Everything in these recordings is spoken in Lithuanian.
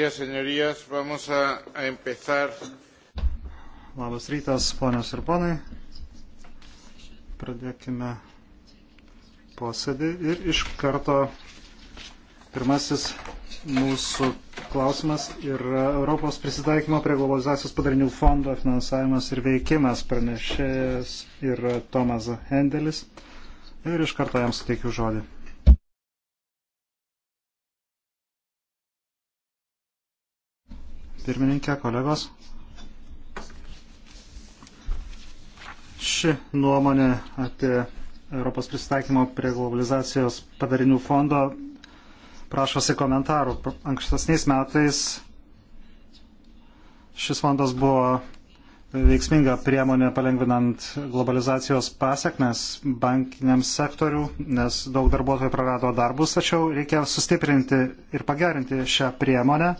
días, señorías. Vamos a, a empezar. Labas rytas, ponios ir ponai. Pradėkime posėdį ir iš karto pirmasis mūsų klausimas yra Europos prisitaikymo prie globalizacijos padarinių fondo finansavimas ir veikimas. Pranešėjas yra Tomas Hendelis. Ir iš karto jam suteikiu žodį. pirmininkė, kolegos. Ši nuomonė apie Europos pristaikymo prie globalizacijos padarinių fondo prašosi komentarų. Ankstesniais metais šis fondas buvo veiksminga priemonė palengvinant globalizacijos pasiekmes bankiniam sektoriu, nes daug darbuotojų prarado darbus, tačiau reikia sustiprinti ir pagerinti šią priemonę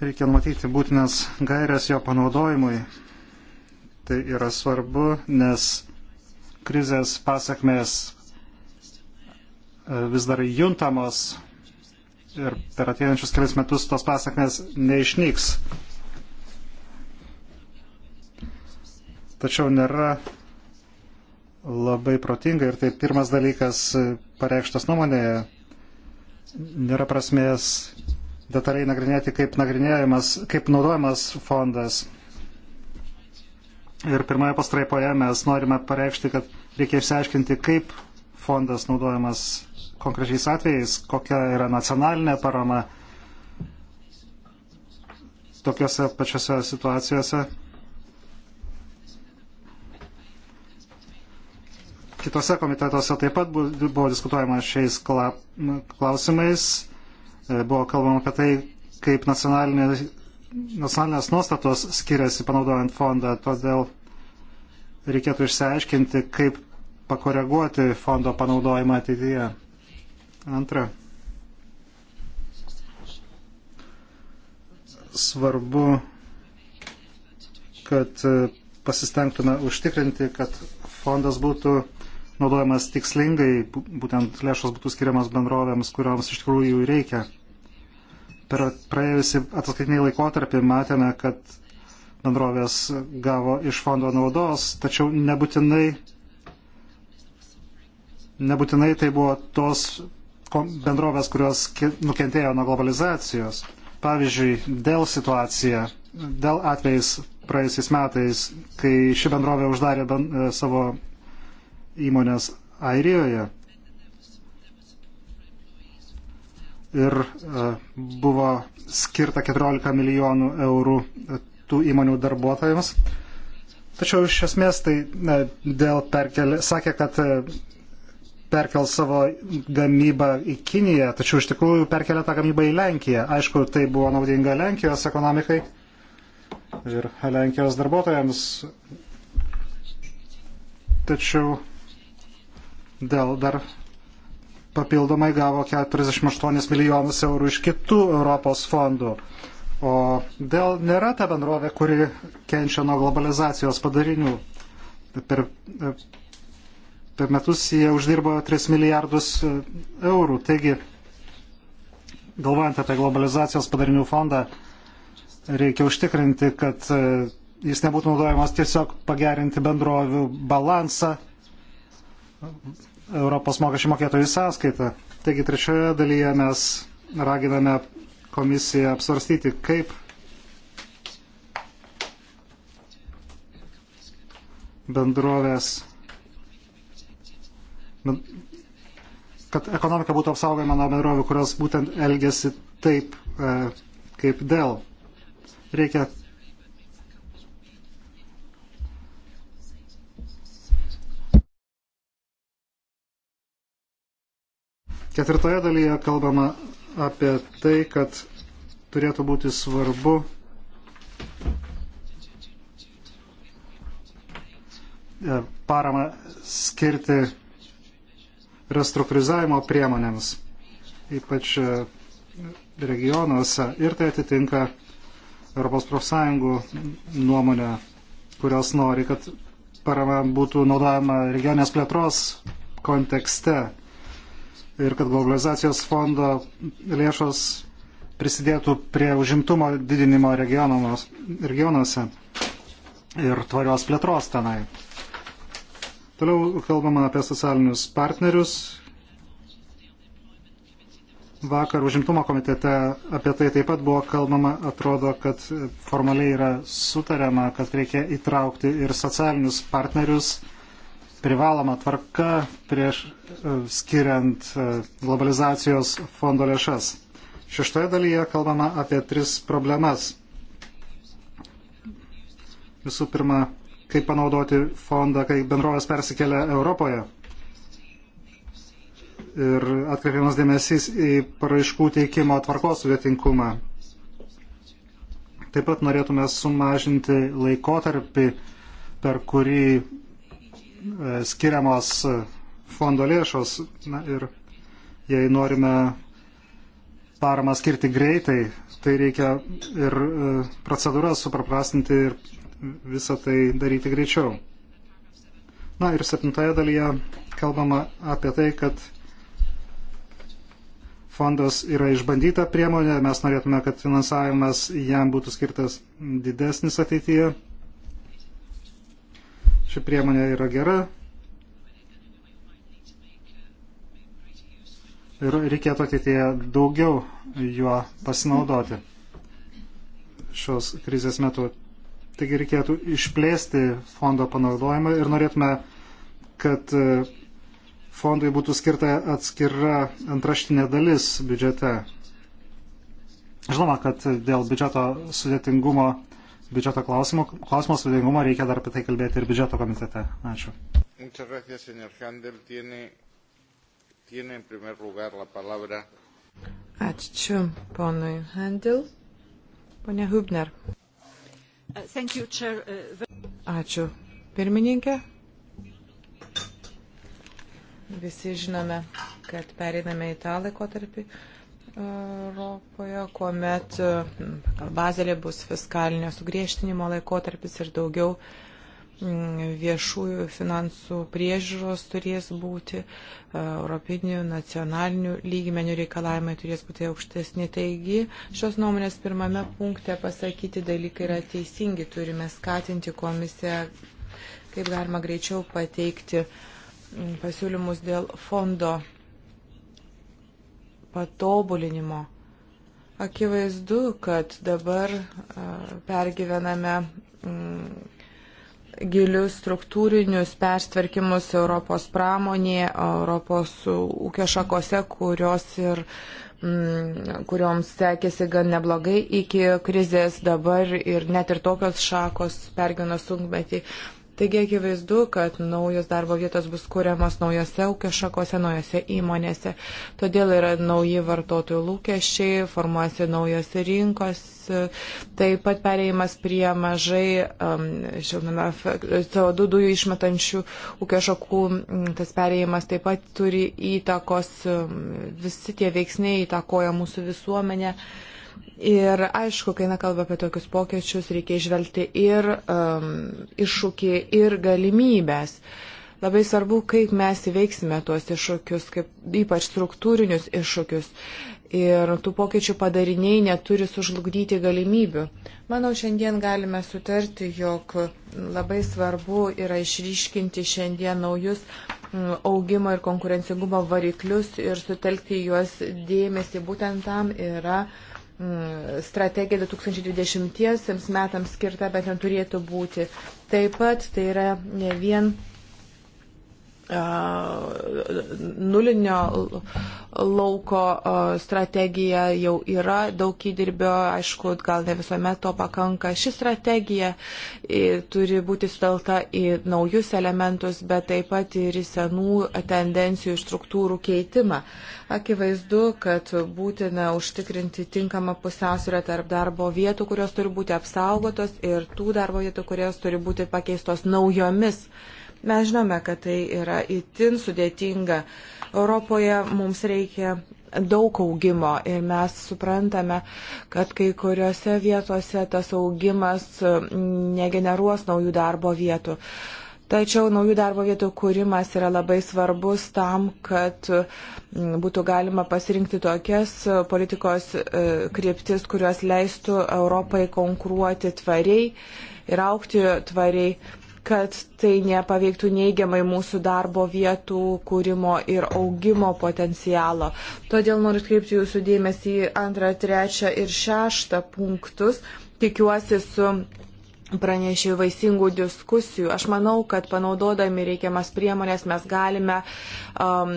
Reikia matyti būtinas gairias jo panaudojimui. Tai yra svarbu, nes krizės pasakmės e, vis dar juntamos ir per ateinančius kelias metus tos pasakmės neišnyks. Tačiau nėra labai protinga ir tai pirmas dalykas e, pareikštas nuomonėje. Nėra prasmės detaliai nagrinėti, kaip, kaip naudojamas fondas. Ir pirmoje pastraipoje mes norime pareikšti, kad reikia išsiaiškinti, kaip fondas naudojamas konkrečiais atvejais, kokia yra nacionalinė parama tokiuose pačiuose situacijose. Kitose komitetuose taip pat buvo diskutuojama šiais klausimais E, buvo kalbama apie tai, kaip nacionalinės, nacionalinės nuostatos skiriasi panaudojant fondą, todėl reikėtų išsiaiškinti, kaip pakoreguoti fondo panaudojimą ateityje. Antra. Svarbu, kad e, pasistengtume užtikrinti, kad fondas būtų naudojamas tikslingai, būtent lėšos būtų skiriamas bendrovėms, kuriams iš tikrųjų jų reikia per praėjusi ataskaitinį laikotarpį matėme, kad bendrovės gavo iš fondo naudos, tačiau nebūtinai, nebūtinai tai buvo tos bendrovės, kurios nukentėjo nuo globalizacijos. Pavyzdžiui, dėl situacija, dėl atvejais praėjusiais metais, kai ši bendrovė uždarė ben, savo įmonės Airijoje, ir e, buvo skirta 14 milijonų eurų e, tų įmonių darbuotojams. Tačiau iš esmės tai ne, dėl perkelė, sakė, kad e, perkel savo gamybą į Kiniją, tačiau iš tikrųjų perkelia tą gamybą į Lenkiją. Aišku, tai buvo naudinga Lenkijos ekonomikai ir Lenkijos darbuotojams. Tačiau dėl dar papildomai gavo 48 milijonus eurų iš kitų Europos fondų. O dėl nėra ta bendrovė, kuri kenčia nuo globalizacijos padarinių. Per, per metus jie uždirbo 3 milijardus eurų. Taigi, galvojant apie globalizacijos padarinių fondą, reikia užtikrinti, kad e, jis nebūtų naudojamas tiesiog pagerinti bendrovių balansą Europos mokesčių mokėtojų sąskaitą. Taigi trečioje dalyje mes raginame komisiją apsvarstyti, kaip bendrovės, kad ekonomika būtų apsaugojama nuo bendrovių, kurios būtent elgesi taip, e, kaip dėl. Reikia Ketvirtoje dalyje kalbama apie tai, kad turėtų būti svarbu e, paramą skirti restruktūrizavimo priemonėms, ypač e, regionuose. Ir tai atitinka Europos profsąjungų nuomonę, kurios nori, kad parama būtų naudojama regionės plėtros kontekste ir kad globalizacijos fondo lėšos prisidėtų prie užimtumo didinimo regionuose ir tvarios plėtros tenai. Toliau kalbama apie socialinius partnerius. Vakar užimtumo komitete apie tai taip pat buvo kalbama, atrodo, kad formaliai yra sutariama, kad reikia įtraukti ir socialinius partnerius privaloma tvarka prieš e, skiriant e, globalizacijos fondo lėšas. Šeštoje dalyje kalbama apie tris problemas. Visų pirma, kaip panaudoti fondą, kai bendrovės persikelia Europoje. Ir atkreipiamas dėmesys į paraiškų teikimo tvarkos sudėtinkumą. Taip pat norėtume sumažinti laikotarpį, per kurį E, skiriamos e, fondo lėšos na, ir jei norime paramą skirti greitai, tai reikia ir e, procedūras supaprastinti ir visą tai daryti greičiau. Na ir septintoje dalyje kalbama apie tai, kad fondas yra išbandyta priemonė, mes norėtume, kad finansavimas jam būtų skirtas didesnis ateityje. Ši priemonė yra gera. Ir reikėtų ateityje daugiau juo pasinaudoti šios krizės metu. Taigi reikėtų išplėsti fondo panaudojimą ir norėtume, kad e, fondui būtų skirta atskira antraštinė dalis biudžete. Žinoma, kad dėl biudžeto sudėtingumo biudžeto klausimo, klausimo sudėtingumą reikia dar apie tai kalbėti ir biudžeto komitete. Ačiū. Ačiū ponui Handel. Pone Hubner. Uh, uh, Ačiū pirmininkė. Visi žinome, kad pereiname į tą laikotarpį, Europoje, kuomet e, pagal bazelį bus fiskalinio sugriežtinimo laikotarpis ir daugiau mm, viešųjų finansų priežiūros turės būti, e, europinių, nacionalinių lygmenių reikalavimai turės būti aukštesni. Taigi, šios nuomonės pirmame punkte pasakyti dalykai yra teisingi. Turime skatinti komisiją, kaip galima greičiau pateikti pasiūlymus dėl fondo patobulinimo. Akivaizdu, kad dabar pergyvename mm, gilius struktūrinius pertvarkymus Europos pramonėje, Europos ūkio šakose, kurios ir mm, kurioms sekėsi gan neblogai iki krizės dabar ir net ir tokios šakos pergyvena sunkmetį. Taigi akivaizdu, kad naujos darbo vietos bus kuriamas naujose ūkio šakose, naujose įmonėse. Todėl yra nauji vartotojų lūkesčiai, formuojasi naujos rinkos, taip pat pereimas prie mažai um, CO2 dujų išmetančių ūkio šakų. Tas pereimas taip pat turi įtakos, um, visi tie veiksniai įtakoja mūsų visuomenę. Uh, Ir aišku, kai nekalba apie tokius pokyčius, reikia išvelgti ir um, iššūkį, ir galimybės. Labai svarbu, kaip mes įveiksime tuos iššūkius, kaip, ypač struktūrinius iššūkius. Ir tų pokyčių padariniai neturi sužlugdyti galimybių. Manau, šiandien galime sutarti, jog labai svarbu yra išryškinti šiandien naujus mm, augimo ir konkurencingumo variklius ir sutelkti juos dėmesį būtent tam yra uh, strategija 2020 metams skirta, bet neturėtų būti. Taip pat tai yra ne vien nulinio lauko strategija jau yra daug įdirbio, aišku, gal ne visuomet to pakanka. Ši strategija turi būti stelta į naujus elementus, bet taip pat ir į senų tendencijų struktūrų keitimą. Akivaizdu, kad būtina užtikrinti tinkamą pusiausvyrą tarp darbo vietų, kurios turi būti apsaugotos ir tų darbo vietų, kurios turi būti pakeistos naujomis. Mes žinome, kad tai yra itin sudėtinga. Europoje mums reikia daug augimo ir mes suprantame, kad kai kuriuose vietose tas augimas mm, negeneruos naujų darbo vietų. Tačiau naujų darbo vietų kūrimas yra labai svarbus tam, kad mm, būtų galima pasirinkti tokias politikos e, kryptis, kurios leistų Europai konkuruoti tvariai ir aukti tvariai kad tai nepaveiktų neigiamai mūsų darbo vietų kūrimo ir augimo potencialo. Todėl noriu atkreipti jūsų dėmesį į antrą, trečią ir šeštą punktus. Tikiuosi su pranešė vaisingų diskusijų. Aš manau, kad panaudodami reikiamas priemonės mes galime um,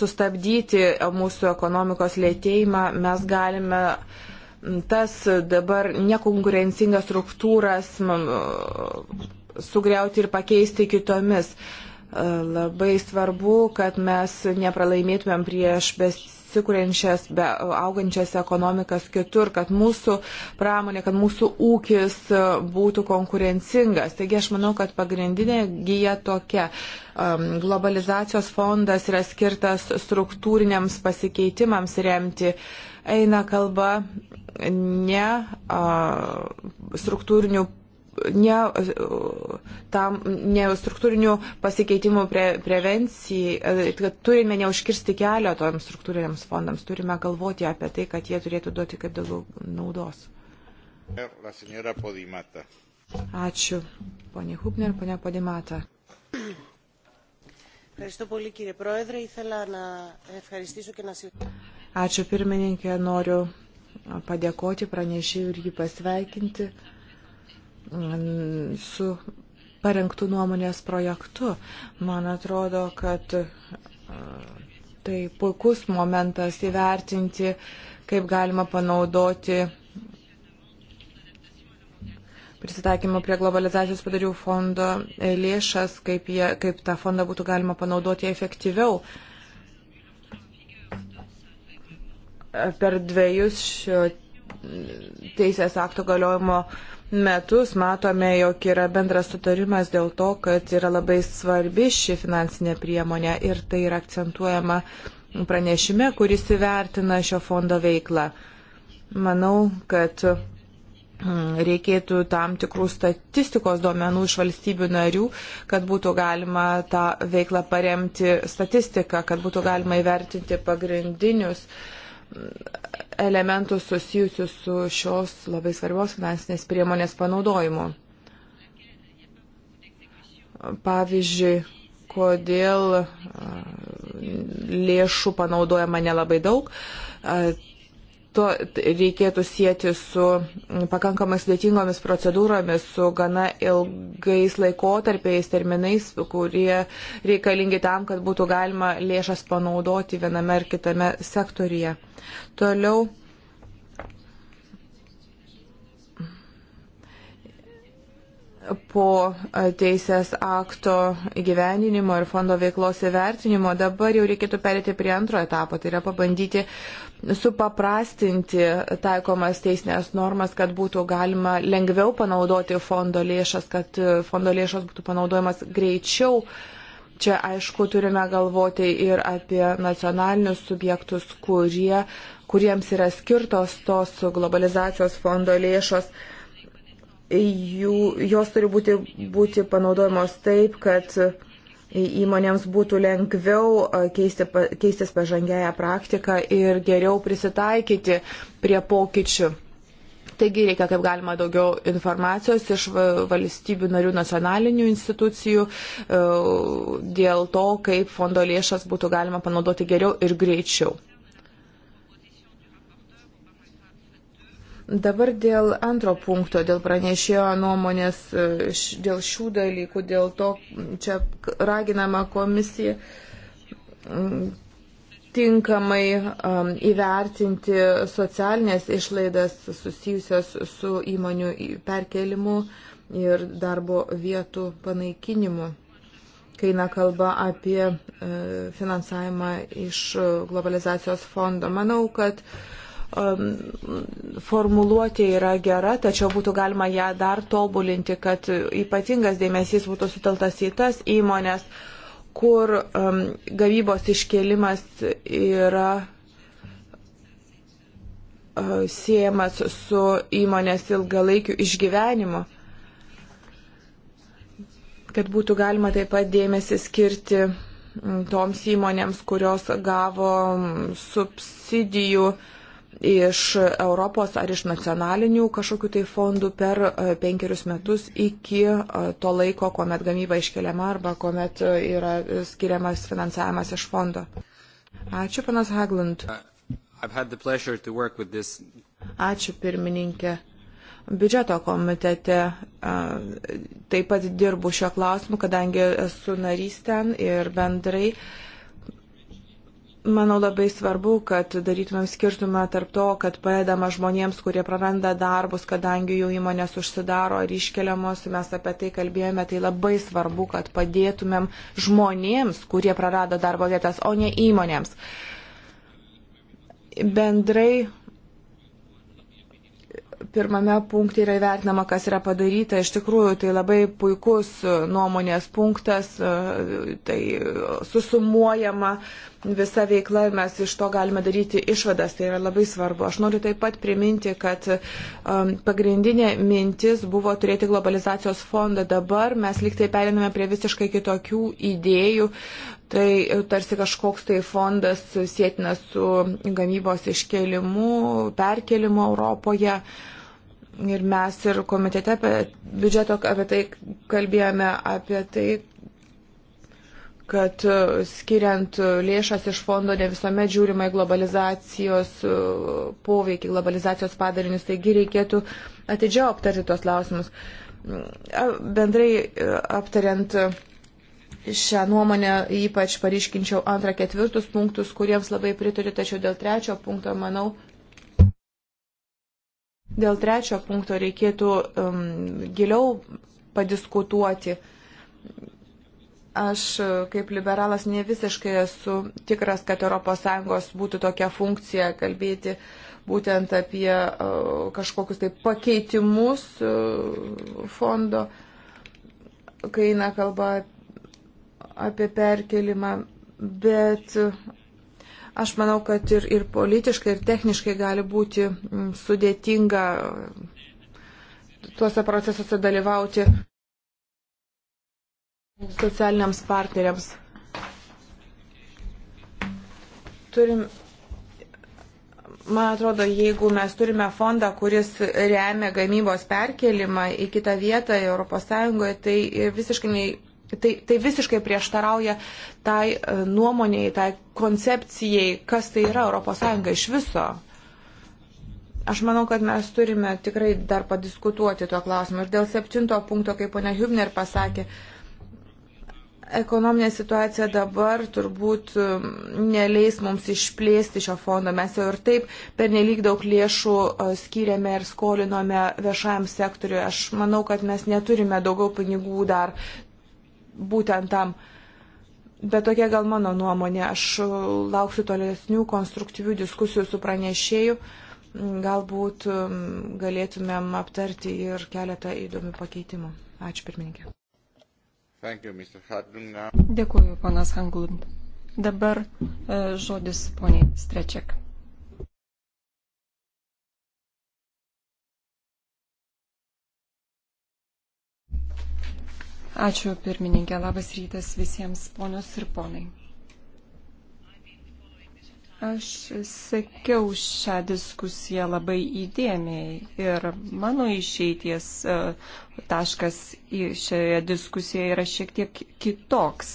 sustabdyti mūsų ekonomikos lėtėjimą, mes galime uh, tas dabar nekonkurencingas struktūras sugriauti ir pakeisti kitomis. E, labai svarbu, kad mes nepralaimėtumėm prieš besikūrenčias, be augančias ekonomikas kitur, kad mūsų pramonė, kad mūsų ūkis e, būtų konkurencingas. Taigi aš manau, kad pagrindinė gyja tokia e, globalizacijos fondas yra skirtas struktūriniams pasikeitimams remti. Eina kalba ne a, struktūrinių ne, tam, ne struktūrinių pasikeitimų pre, prevencijai, kad turime neužkirsti kelio toms struktūriniams fondams, turime galvoti apie tai, kad jie turėtų duoti kaip daugiau naudos. Ačiū, ponė Hubner, ponė Podimata. Ačiū pirmininkė, noriu padėkoti pranešėjui ir jį pasveikinti mm, su parengtų nuomonės projektu. Man atrodo, kad mm, tai puikus momentas įvertinti, kaip galima panaudoti prisitaikymo prie globalizacijos padarių fondo lėšas, kaip, jie, kaip tą fondą būtų galima panaudoti efektyviau. Uh, per dviejus šio teisės akto galiojimo metus matome, jog yra bendras sutarimas dėl to, kad yra labai svarbi ši finansinė priemonė ir tai yra akcentuojama pranešime, kuris įvertina šio fondo veiklą. Manau, kad mm, reikėtų tam tikrų statistikos duomenų iš valstybių narių, kad būtų galima tą veiklą paremti statistiką, kad būtų galima įvertinti pagrindinius uh, elementų susijusių su šios labai svarbios finansinės priemonės panaudojimu. Pavyzdžiui, kodėl lėšų panaudojama nelabai daug, to reikėtų sieti su pakankamai sudėtingomis procedūromis, su gana ilgais laikotarpiais, terminais, kurie reikalingi tam, kad būtų galima lėšas panaudoti viename ar kitame sektorije. Toliau po teisės akto įgyvendinimo ir fondo veiklos įvertinimo dabar jau reikėtų perėti prie antro etapo, tai yra pabandyti supaprastinti taikomas teisinės normas, kad būtų galima lengviau panaudoti fondo lėšas, kad e, fondo lėšos būtų panaudojamas greičiau. Čia aišku turime galvoti ir apie nacionalinius subjektus, kurie, kuriems yra skirtos tos globalizacijos fondo lėšos. Uh, jų, jos turi būti, būti panaudojamos taip, kad įmonėms būtų lengviau keisti, keistis pažangiają praktiką ir geriau prisitaikyti prie pokyčių. Taigi reikia kaip galima daugiau informacijos iš valstybių narių nacionalinių institucijų e, dėl to, kaip fondo lėšas būtų galima panaudoti geriau ir greičiau. Dabar dėl antro punkto, dėl pranešėjo nuomonės, e, dėl šių dalykų, dėl to čia raginama komisija tinkamai um, įvertinti socialinės išlaidas susijusios su įmonių perkelimu ir darbo vietų panaikinimu, kai na kalba apie uh, finansavimą iš e, globalizacijos fondo. Manau, kad uh, Um, formuluotė yra gera, tačiau būtų galima ją dar tobulinti, kad ypatingas dėmesys būtų suteltas į tas įmonės, kur um, gavybos iškelimas yra uh, siejamas su įmonės ilgalaikiu išgyvenimu, kad būtų galima taip pat dėmesį skirti toms įmonėms, kurios gavo subsidijų uh, iš Europos ar iš nacionalinių kažkokių tai fondų per e, penkerius metus iki e, to laiko, kuomet gamyba iškeliama arba kuomet e, yra skiriamas finansavimas iš fondo. Ačiū, panas Haglund. Uh, Ačiū, pirmininkė biudžeto komitete taip pat dirbu šio klausimu, kadangi esu narys ten ir bendrai uh, Manau labai svarbu, kad darytumėm skirtumą tarp to, kad padedama žmonėms, kurie praranda darbus, kadangi jų įmonės užsidaro ar iškeliamos, mes apie tai kalbėjome, tai labai svarbu, kad padėtumėm žmonėms, kurie prarado darbo vietas, o ne įmonėms. Bendrai pirmame punkte yra įvertinama, kas yra padaryta. Iš tikrųjų, tai labai puikus e, nuomonės punktas, e, tai susumuojama visa veikla ir mes iš to galime daryti išvadas, tai yra labai svarbu. Aš noriu taip pat priminti, kad um, pagrindinė mintis buvo turėti globalizacijos fondą, dabar mes liktai periname prie visiškai kitokių idėjų, tai tarsi kažkoks tai fondas sėtinas su gamybos iškelimu, perkelimu Europoje. Uh, Ir mes ir komitete apie biudžeto apie tai kalbėjome, apie tai, kad e, skiriant lėšas iš fondo ne visuomet žiūrima į globalizacijos e, poveikį, globalizacijos padarinius, taigi reikėtų atidžiau aptarti tuos klausimus. Bendrai e, aptariant šią nuomonę ypač pariškinčiau antrą ketvirtus punktus, kuriems labai pritariu, tačiau dėl trečio punkto manau, Dėl trečio punkto reikėtų um, giliau padiskutuoti. Aš uh, kaip liberalas ne visiškai esu tikras, kad ES būtų tokia funkcija kalbėti būtent apie uh, kažkokius tai pakeitimus uh, fondo, kai eina kalba apie perkelimą, bet Aš manau, kad ir, ir politiškai, ir techniškai gali būti mm, sudėtinga mm, tuose procesuose dalyvauti socialiniams partneriams. Turim, man atrodo, jeigu mes turime fondą, kuris remia gamybos perkelimą į kitą vietą Europos Sąjungoje, tai visiškai Tai, tai visiškai prieštarauja tai e, nuomonėjai, tai koncepcijai, kas tai yra ES iš viso. Aš manau, kad mes turime tikrai dar padiskutuoti tuo klausimu. Ir dėl septinto punkto, kaip ponia Hübner pasakė, ekonominė situacija dabar turbūt e, neleis mums išplėsti šio fondo. Mes jau ir taip per nelik daug lėšų e, skiriame ir skolinome viešajam sektoriui. Aš manau, kad mes neturime daugiau pinigų dar būtent tam. Bet tokia gal mano nuomonė. Aš lauksiu tolesnių konstruktyvių diskusijų su pranešėju. Galbūt um, galėtumėm aptarti ir keletą įdomių pakeitimų. Ačiū pirmininkė. Dėkuoju, panas Hanglund. Dabar e, žodis poniai Strečiak. Ačiū pirmininkė, labas rytas visiems ponios ir ponai. Aš sekiau šią diskusiją labai įdėmiai ir mano išeities e, taškas šioje diskusijoje yra šiek tiek kitoks,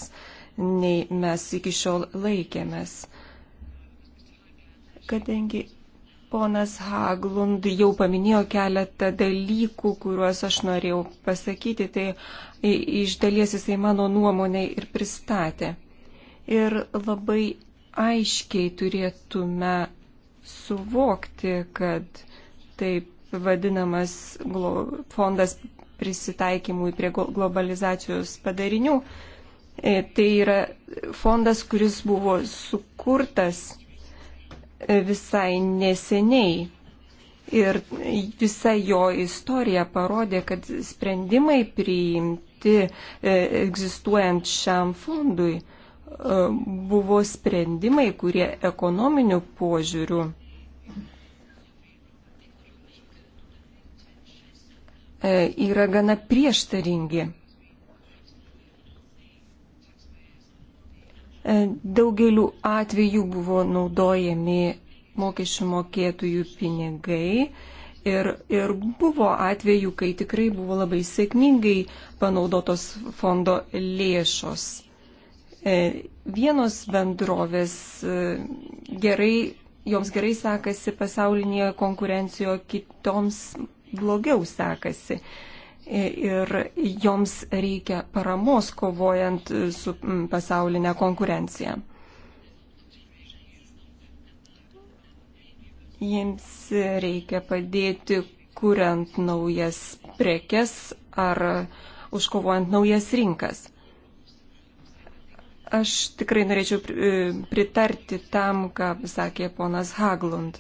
nei mes iki šiol laikėmės. Kadangi Ponas Haglund jau paminėjo keletą dalykų, kuriuos aš norėjau pasakyti, tai iš dalies jisai mano nuomonę ir pristatė. Ir labai aiškiai turėtume suvokti, kad taip vadinamas fondas prisitaikymui prie globalizacijos padarinių, e, tai yra fondas, kuris buvo sukurtas visai neseniai. Ir visa jo istorija parodė, kad sprendimai priimti e, egzistuojant šiam fondui e, buvo sprendimai, kurie ekonominių požiūrių e, yra gana prieštaringi. E, daugeliu atveju buvo naudojami mokesčių mokėtojų pinigai. Ir, ir buvo atvejų, kai tikrai buvo labai sėkmingai panaudotos fondo lėšos. E, vienos bendrovės e, gerai, joms gerai sekasi pasaulinėje konkurencijoje, kitoms blogiau sekasi ir joms reikia paramos kovojant su pasaulinė konkurencija. Jiems reikia padėti, kuriant naujas prekes ar užkovojant naujas rinkas. Aš tikrai norėčiau pritarti tam, ką sakė ponas Haglund.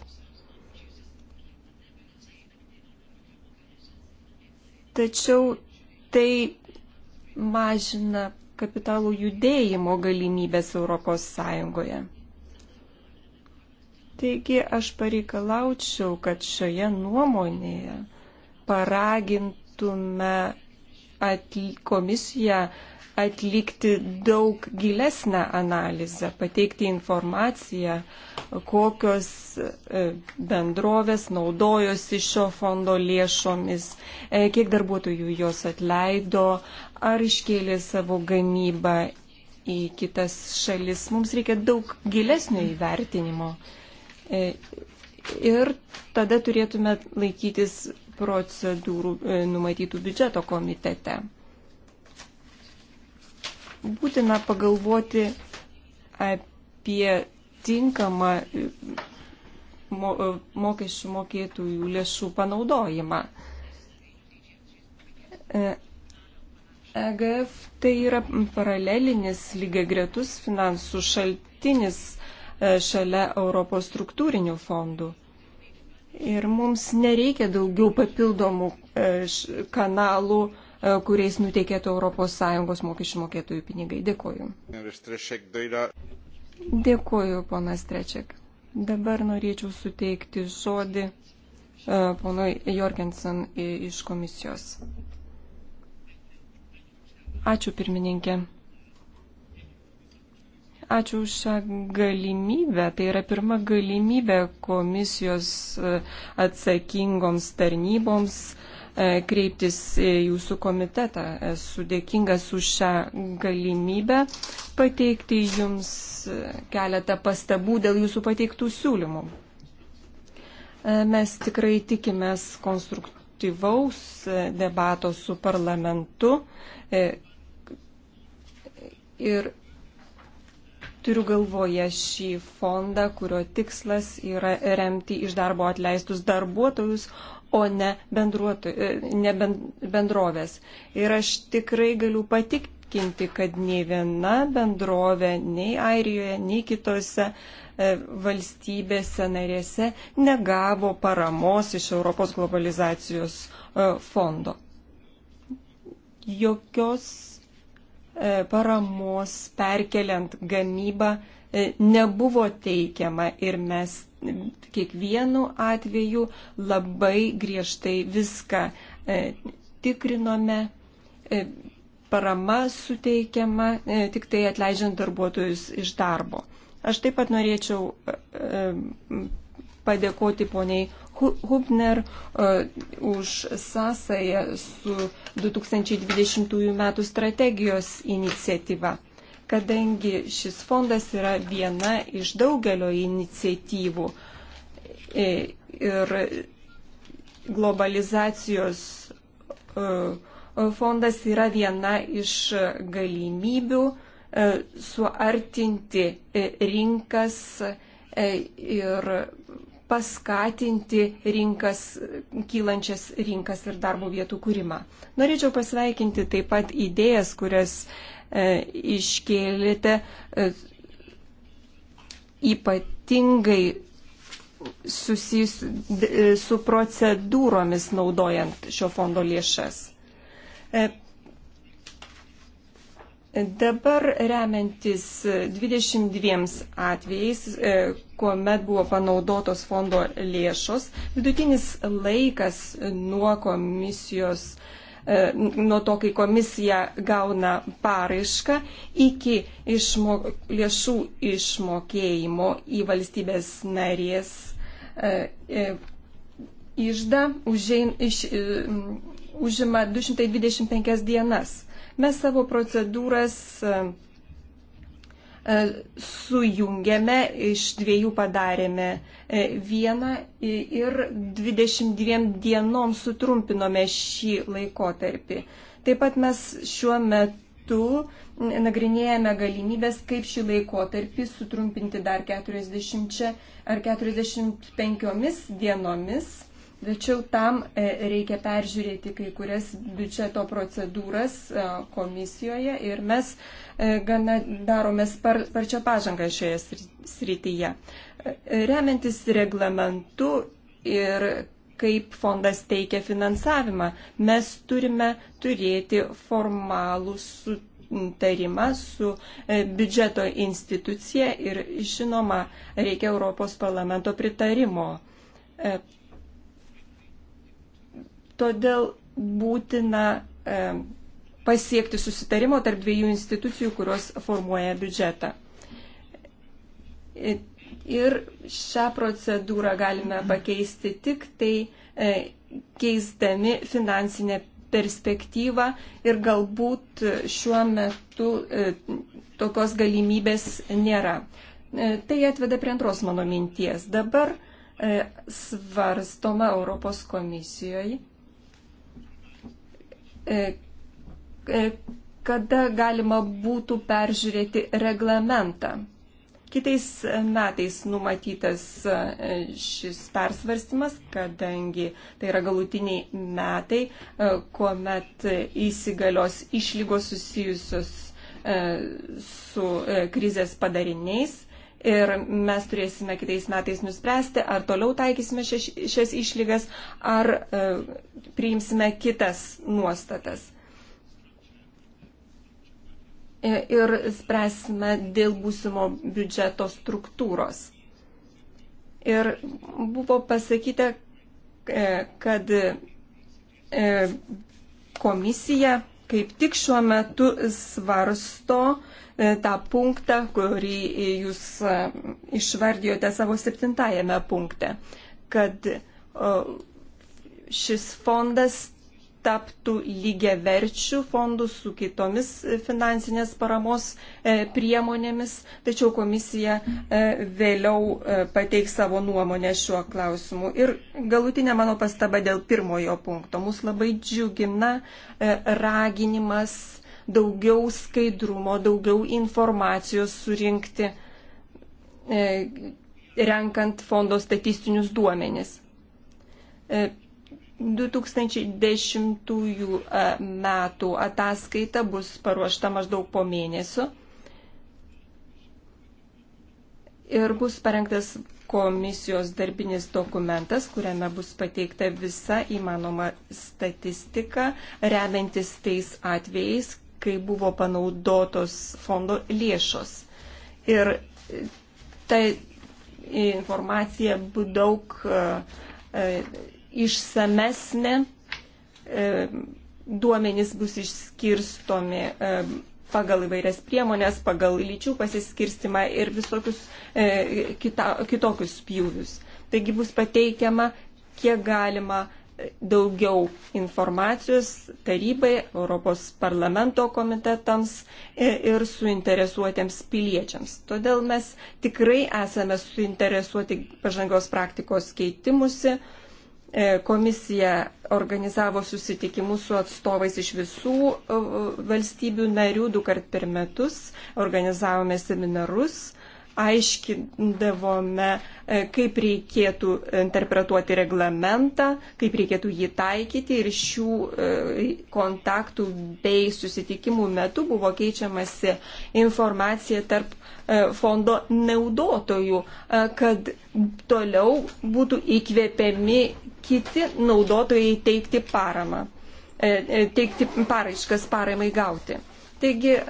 tačiau tai mažina kapitalų judėjimo galimybės Europos Sąjungoje. Taigi aš pareikalaučiau, kad šioje nuomonėje paragintume komisija atlikti daug gilesnę analizę, pateikti informaciją, kokios e, bendrovės naudojosi šio fondo lėšomis, e, kiek darbuotojų jos atleido, ar iškėlė savo gamybą į kitas šalis. Mums reikia daug gilesnio įvertinimo. E, ir tada turėtume laikytis procedūrų numatytų biudžeto komitete būtina pagalvoti apie tinkamą mokesčių mokėtųjų lėšų panaudojimą. EGF e tai yra paralelinis lygiai gretus finansų šaltinis e, šalia Europos struktūrinių fondų. Ir mums nereikia daugiau papildomų e, kanalų E, kuriais nuteikėtų ES mokesčių mokėtojų pinigai. Dėkoju. Dėkoju, ponas Trečiak. Dabar norėčiau suteikti žodį e, ponui Jorgensen iš komisijos. Ačiū pirmininkė. Ačiū už šią galimybę. Tai yra pirma galimybė komisijos e, atsakingoms tarnyboms uh, E, kreiptis į jūsų komitetą. Esu dėkingas už šią galimybę pateikti jums keletą pastabų dėl jūsų pateiktų siūlymų. E, mes tikrai tikimės konstruktyvaus debato su parlamentu e, ir Turiu galvoje šį fondą, kurio tikslas yra remti iš darbo atleistus darbuotojus, o ne, e, ne bendrovės. Ir aš tikrai galiu patikinti, kad nei viena bendrovė, nei Airijoje, nei kitose e, valstybėse narėse negavo paramos iš Europos globalizacijos e, fondo. Jokios paramos perkeliant gamybą nebuvo teikiama ir mes kiekvienu atveju labai griežtai viską e, tikrinome. E, parama suteikiama e, tik tai atleidžiant darbuotojus iš darbo. Aš taip pat norėčiau padėkoti poniai Hubner už sąsąją su 2020 m. strategijos iniciatyva kadangi šis fondas yra viena iš daugelio iniciatyvų e, ir globalizacijos e, fondas yra viena iš galimybių e, suartinti rinkas ir paskatinti rinkas, kylančias rinkas ir darbo vietų kūrimą. Norėčiau pasveikinti taip pat idėjas, kurias E, iškėlėte e, ypatingai susijus e, su procedūromis naudojant šio fondo lėšas. Dabar remiantis 22 atvejais, kuomet buvo panaudotos fondo lėšos, vidutinis laikas nuo komisijos uh, E, nuo to, kai komisija gauna paraišką, iki išmo, lėšų išmokėjimo į valstybės narės e, e, išdą užėin, iš, užima 225 dienas. Mes savo procedūras E, sujungėme, iš dviejų padarėme e, vieną ir 22 dienom sutrumpinome šį laikotarpį. Taip pat mes šiuo metu nagrinėjame galimybės, kaip šį laikotarpį sutrumpinti dar 40 ar 45 dienomis Tačiau tam e, reikia peržiūrėti kai kurias biudžeto procedūras e, komisijoje ir mes e, gana darome sparčią pažangą šioje srityje. Remiantis reglamentu ir kaip fondas teikia finansavimą, mes turime turėti formalų sutarimą su biudžeto institucija ir žinoma reikia Europos parlamento pritarimo Todėl būtina e, pasiekti susitarimo tarp dviejų institucijų, kurios formuoja biudžetą. E, ir šią procedūrą galime pakeisti tik tai e, keisdami finansinę perspektyvą ir galbūt šiuo metu tokios galimybės nėra. Tai atveda prie antros mano minties. Dabar svarstoma Europos komisijoje E, e, kada galima būtų peržiūrėti reglamentą. Kitais metais numatytas e, šis persvarstymas, kadangi tai yra galutiniai metai, kuomet įsigalios išlygos susijusios su krizės padariniais ir mes turėsime kitais metais nuspręsti, ar toliau taikysime šias, šias išlygas, ar e, priimsime kitas nuostatas. E, ir spręsime dėl būsimo biudžeto struktūros. Ir buvo pasakyta, e, kad e, komisija kaip tik šiuo metu svarsto e, tą punktą, kurį jūs e, išvardijote savo septintajame punkte, kad šis fondas taptų lygiaverčių fondų su kitomis finansinės paramos e, priemonėmis, tačiau komisija e, vėliau e, pateiks savo nuomonę šiuo klausimu. Ir galutinė mano pastaba dėl pirmojo punkto. Mus labai džiugina raginimas daugiau skaidrumo, daugiau informacijos surinkti, renkant fondo statistinius duomenis 2010 e, metų ataskaita bus paruošta maždaug po mėnesio ir bus parengtas komisijos darbinis dokumentas, kuriame bus pateikta visa įmanoma statistika, remiantis tais atvejais, kai buvo panaudotos fondo lėšos. Ir ta informacija daug e, e, išsamesnė, e, duomenys bus išskirstomi e, pagal įvairias priemonės, pagal lyčių pasiskirstimą ir visokius e, kita, kitokius spjūvius. Taigi bus pateikiama kiek galima daugiau informacijos tarybai, Europos parlamento komitetams ir suinteresuotiems piliečiams. Todėl mes tikrai esame suinteresuoti pažangios praktikos keitimusi E, komisija organizavo susitikimus su atstovais iš visų e, valstybių narių du kart per metus, organizavome seminarus aiškindavome, e, kaip reikėtų interpretuoti reglamentą, kaip reikėtų jį taikyti ir šių e, kontaktų bei susitikimų metu buvo keičiamasi informacija tarp e, fondo naudotojų, kad toliau būtų įkvėpiami kiti naudotojai teikti paramą, teikti paraiškas paramai gauti. Taigi e,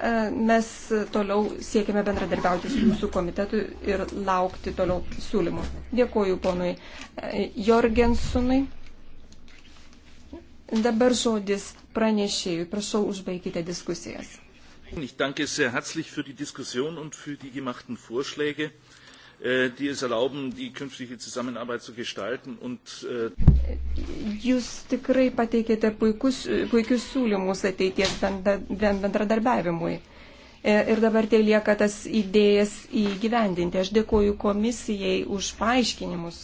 mes toliau siekiame bendradarbiauti su jūsų komitetu ir laukti toliau siūlymų. Dėkuoju ponui e, Jorgensonui. Dabar žodis pranešėjui. Prašau, užbaikite diskusijas. Ich danke sehr herzlich für die Diskussion und für die gemachten Vorschläge. Äh, die es erlauben, die künftige Zusammenarbeit zu gestalten. Und, äh, Jūs tikrai pateikėte puikus, puikius siūlymus ateities bendradarbiavimui. E, ir dabar tai lieka tas idėjas įgyvendinti. Aš dėkoju komisijai už paaiškinimus.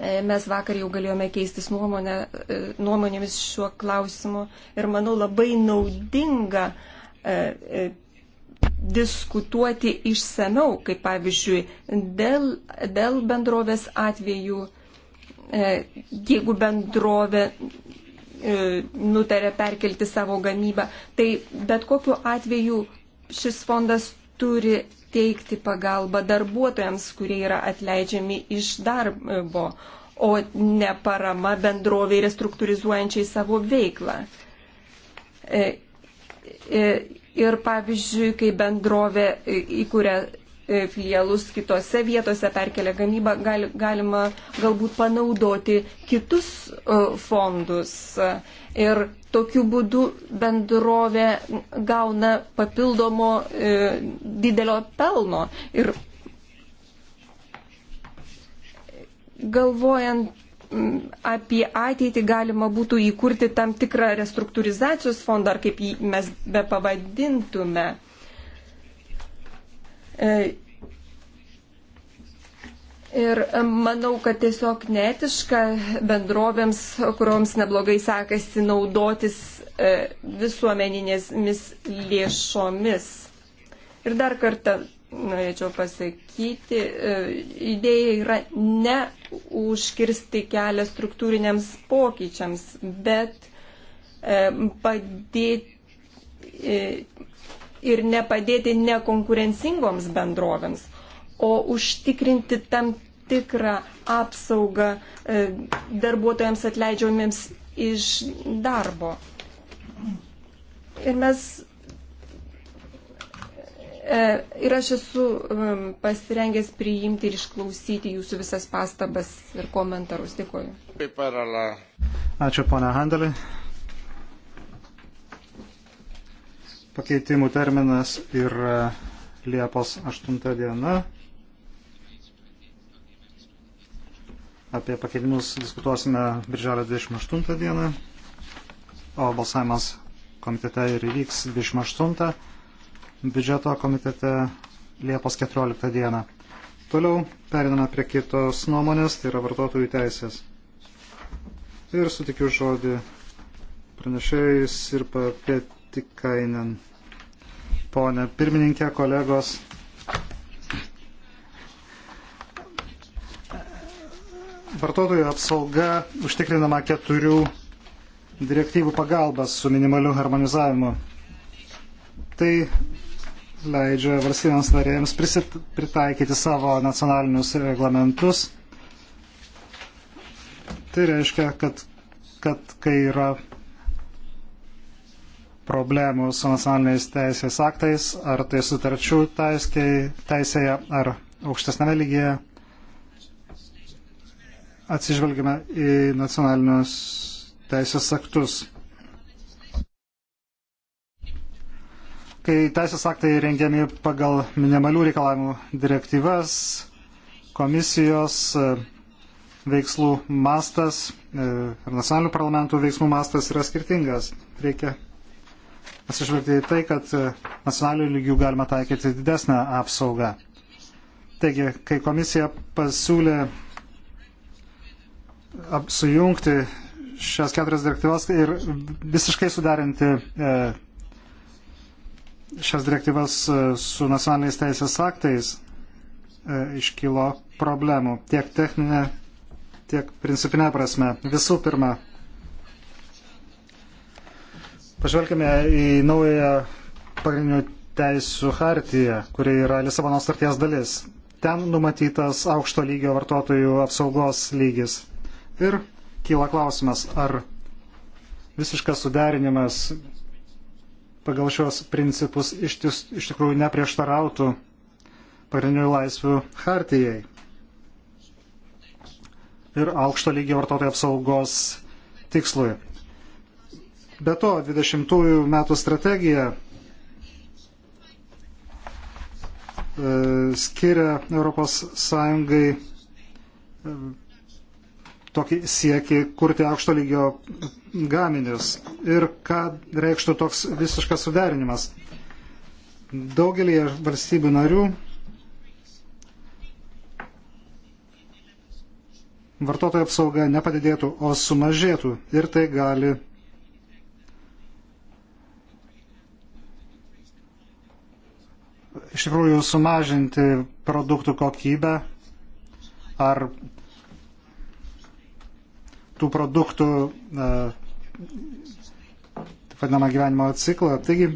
E, mes vakar jau galėjome keistis nuomonę, e, nuomonėmis šiuo klausimu ir manau labai naudinga diskutuoti išsameu, kaip pavyzdžiui, dėl, dėl bendrovės atveju, e, jeigu bendrovė e, nutarė perkelti savo gamybą, tai bet kokiu atveju šis fondas turi teikti pagalbą darbuotojams, kurie yra atleidžiami iš darbo, o ne parama bendroviai restruktūrizuojančiai savo veiklą e, ir pavyzdžiui, kai bendrovė e, įkūrė e, filialus kitose vietose, perkelia gamybą, gal, galima galbūt panaudoti kitus e, fondus. Ir tokiu būdu bendrovė gauna papildomo didelio pelno. Ir galvojant apie ateitį galima būtų įkurti tam tikrą restruktūrizacijos fondą, ar kaip jį mes be pavadintume. E, ir manau, kad tiesiog netiška bendrovėms, kuriuoms neblogai sekasi naudotis e, visuomeninėmis lėšomis. Ir dar kartą norėčiau pasakyti, e, idėja yra ne užkirsti kelią struktūriniams pokyčiams, bet e, padėti e, ir nepadėti nekonkurencingoms bendrovėms, o užtikrinti tam tikrą apsaugą darbuotojams atleidžiamiems iš darbo. Ir mes E, ir aš esu um, pasirengęs priimti ir išklausyti jūsų visas pastabas ir komentarus. Dėkuoju. Ačiū, ponia Handelė. Pakeitimų terminas yra Liepos 8 diena. Apie pakeitimus diskutuosime Birželio 28 dieną, o balsavimas komitete ir įvyks 28 biudžeto komitete Liepos 14 dieną. Toliau periname prie kitos nuomonės, tai yra vartotojų teisės. Ir sutikiu žodį pranešėjais ir papėtikainen. Pone pirmininkė, kolegos. Vartotojų apsauga užtikrinama keturių direktyvų pagalbas su minimaliu harmonizavimu. Tai leidžia valstybėms narėms pritaikyti savo nacionalinius reglamentus. Tai reiškia, kad, kad kai yra problemų su nacionaliniais teisės aktais, ar tai sutarčių taiskiai, teisėje, ar aukštesnėme lygyje, atsižvelgime į nacionalinius teisės aktus. Kai teisės aktai rengiami pagal minimalių reikalavimų direktyvas, komisijos e, veikslų mastas e, ir nacionalinių parlamentų veiksmų mastas yra skirtingas. Reikia atsižvelgti į tai, kad e, nacionalinių lygių galima taikyti didesnę apsaugą. Taigi, kai komisija pasiūlė sujungti šias keturias direktyvas ir visiškai suderinti šias direktyvas e, su nacionaliniais teisės aktais e, iškilo problemų tiek techninė, tiek principinė prasme. Visų pirma, pažvelkime į naują pagrindinių teisų hartiją, kuri yra Lisabono starties dalis. Ten numatytas aukšto lygio vartotojų apsaugos lygis. Ir kyla klausimas, ar visiškas suderinimas pagal šios principus iš, tis, iš tikrųjų neprieštarautų pagrindinių laisvių hartijai ir aukšto lygio vartotojų apsaugos tikslui. Be to, 20-ųjų metų strategija e, skiria ES tokį siekį kurti aukšto lygio gaminius ir ką reikštų toks visiškas suderinimas. Daugelį valstybių narių vartotojų apsauga nepadidėtų, o sumažėtų ir tai gali iš tikrųjų sumažinti produktų kokybę ar tų produktų e, vadinamą gyvenimo ciklą. Taigi,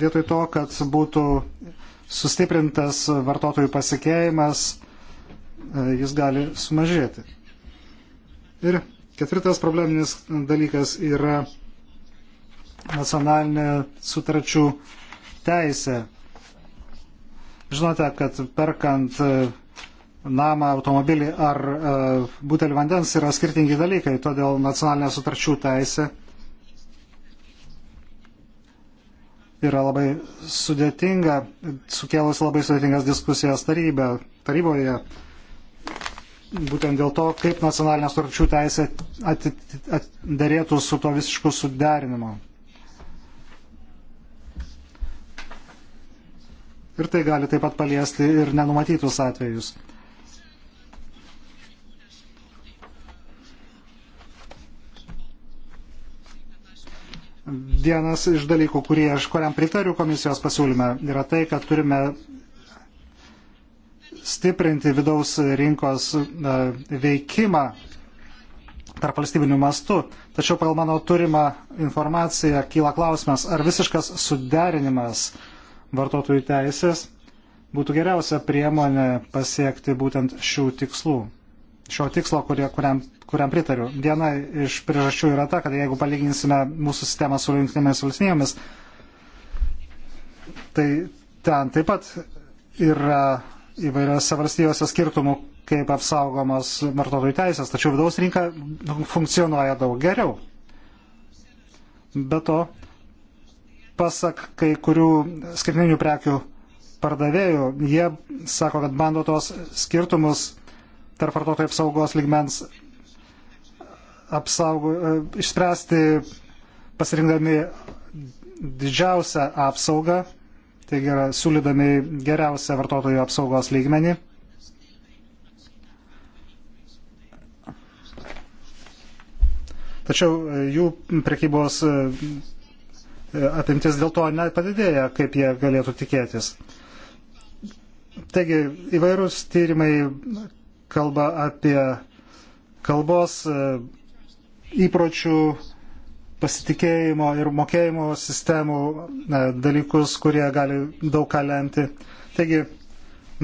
vietoj to, kad būtų sustiprintas vartotojų pasikeimas, e, jis gali sumažėti. Ir ketvirtas probleminis dalykas yra nacionalinė sutarčių teisė. Žinote, kad perkant e, namą, automobilį ar e, butelį vandens yra skirtingi dalykai, todėl nacionalinė sutarčių teisė yra labai sudėtinga, sukėlus labai sudėtingas diskusijas tarybė, taryboje, būtent dėl to, kaip nacionalinė sutarčių teisė atderėtų su to visišku suderinimu. Ir tai gali taip pat paliesti ir nenumatytus atvejus. Vienas iš dalykų, kurį aš kuriam pritariu komisijos pasiūlyme, yra tai, kad turime stiprinti vidaus rinkos e, veikimą tarp valstybinių mastų. Tačiau pagal mano turimą informaciją kyla klausimas, ar visiškas suderinimas vartotojų teisės būtų geriausia priemonė pasiekti būtent šių tikslų šio tikslo, kurie, kuriam, kuriam pritariu. Viena iš priežasčių yra ta, kad jeigu palyginsime mūsų sistemą su jungtinėmis valstybėmis, tai ten taip pat yra įvairiose valstybėse skirtumų, kaip apsaugomos vartotojų teisės, tačiau vidaus rinka funkcionuoja daug geriau. Be to, pasak kai kurių skaitmeninių prekių pardavėjų, jie sako, kad bando tos skirtumus tarp vartotojų apsaugos ligmens apsaugo, e, išspręsti pasirinkdami didžiausią apsaugą, taigi yra siūlydami geriausią vartotojų apsaugos lygmenį. Tačiau e, jų prekybos e, apimtis dėl to nepadidėja, kaip jie galėtų tikėtis. Taigi įvairūs tyrimai kalba apie kalbos e, įpročių pasitikėjimo ir mokėjimo sistemų e, dalykus, kurie gali daug ką lemti. Taigi,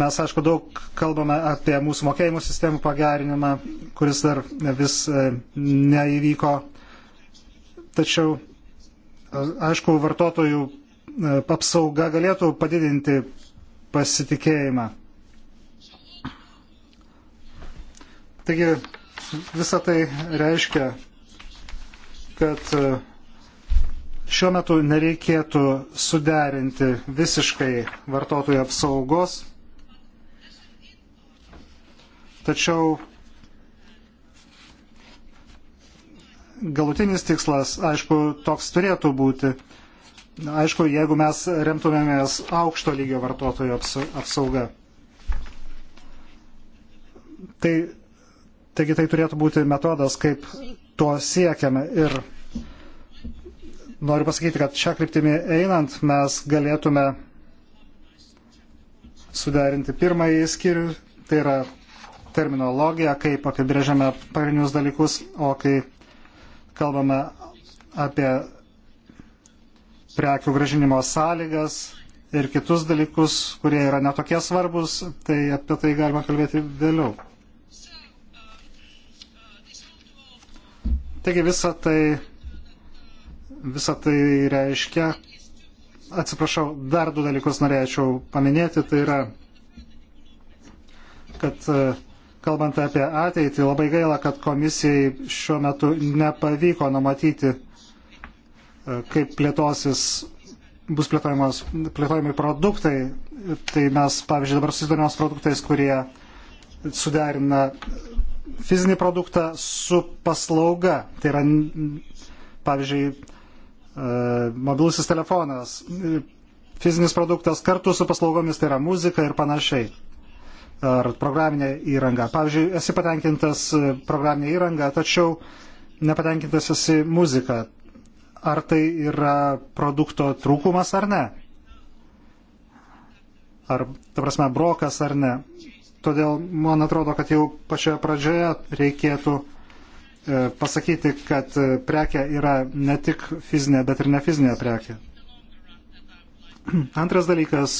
mes, aišku, daug kalbame apie mūsų mokėjimų sistemų pagerinimą, kuris dar vis e, neįvyko. Tačiau, aišku, vartotojų apsauga galėtų padidinti pasitikėjimą. Taigi visą tai reiškia, kad e, šiuo metu nereikėtų suderinti visiškai vartotojų apsaugos, tačiau galutinis tikslas, aišku, toks turėtų būti. Aišku, jeigu mes remtumėmės aukšto lygio vartotojų apsauga. Tai Taigi tai turėtų būti metodas, kaip to siekiame. Ir noriu pasakyti, kad šią kryptimį einant mes galėtume suderinti pirmąjį skyrių, tai yra terminologija, kaip apibrėžiame pagrindinius dalykus, o kai kalbame apie prekių gražinimo sąlygas ir kitus dalykus, kurie yra netokie svarbus, tai apie tai galima kalbėti vėliau. Taigi visa tai, visa tai reiškia, atsiprašau, dar du dalykus norėčiau paminėti, tai yra, kad e, kalbant apie ateitį, labai gaila, kad komisijai šiuo metu nepavyko numatyti, e, kaip plėtosis bus plėtojami produktai, tai mes, pavyzdžiui, dabar susidomėjom produktais, kurie suderina fizinį produktą su paslauga. Tai yra, pavyzdžiui, e, mobilusis telefonas, fizinis produktas kartu su paslaugomis, tai yra muzika ir panašiai. Ar programinė įranga. Pavyzdžiui, esi patenkintas programinė įranga, tačiau nepatenkintas esi muzika. Ar tai yra produkto trūkumas ar ne? Ar, ta prasme, brokas ar ne? Todėl man atrodo, kad jau pačioje pradžioje reikėtų e, pasakyti, kad e, prekia yra ne tik fizinė, bet ir ne fizinė prekia. Antras dalykas,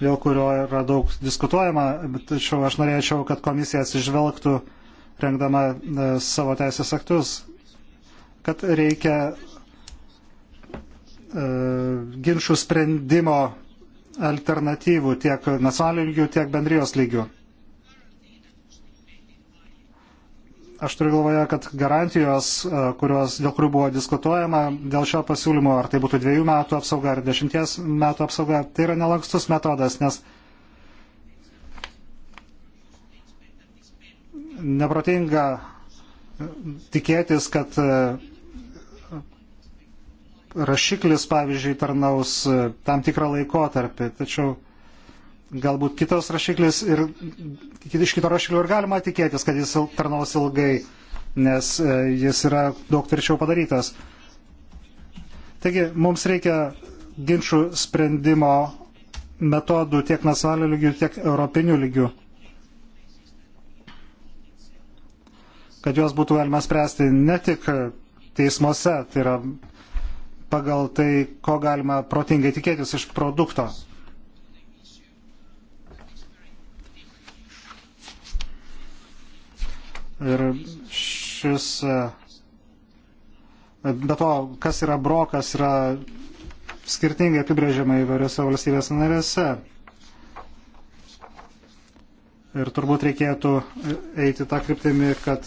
dėl kurio yra daug diskutuojama, tačiau aš norėčiau, kad komisija atsižvelgtų, rengdama e, savo teisės aktus, kad reikia ginčių sprendimo alternatyvų tiek nacionalinių lygių, tiek bendrijos lygių. Aš turiu galvoje, kad garantijos, e, kurios, dėl kurių buvo diskutuojama, dėl šio pasiūlymo, ar tai būtų dviejų metų apsauga ar dešimties metų apsauga, tai yra nelankstus metodas, nes neprotinga tikėtis, kad e, rašiklis, pavyzdžiui, tarnaus e, tam tikrą laikotarpį, tačiau galbūt kitos rašiklis ir iš kito rašiklio ir galima tikėtis, kad jis tarnaus ilgai, nes e, jis yra daug tvirčiau padarytas. Taigi mums reikia ginčių sprendimo metodų tiek nacionalinių lygių, tiek europinių lygių, kad juos būtų galima spręsti ne tik teismuose, tai yra pagal tai, ko galima protingai tikėtis iš produkto. Ir šis, be to, kas yra brokas, yra skirtingai apibrėžiama įvairiose valstybės narėse. Ir turbūt reikėtų eiti tą kryptimį, kad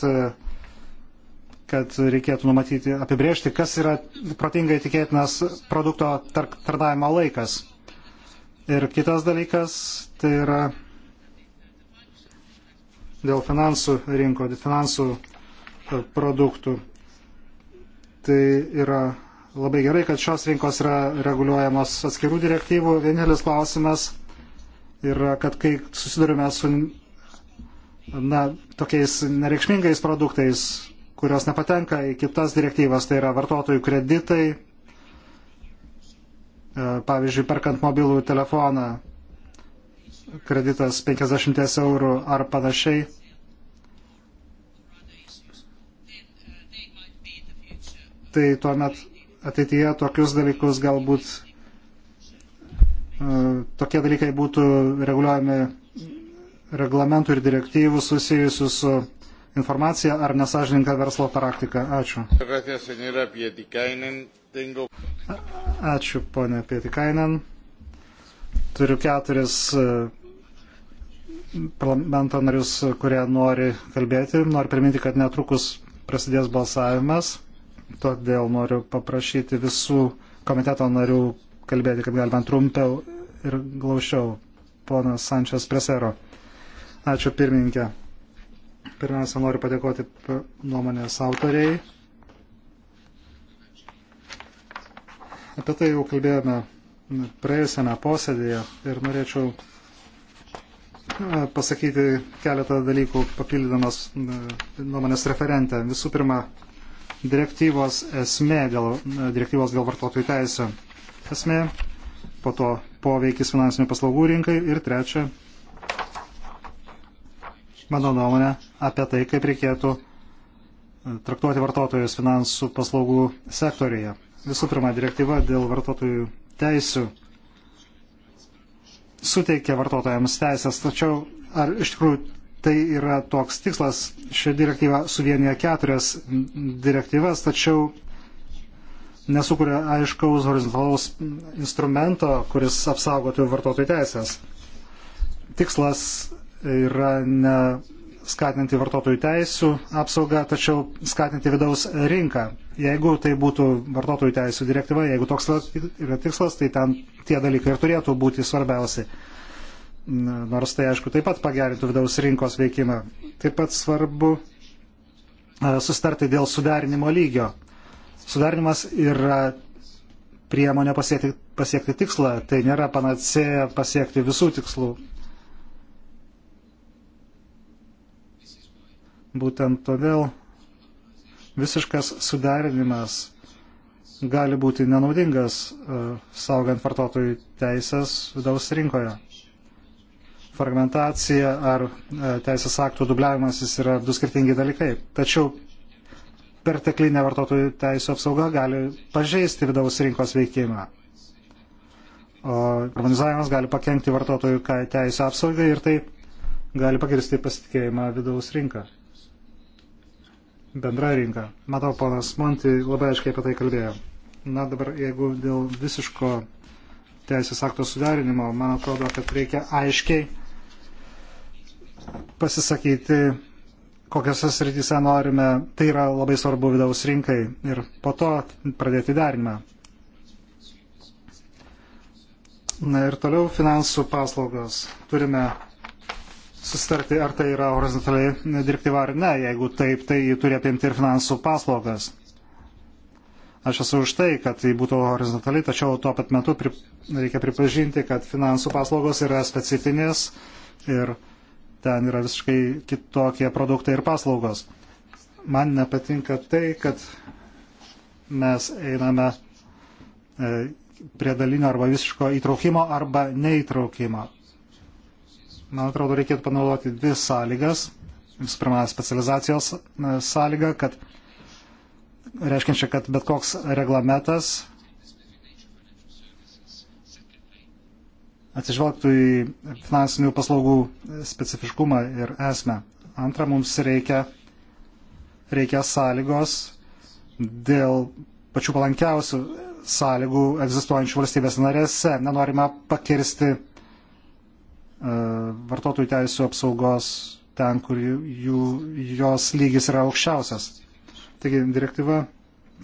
kad reikėtų numatyti, apibriežti, kas yra protingai tikėtinas produkto tar tarnavimo laikas. Ir kitas dalykas tai yra dėl finansų rinko, dėl finansų e, produktų. Tai yra labai gerai, kad šios rinkos yra reguliuojamos atskirų direktyvų. Vienintelis klausimas yra, kad kai susidurime su na, tokiais nereikšmingais produktais, kurios nepatenka į kitas direktyvas, tai yra vartotojų kreditai, e, pavyzdžiui, perkant mobilų telefoną, kreditas 50 eurų ar panašiai. Tai tuomet ateityje tokius dalykus galbūt e, tokie dalykai būtų reguliuojami reglamentų ir direktyvų susijusių su informaciją ar nesažininką verslo praktiką. Ačiū. Ačiū, ponė Pietikainen. Turiu keturis e, parlamento narius, kurie nori kalbėti. Noriu priminti, kad netrukus prasidės balsavimas. Todėl noriu paprašyti visų komiteto narių kalbėti, kaip galima trumpiau ir glaušiau. Ponas Sančias Presero. Ačiū pirmininkė. Pirmiausia, noriu padėkoti nuomonės autoriai. Apie tai jau kalbėjome praėjusiame posėdėje ir norėčiau pasakyti keletą dalykų papildydamas nuomonės referentę. Visų pirma, direktyvos esmė dėl direktyvos dėl vartotojų teisų. Esmė, po to poveikis finansinių paslaugų rinkai ir trečia, mano nuomonė, apie tai, kaip reikėtų e, traktuoti vartotojus finansų paslaugų sektorėje. Visų pirma, direktyva dėl vartotojų teisių suteikia vartotojams teisės, tačiau ar iš tikrųjų tai yra toks tikslas? Ši direktyva suvienyje keturias direktyvas, tačiau nesukuria aiškaus horizontalaus instrumento, kuris apsaugotų vartotojų teisės. Tikslas yra ne skatinti vartotojų teisų apsaugą, tačiau skatinti vidaus rinką. Jeigu tai būtų vartotojų teisų direktyva, jeigu toks yra tikslas, tai ten tie dalykai ir turėtų būti svarbiausi. Nors tai, aišku, taip pat pagerintų vidaus rinkos veikimą. Taip pat svarbu e, sustarti dėl sudarinimo lygio. Sudarinimas yra priemonė pasiekti, pasiekti tikslą, tai nėra panacėja pasiekti visų tikslų. Būtent todėl visiškas suderinimas gali būti nenaudingas e, saugant vartotojų teisės vidaus rinkoje. Fragmentacija ar e, teisės aktų dubliavimasis yra du skirtingi dalykai. Tačiau perteklinė vartotojų teisų apsauga gali pažeisti vidaus rinkos veikimą. O harmonizavimas gali pakengti vartotojų teisų apsaugai ir tai gali pagirsti pasitikėjimą vidaus rinką bendra rinka. Matau, ponas Monti labai aiškiai apie tai kalbėjo. Na dabar, jeigu dėl visiško teisės akto sudarinimo, man atrodo, kad reikia aiškiai pasisakyti, kokiose srityse norime, tai yra labai svarbu vidaus rinkai ir po to pradėti darinimą. Na ir toliau finansų paslaugos. Turime susitarti, ar tai yra horizontaliai direktyva ar ne. Jeigu taip, tai jį turi apimti ir finansų paslaugas. Aš esu už tai, kad jį būtų horizontaliai, tačiau tuo pat metu pri, reikia pripažinti, kad finansų paslaugos yra specifinės ir ten yra visiškai kitokie produktai ir paslaugos. Man nepatinka tai, kad mes einame e, prie dalinio arba visiško įtraukimo arba neįtraukimo. Man atrodo, reikėtų panaudoti dvi sąlygas. Visų pirma, specializacijos e, sąlyga, kad reiškia, kad bet koks reglamentas atsižvelgtų į finansinių paslaugų specifiškumą ir esmę. Antra, mums reikia, reikia sąlygos dėl pačių palankiausių sąlygų egzistuojančių valstybės narėse. Nenorime pakirsti E, vartotojų teisų apsaugos ten, kur jų, jos lygis yra aukščiausias. Taigi direktyva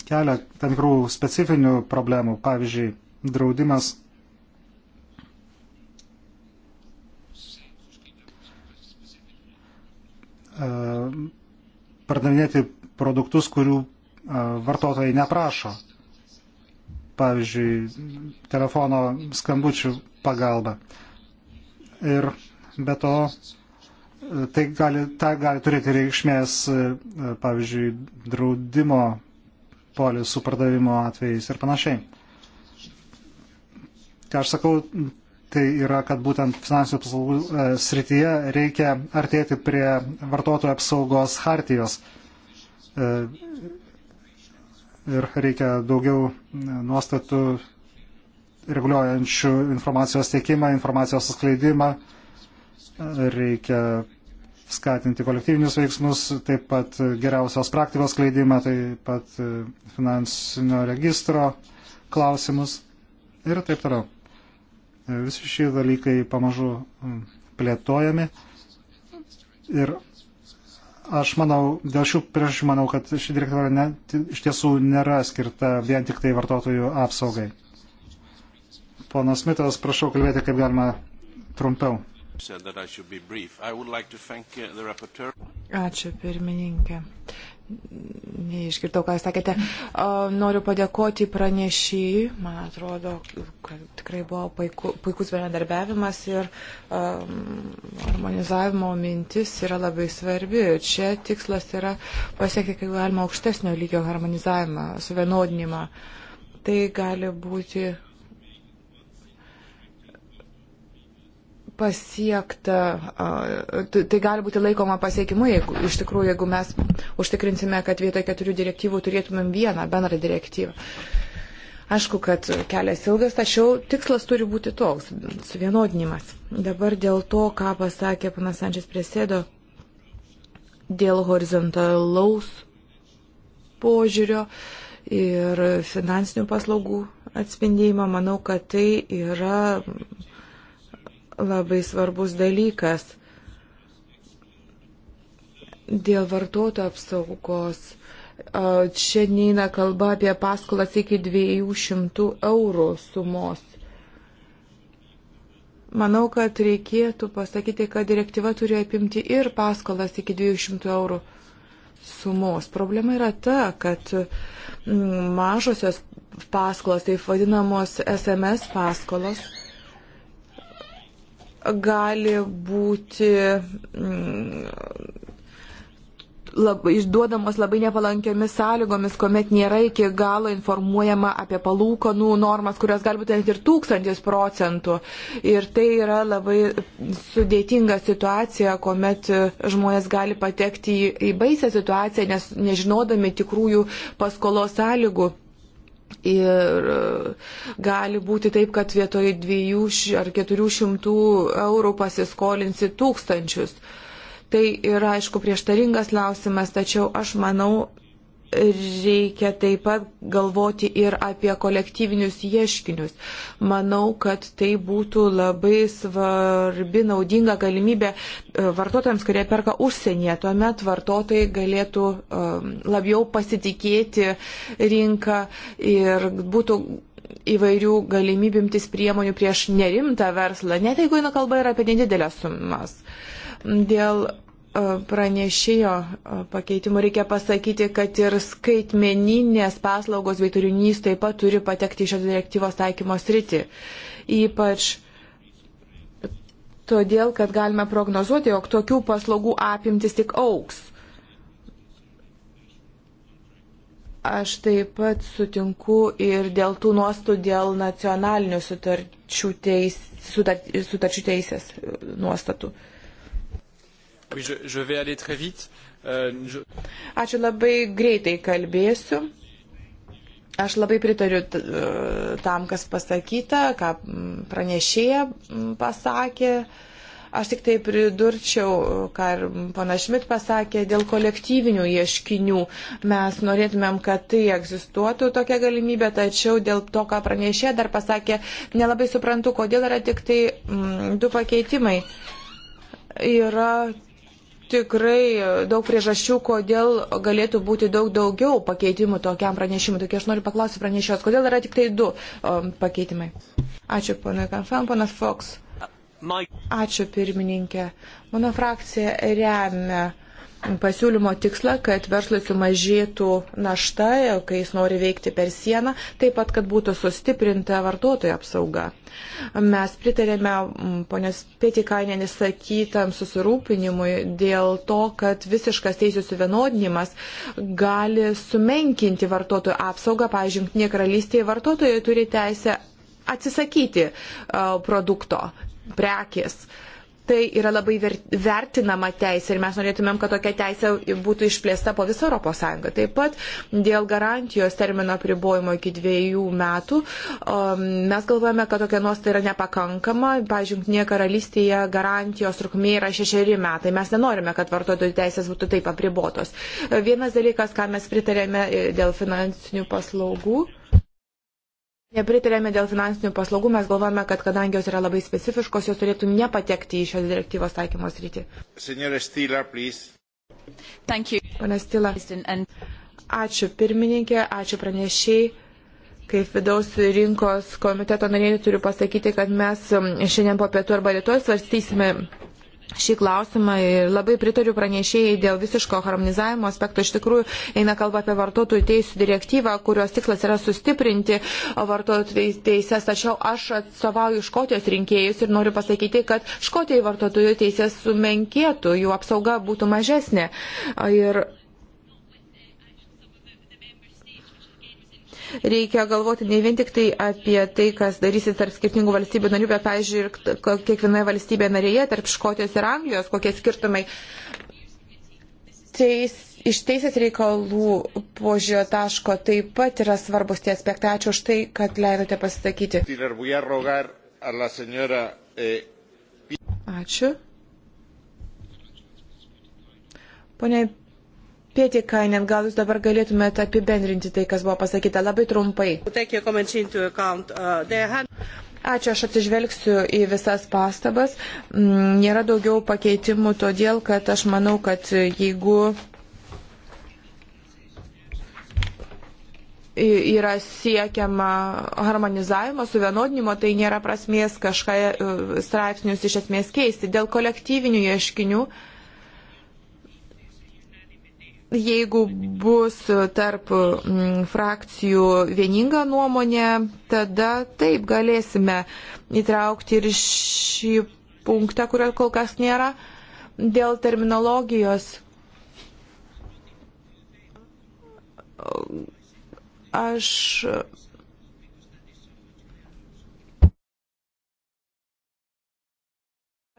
kelia tam tikrų specifinių problemų, pavyzdžiui, draudimas e, pardavinėti produktus, kurių e, vartotojai neprašo. Pavyzdžiui, telefono skambučių pagalba ir be to e, tai gali, tai gali turėti reikšmės, e, e, pavyzdžiui, draudimo polisų pardavimo atvejais ir panašiai. Ką aš sakau, tai yra, kad būtent finansinių paslaugų srityje reikia artėti prie vartotojų apsaugos hartijos ir reikia daugiau nuostatų reguliuojančių informacijos teikimą, informacijos atskleidimą, reikia skatinti kolektyvinius veiksmus, taip pat geriausios praktikos skleidimą, taip pat e, finansinio registro klausimus ir taip toliau. E, visi šie dalykai pamažu plėtojami ir aš manau, dėl šių priežasčių manau, kad ši direktyva ne, iš tiesų nėra skirta vien tik tai vartotojų apsaugai. Ponas Mitas, prašau kalbėti kaip galima trumpiau. Ačiū pirmininkė. Neišgirdau, ką jūs sakėte. Noriu padėkoti pranešėjai. Man atrodo, kad tikrai buvo puiku, puikus bendradarbiavimas ir um, harmonizavimo mintis yra labai svarbi. Čia tikslas yra pasiekti, kaip galima, aukštesnio lygio harmonizavimą, suvienodinimą. Tai gali būti pasiekta, tai, tai gali būti laikoma pasiekimu, jeigu iš tikrųjų, jeigu mes užtikrinsime, kad vietoj keturių direktyvų turėtumėm vieną bendrą direktyvą. Aišku, kad kelias ilgas, tačiau tikslas turi būti toks - suvienodinimas. Dabar dėl to, ką pasakė panas Sančias Presėdo, dėl horizontalaus požiūrio ir finansinių paslaugų atspindėjimo, manau, kad tai yra labai svarbus dalykas dėl vartotojų apsaugos. Čia neina kalba apie paskolas iki 200 eurų sumos. Manau, kad reikėtų pasakyti, kad direktyva turi apimti ir paskolas iki 200 eurų sumos. Problema yra ta, kad mm, mažosios paskolos, taip vadinamos SMS paskolos, gali būti mm, labai, išduodamos labai nepalankiomis sąlygomis, kuomet nėra iki galo informuojama apie palūkanų normas, kurios galbūt net ir tūkstantis procentų. Ir tai yra labai sudėtinga situacija, kuomet žmonės gali patekti į, į baisę situaciją, nes nežinodami tikrųjų paskolos sąlygų. Ir e, gali būti taip, kad vietoj 200 ar 400 eurų pasiskolinsi tūkstančius. Tai yra, aišku, prieštaringas klausimas, tačiau aš manau, reikia taip pat galvoti ir apie kolektyvinius ieškinius. Manau, kad tai būtų labai svarbi, naudinga galimybė e, vartotojams, kurie perka užsienyje. Tuomet vartotojai galėtų e, labiau pasitikėti rinką ir būtų įvairių galimybimtis priemonių prieš nerimtą verslą, net jeigu eina kalba ir apie nedidelės sumas. Dėl pranešėjo pakeitimų reikia pasakyti, kad ir skaitmeninės paslaugos bei turinys taip pat turi patekti į šios direktyvos taikymo sritį. Ypač todėl, kad galime prognozuoti, jog tokių paslaugų apimtis tik auks. Aš taip pat sutinku ir dėl tų nuostų dėl nacionalinių sutarčių, teis, sutar, sutarčių teisės nuostatų. Uh, Oui, je, je vais aller très vite. Uh, je... Ačiū labai greitai kalbėsiu. Aš labai pritariu e, tam, kas pasakyta, ką pranešėja pasakė. Aš tik tai pridurčiau, ką ir pana Šmit pasakė, dėl kolektyvinių ieškinių. Mes norėtumėm, kad tai egzistuotų tokia galimybė, tačiau dėl to, ką pranešė, dar pasakė, nelabai suprantu, kodėl yra tik tai m, du pakeitimai. Yra tikrai daug priežasčių, kodėl galėtų būti daug daugiau pakeitimų tokiam pranešimui. Tokie aš noriu paklausyti pranešėjos, kodėl yra tik tai du o, um, pakeitimai. Ačiū, ponai Kanfan, ponas Fox. Ačiū, pirmininkė. Mano frakcija remia pasiūlymo tikslą, kad verslui sumažėtų našta, kai jis nori veikti per sieną, taip pat, kad būtų sustiprinta vartotojų apsauga. Mes pritarėme ponios Pietikainėnis sakytam susirūpinimui dėl to, kad visiškas teisų suvienodinimas gali sumenkinti vartotojų apsaugą. Pavyzdžiui, Junktinė karalystėje vartotojai turi teisę atsisakyti produkto, prekės. Uh, tai yra labai vertinama teisė ir mes norėtumėm, kad tokia teisė būtų išplėsta po visą ES. Taip pat dėl garantijos termino pribojimo iki dviejų metų um, mes galvojame, kad tokia nuostata yra nepakankama. Pavyzdžiui, Junktinėje karalystėje garantijos trukmė yra šešeri metai. Mes nenorime, kad vartotojų teisės būtų taip apribotos. Vienas dalykas, ką mes pritarėme e, dėl finansinių paslaugų. Nepritarėme dėl finansinių paslaugų, mes galvojame, kad kadangi jos yra labai specifiškos, jos turėtų nepatekti į šios direktyvos taikymos rytį. Pane Stila, ačiū pirmininkė, ačiū pranešiai kaip vidaus rinkos komiteto nariai turiu pasakyti, kad mes um, šiandien po pietų arba rytoj svarstysime šį klausimą ir labai pritariu pranešėjai dėl visiško harmonizavimo aspekto. Iš tikrųjų, eina kalba apie vartotojų teisų direktyvą, kurios tiklas yra sustiprinti vartotojų teises. Tačiau aš atstovauju Škotijos rinkėjus ir noriu pasakyti, kad Škotijai vartotojų teisės sumenkėtų, jų apsauga būtų mažesnė. Ir reikia galvoti ne vien tik tai apie tai, kas darysis tarp skirtingų valstybių narių, bet, pavyzdžiui, ir kiekvienoje valstybėje narėje, tarp Škotijos ir Anglijos, kokie skirtumai. Teis, iš teisės reikalų požiūrio taško taip pat yra svarbus tie aspektai. Ačiū už tai, kad leidote pasisakyti. Eh, Ačiū. Pone Pietikainen, gal jūs dabar galėtumėte apibendrinti tai, kas buvo pasakyta labai trumpai. Uh, Ačiū, aš atsižvelgsiu į visas pastabas. Mm, nėra daugiau pakeitimų, todėl kad aš manau, kad jeigu yra siekiama harmonizavimo, suvienodinimo, tai nėra prasmės kažką e, straipsnius iš esmės keisti. Dėl kolektyvinių ieškinių. Uh, Jeigu bus tarp mm, frakcijų vieninga nuomonė, tada taip galėsime įtraukti ir šį punktą, kurio kol kas nėra, dėl terminologijos. Aš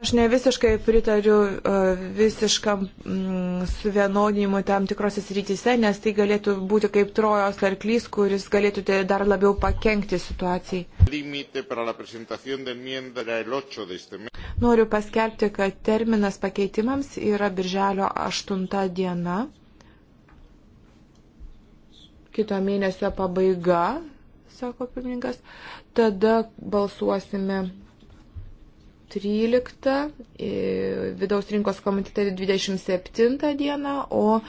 Aš ne visiškai pritariu e, visiškam mm, suvienodinimui tam tikrose srityse, nes tai galėtų būti kaip trojos arklys, kuris galėtų dar labiau pakengti situacijai. Noriu paskelbti, kad terminas pakeitimams yra birželio 8 diena, kito mėnesio pabaiga, sako pirmininkas. Tada balsuosime 13, vidaus rinkos komitete 27 dieną, o mm,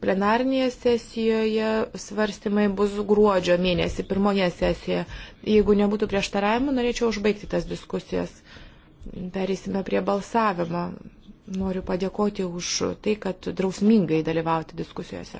plenarnėje sesijoje svarstymai bus gruodžio mėnesį, pirmoje sesijoje. Jeigu nebūtų prieštaravimų, norėčiau užbaigti tas diskusijas. Perėsime prie balsavimo. Noriu padėkoti už tai, kad drausmingai dalyvauti diskusijose.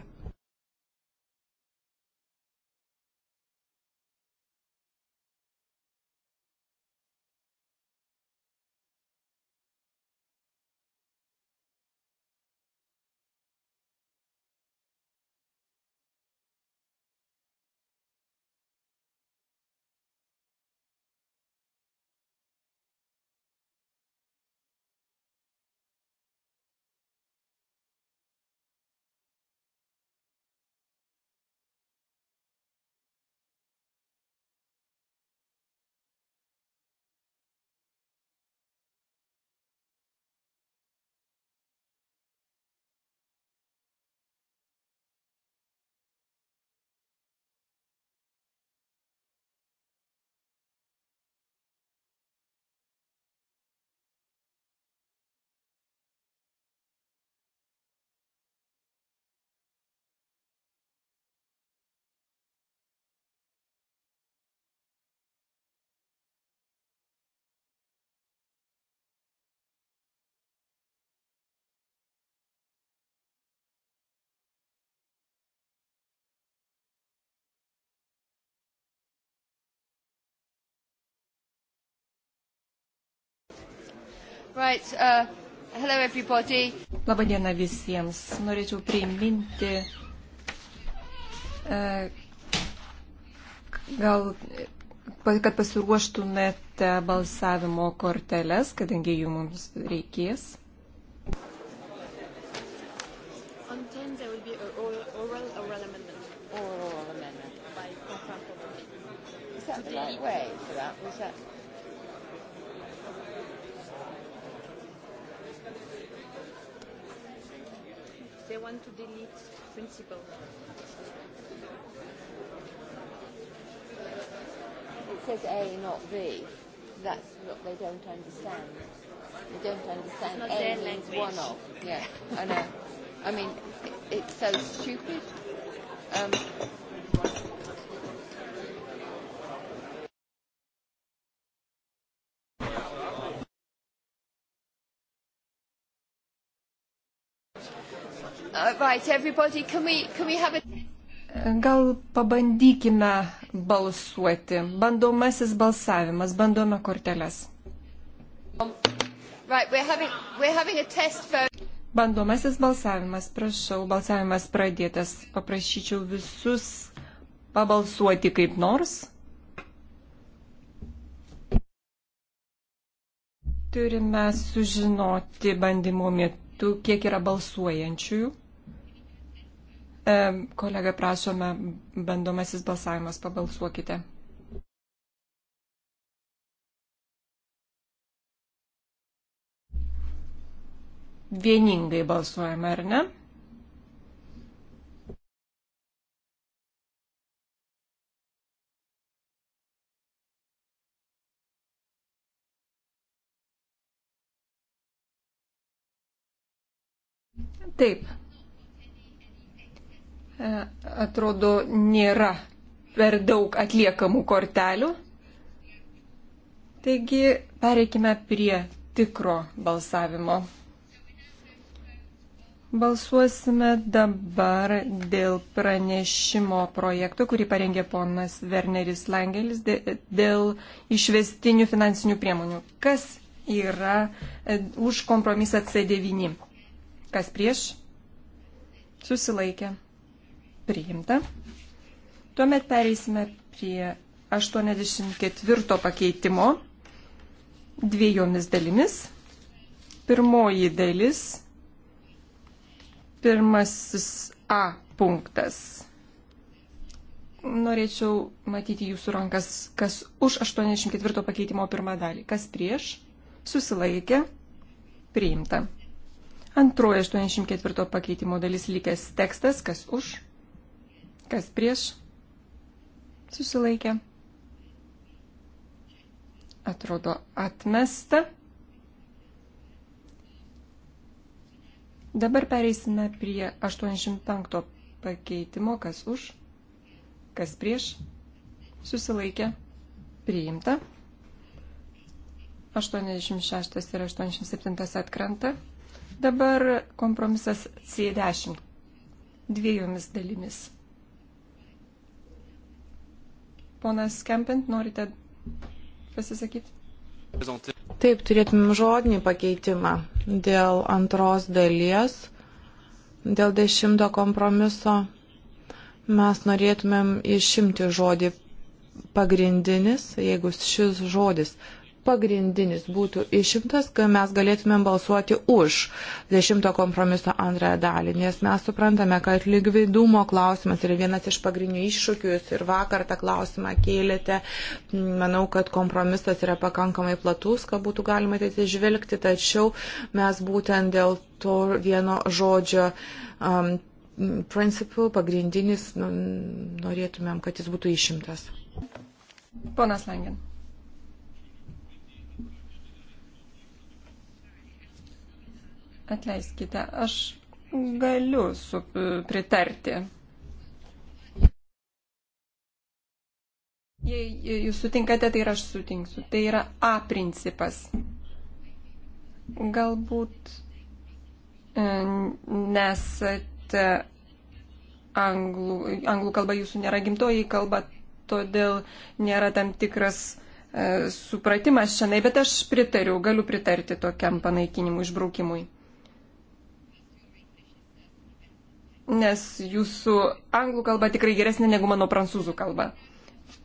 Right, uh, hello everybody. Labadiena visiems. Norėčiau priminti, uh, gal, kad pasiruoštumėte balsavimo korteles, kadangi jų mums reikės. On 10 there will be an oral, oral, oral amendment. Oral, oral amendment. By Is that the right way for that? Was that... They want to delete principle. It says A, not B. That's what they don't understand. They don't understand it's not A means language. one of. Yeah, I know. I mean, it, it's so stupid. Um, Uh, Gal pabandykime balsuoti. Bandomasis balsavimas, bandome korteles. Bandomasis balsavimas, prašau, balsavimas pradėtas. Paprašyčiau visus pabalsuoti kaip nors. Turime sužinoti bandymo metu, kiek yra balsuojančiųjų. E, kolega, prašome, bandomasis balsavimas, pabalsuokite. Vieningai balsuojame, ar ne? Taip, E, atrodo, nėra per daug atliekamų kortelių. Taigi, pereikime prie tikro balsavimo. Balsuosime dabar dėl pranešimo projekto, kurį parengė ponas Werneris Langelis dėl išvestinių finansinių priemonių. Kas yra e, už kompromisą C9? Kas prieš? Susilaikė. Priimta. Tuomet pereisime prie 84 pakeitimo dviejomis dalimis. Pirmoji dalis, pirmasis A punktas. Norėčiau matyti jūsų rankas, kas už 84 pakeitimo pirmą dalį, kas prieš, susilaikė, priimta. Antroji 84 pakeitimo dalis likęs tekstas, kas už, kas prieš, susilaikė, atrodo atmesta. Dabar pereisime prie 85 pakeitimo, kas už, kas prieš, susilaikė, priimta. 86 ir 87 atkrenta. Dabar kompromisas C10 dviejomis dalimis. Ponas Kempint, norite pasisakyti? Taip, turėtumėm žodinį pakeitimą dėl antros dalies, dėl dešimto kompromiso. Mes norėtumėm išimti žodį pagrindinis, jeigu šis žodis pagrindinis būtų išimtas, kad mes galėtumėm balsuoti už dešimto kompromiso antrąją dalį, nes mes suprantame, kad likvidumo klausimas yra vienas iš pagrindinių iššūkių, jūs ir vakar tą klausimą kėlėte. Manau, kad kompromisas yra pakankamai platus, kad būtų galima tai atsižvelgti, tačiau mes būtent dėl to vieno žodžio. Um, principle, pagrindinis, nu, norėtumėm, kad jis būtų išimtas. Ponas Langin. Atleiskite, aš galiu su, pritarti. Jei jūs sutinkate, tai ir aš sutinksiu. Tai yra A principas. Galbūt e, nesate anglų, anglų kalba jūsų nėra gimtoji kalba, todėl nėra tam tikras e, supratimas šiandien, bet aš pritariu, galiu pritarti tokiam panaikinimui, išbraukimui. nes jūsų anglų kalba tikrai geresnė negu mano prancūzų kalba.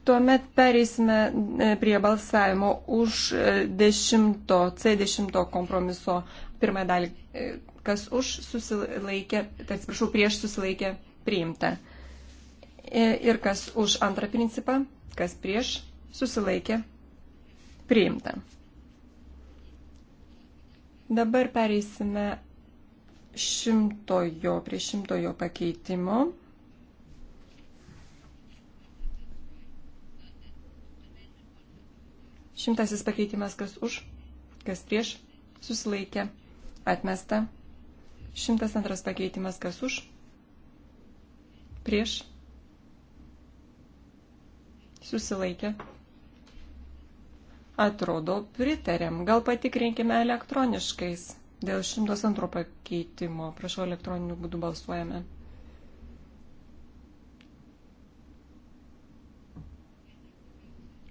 Tuomet pereisime e, prie balsavimo už 10 e, C10 kompromiso pirmą dalį, e, kas už susilaikė, tai atsiprašau, prieš susilaikė priimta. Ir kas už antrą principą, kas prieš susilaikė priimta. Dabar pereisime šimtojo, prie šimtojo pakeitimo. Šimtasis pakeitimas, kas už, kas prieš, susilaikė, atmesta. Šimtas antras pakeitimas, kas už, prieš, susilaikė. Atrodo, pritarėm. Gal patikrinkime elektroniškais. Dėl 102 pakeitimo, prašau, elektroniniu būdu balsuojame.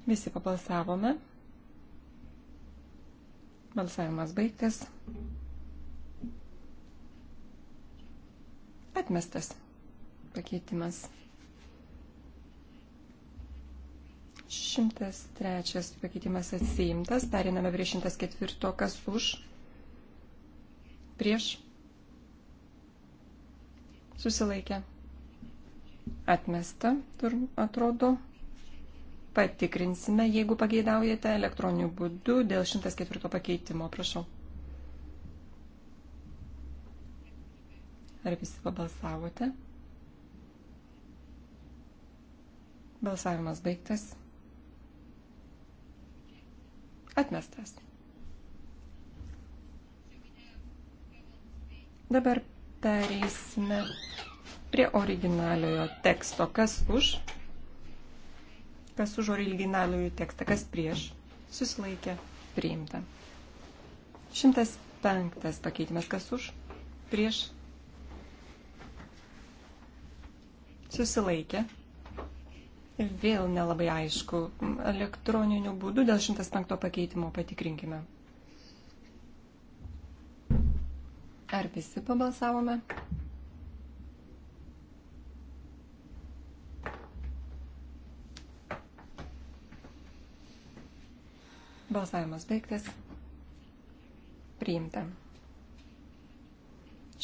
Visi pabalsavome. Balsavimas baigtas. Atmestas pakeitimas. 103 pakeitimas atsiimtas. Periname prie 104, kas už prieš, susilaikė, atmesta, atrodo. Patikrinsime, jeigu pageidaujate elektroniniu būdu dėl 104 pakeitimo, prašau. Ar visi pabalsavote? Balsavimas baigtas. Atmestas. Dabar pereisime prie originaliojo teksto. Kas už? Kas už originaliojo tekstą? Kas prieš? Susilaikė. Priimta. 105 pakeitimas. Kas už? Prieš? Susilaikė. Vėl nelabai aišku. Elektroniniu būdu dėl 105 pakeitimo patikrinkime. Ar visi pabalsavome? Balsavimas baigtas. Priimta.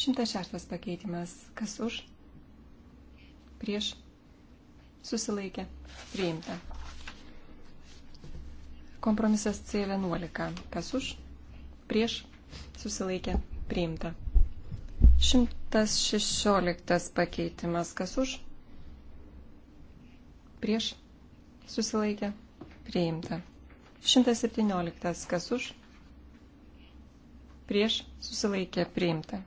106 pakeitimas. Kas už? Prieš. Susilaikė. Priimta. Kompromisas C11. Kas už? Prieš. Susilaikė. Priimta. 116 pakeitimas. Kas už? Prieš? Susilaikė? Priimta. 117. Kas už? Prieš? Susilaikė? Priimta.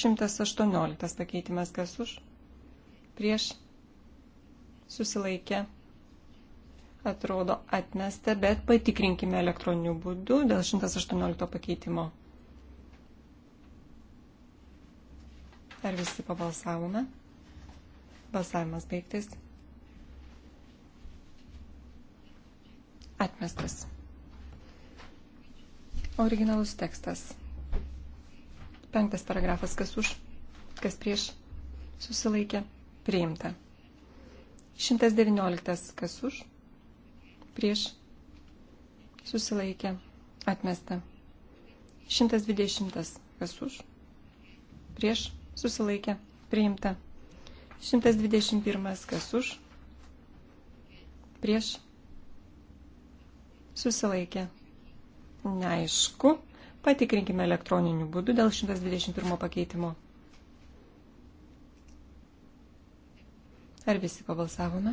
118 pakeitimas. Kas už? Prieš? Susilaikė? Atrodo atmesta, bet patikrinkime elektroniniu būdu dėl 118 pakeitimo. Ar visi pabalsavome? Balsavimas baigtas. Atmestas. Originalus tekstas. Penktas paragrafas, kas už, kas prieš, susilaikė, priimta. 119, kas už, prieš, susilaikė, atmesta. 120, kas už, prieš, susilaikė, priimta. 121 kas už, prieš, susilaikė. Neaišku, patikrinkime elektroniniu būdu dėl 121 pakeitimo. Ar visi pabalsavome?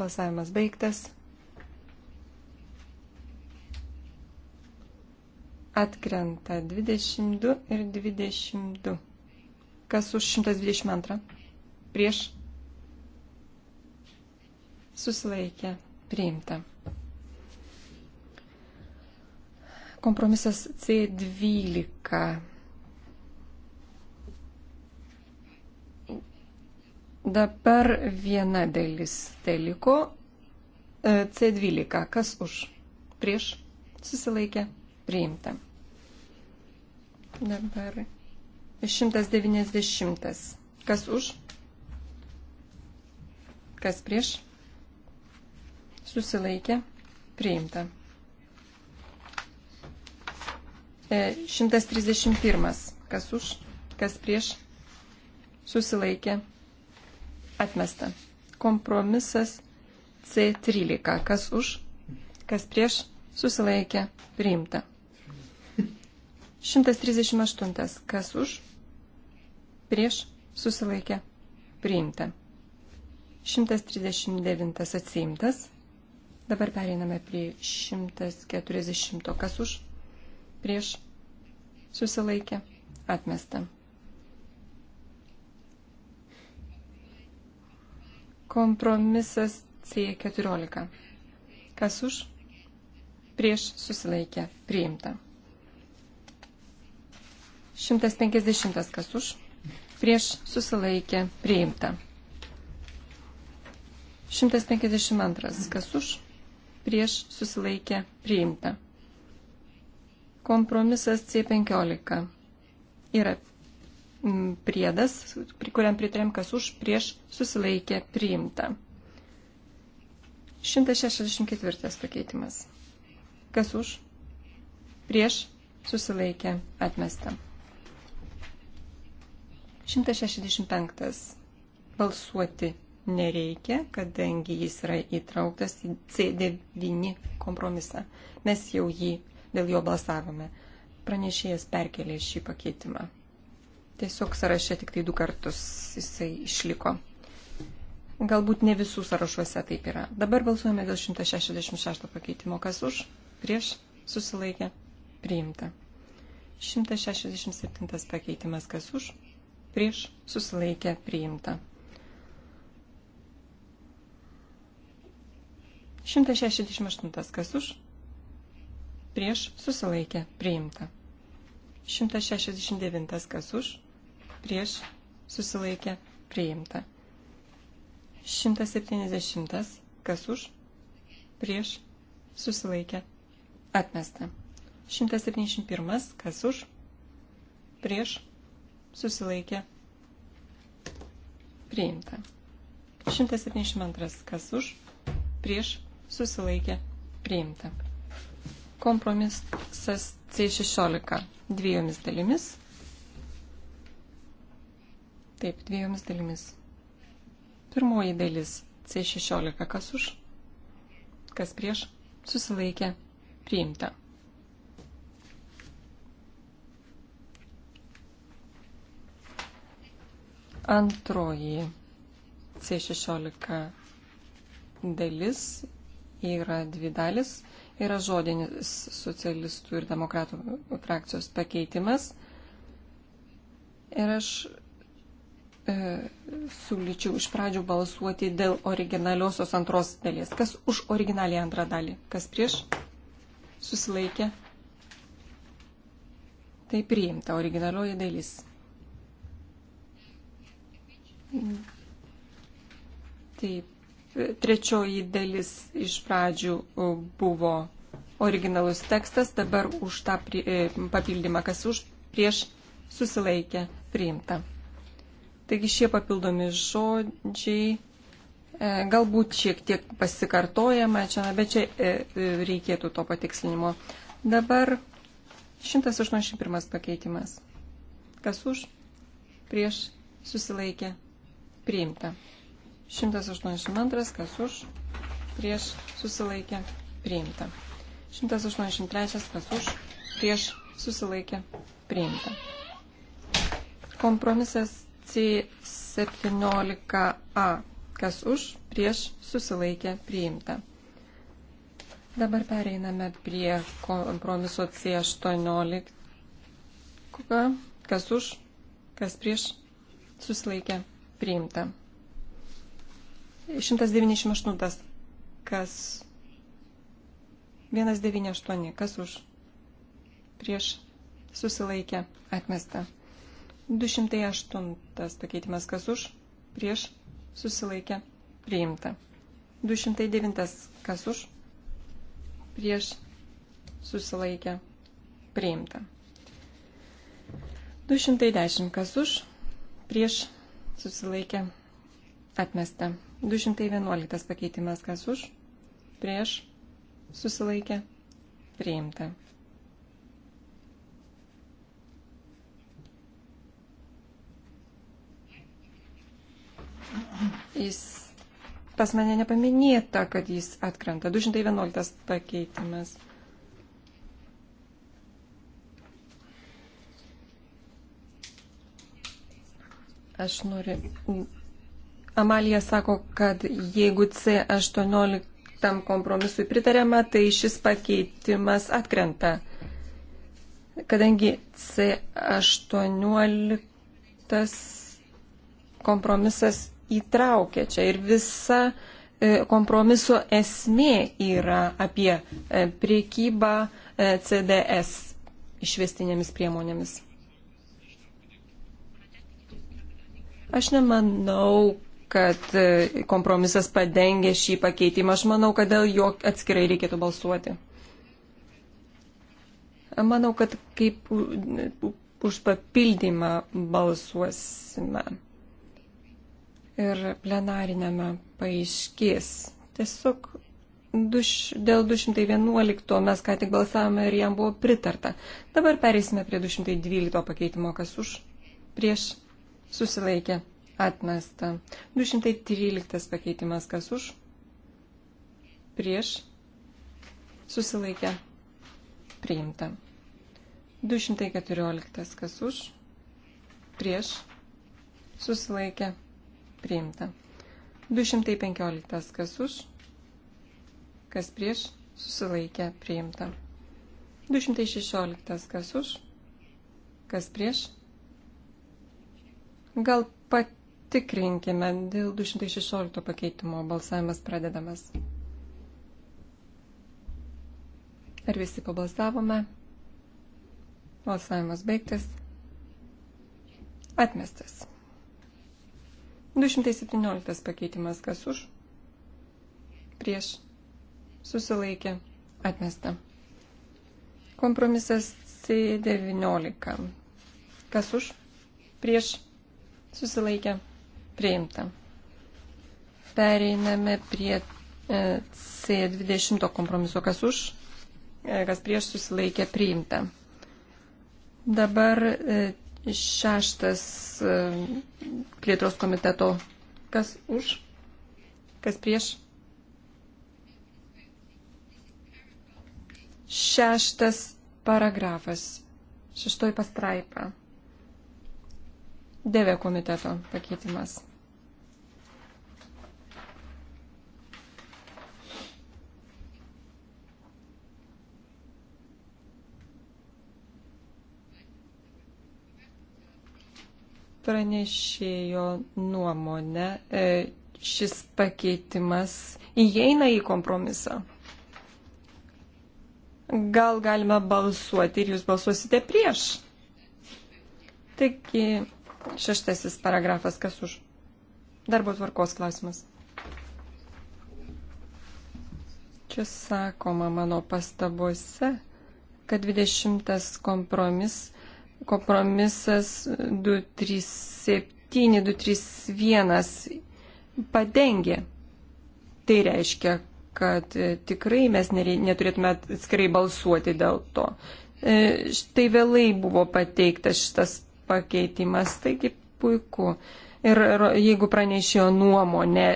Balsavimas baigtas. Atkrenta 22 ir 22. Kas už 122? Prieš? Susilaikė. Priimta. Kompromisas C12. Dabar viena dalis teliko. E, C12. Kas už? Prieš? Susilaikė. Priimta. Dabar 190. Kas už? Kas prieš? Susilaikė. Priimta. 131. E, Kas už? Kas prieš? Susilaikė. Atmesta. Kompromisas C13. Kas už? Kas prieš? Susilaikė. Priimta. 138. Kas už? prieš susilaikė priimta. 139 atsiimtas. Dabar pereiname prie 140, kas už, prieš, susilaikė, atmesta. Kompromisas C14. Kas už, prieš, susilaikė, priimta. 150, kas už, prieš susilaikė priimta. 152. Kas už prieš susilaikė priimta. Kompromisas C15 yra mm, priedas, kuriam pritarėm, kas už prieš susilaikė priimta. 164 pakeitimas. Kas už prieš susilaikė atmesta. 165 balsuoti nereikia, kadangi jis yra įtrauktas į C9 kompromisą. Mes jau jį dėl jo balsavome. Pranešėjas perkelė šį pakeitimą. Tiesiog sąraše tik tai du kartus jisai išliko. Galbūt ne visų sąrašuose taip yra. Dabar balsuojame dėl 166 pakeitimo. Kas už? Prieš? Susilaikė? Priimta. 167 pakeitimas. Kas už? prieš susilaikę priimta. 168 kas už, prieš susilaikę priimta. 169 kas už, prieš susilaikę priimta. 170 kas už, prieš susilaikę atmesta. 171 kas už, prieš susilaikė, priimta. 172. Kas už, prieš, susilaikė, priimta. Kompromisas C16 dviejomis dalimis. Taip, dviejomis dalimis. Pirmoji dalis C16. Kas už, kas prieš, susilaikė, priimta. Antroji C16 dalis yra dvi dalis. Yra žodinis socialistų ir demokratų frakcijos pakeitimas. Ir aš e, siūlyčiau iš pradžių balsuoti dėl originaliosios antros dalies. Kas už originalią antrą dalį? Kas prieš? Susilaikė. Tai priimta originalioji dalis. Taip, trečioji dalis iš pradžių e, buvo originalus tekstas, dabar už tą e, papildymą, kas už prieš susilaikę priimta. Taigi šie papildomi žodžiai e, galbūt šiek tiek pasikartojama čia, bet čia reikėtų to patikslinimo. Dabar 181 pakeitimas. Kas už? Prieš susilaikė priimta. 182, kas už, prieš susilaikė, priimta. 183, kas už, prieš susilaikė, priimta. Kompromisas C17A, kas už, prieš susilaikė, priimta. Dabar pereiname prie kompromiso C18, kas už, kas prieš susilaikė, priimta. 198. Kas? 198. Kas už? Prieš susilaikė atmesta. 208. Pakeitimas kas už? Prieš susilaikė priimta. 209. Kas už? Prieš susilaikė priimta. 210. Kas už? Prieš susilaikė, atmesta. 211 pakeitimas kas už, prieš, susilaikė, priimta. Jis pas mane nepaminėta, kad jis atkrenta. 211 pakeitimas. Aš noriu. Amalija sako, kad jeigu C18 kompromisui pritarėma, tai šis pakeitimas atkrenta. Kadangi C18 kompromisas įtraukia čia ir visa e, kompromiso esmė yra apie e, priekybą e, CDS išvestinėmis priemonėmis. Aš nemanau, kad e, kompromisas padengia šį pakeitimą. Aš manau, kad dėl jo atskirai reikėtų balsuoti. Manau, kad kaip už papildymą balsuosime. Ir plenarinėme paaiškės. Tiesiog duš, dėl 211 mes ką tik balsavome ir jam buvo pritarta. Dabar pereisime prie 212 pakeitimo, kas už, prieš, susilaikė, atmesta. 213 pakeitimas, kas už, prieš, susilaikė, priimta. 214 kas už, prieš, susilaikė, priimta. 215 kas už, kas prieš, susilaikė, priimta. 216 kas už, kas prieš, Gal patikrinkime dėl 216 pakeitimo balsavimas pradedamas. Ar visi pabalsavome? Balsavimas baigtas. Atmestas. 217 pakeitimas kas už? Prieš. Susilaikė. Atmesta. Kompromisas C19. Kas už? Prieš susilaikė, priimta. Pereiname prie e, C20 kompromiso, kas už, e, kas prieš susilaikė, priimta. Dabar e, šeštas plėtros komiteto, kas už, kas prieš. Šeštas paragrafas, šeštoji pastraipa. DV komiteto pakeitimas. Pranešėjo nuomonę, e, šis pakeitimas įeina į kompromisą. Gal galime balsuoti ir jūs balsuosite prieš. Taigi Šeštasis paragrafas, kas už? Darbo tvarkos klausimas. Čia sakoma mano pastabuose, kad 20 kompromis, kompromisas 237, 231 padengė. Tai reiškia, kad tikrai mes neturėtume atskirai balsuoti dėl to. E, štai vėlai buvo pateiktas šitas pakeitimas, taigi puiku. Ir jeigu pranešėjo nuomonė,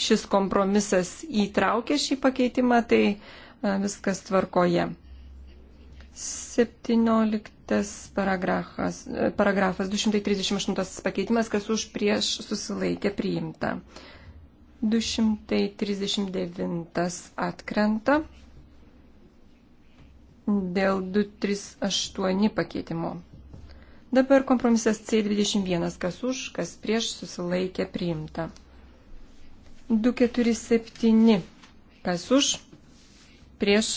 šis kompromisas įtraukė šį pakeitimą, tai viskas tvarkoje. 17 paragrafas, paragrafas 238 pakeitimas, kas už prieš susilaikė priimta. 239 atkrenta dėl 238 pakeitimo. Dabar kompromisas C21, kas už, kas prieš susilaikė priimta. 247, kas už, prieš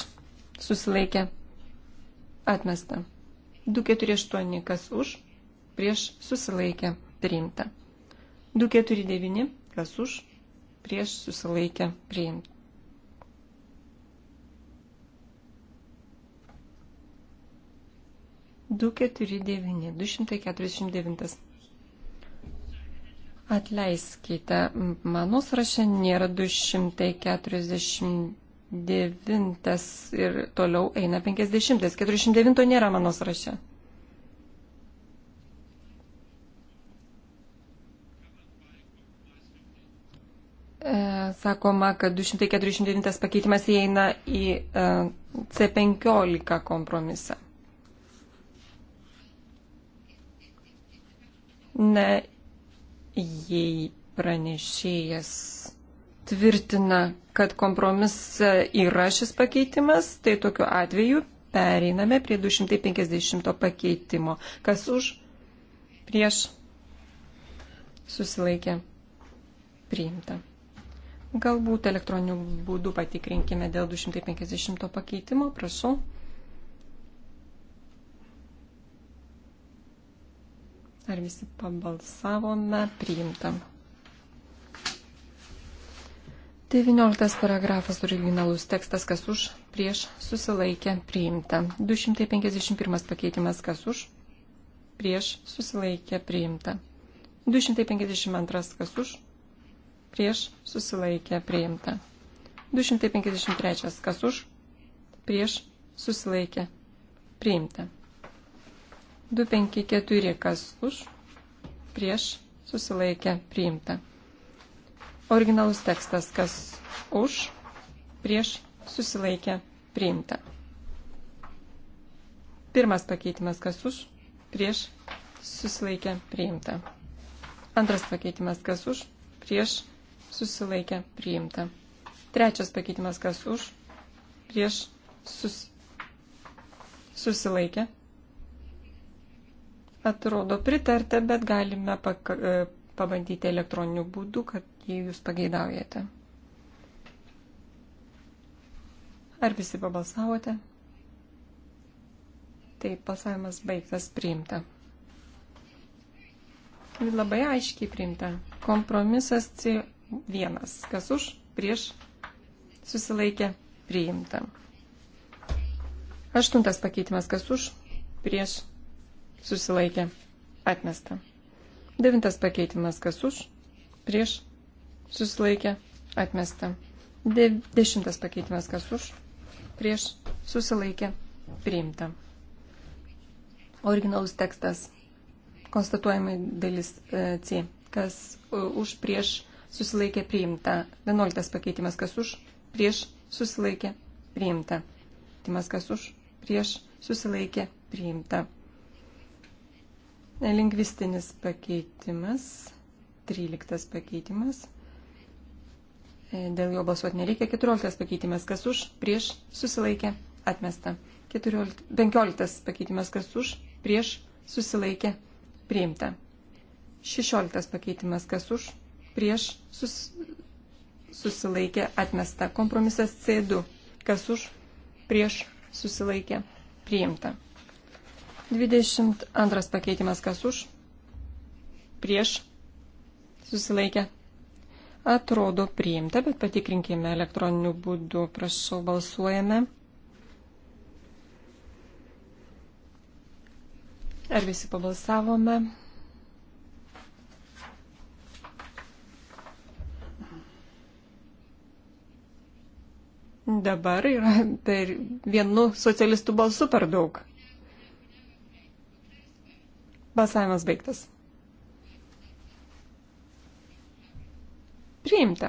susilaikė atmesta. 248, kas už, prieš susilaikė priimta. 249, kas už, prieš susilaikė priimta. 249, 249. Atleiskite, mano sąraše nėra 249 ir toliau eina 50. 409 nėra mano sąraše. E, sakoma, kad 249 pakeitimas įeina į e, C15 kompromisą. Na, jei pranešėjas tvirtina, kad kompromis yra šis pakeitimas, tai tokiu atveju pereiname prie 250 pakeitimo. Kas už? Prieš? Susilaikė. Priimta. Galbūt elektroniniu būdu patikrinkime dėl 250 pakeitimo. Prašau. Ar visi pabalsavome? Priimtam. 19 paragrafas originalus tekstas, kas už, prieš, susilaikė, priimta. 251 pakeitimas, kas už, prieš, susilaikė, priimta. 252 kas už, prieš, susilaikė, priimta. 253 kas už, prieš, susilaikė, priimta. 254 kas už, prieš susilaikė priimta. Originalus tekstas kas už, prieš susilaikė priimta. Pirmas pakeitimas kas už, prieš susilaikė priimta. Antras pakeitimas kas už, prieš susilaikė priimta. Trečias pakeitimas kas už, prieš sus, susilaikė Atrodo pritarta, bet galime e, pabandyti elektroniniu būdu, kad jei jūs pageidaujate. Ar visi pabalsavote? Taip, pasavimas baigtas priimta. Ir labai aiškiai priimta. Kompromisas C1. Kas už, prieš, susilaikė, priimta. Aštuntas pakeitimas. Kas už, prieš, susilaikė, atmesta. Devintas pakeitimas, kas už, prieš, susilaikė, atmesta. De dešimtas pakeitimas, kas už, prieš, susilaikė, priimta. Originalus tekstas, konstatuojamai dalis e, C, kas e, už, prieš, susilaikė, priimta. Vienuoliktas pakeitimas, kas už, prieš, susilaikė, priimta. Timas, kas už, prieš, susilaikė, priimta. Lingvistinis pakeitimas, 13 pakeitimas. E, dėl jo balsuoti nereikia. 14 pakeitimas, kas už, prieš, susilaikė, atmesta. 14, 15 pakeitimas, kas už, prieš, susilaikė, priimta. 16 pakeitimas, kas už, prieš, sus, susilaikė, atmesta. Kompromisas C2, kas už, prieš, susilaikė, priimta. 22 pakeitimas kas už, prieš, susilaikė. Atrodo priimta, bet patikrinkime elektroniniu būdu. Prašau, balsuojame. Ar visi pabalsavome? Dabar yra per vienu socialistų balsu per daug. Balsavimas baigtas. Priimta.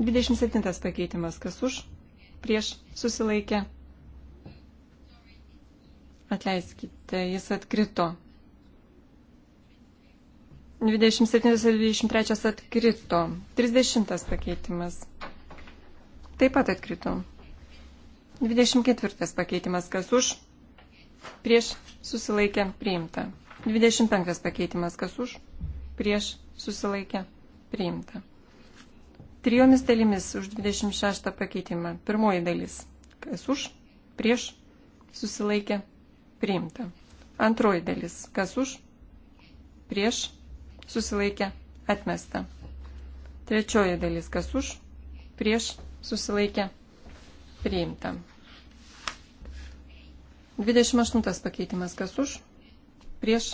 Dvidešimt septintas pakeitimas. Kas už? Prieš susilaikė. Atleiskite, jis atkrito. 27-23 atkrito. 30 pakeitimas. Taip pat atkrito. 24 pakeitimas kas už, prieš susilaikę priimta. 25 pakeitimas kas už, prieš susilaikę priimta. Trijomis dalimis už 26 pakeitimą. Pirmoji dalis kas už, prieš susilaikę priimta. Antroji dalis kas už, prieš susilaikę atmesta. Trečioji dalis kas už, prieš susilaikę priimta. Priimta. 28 pakeitimas kas už, prieš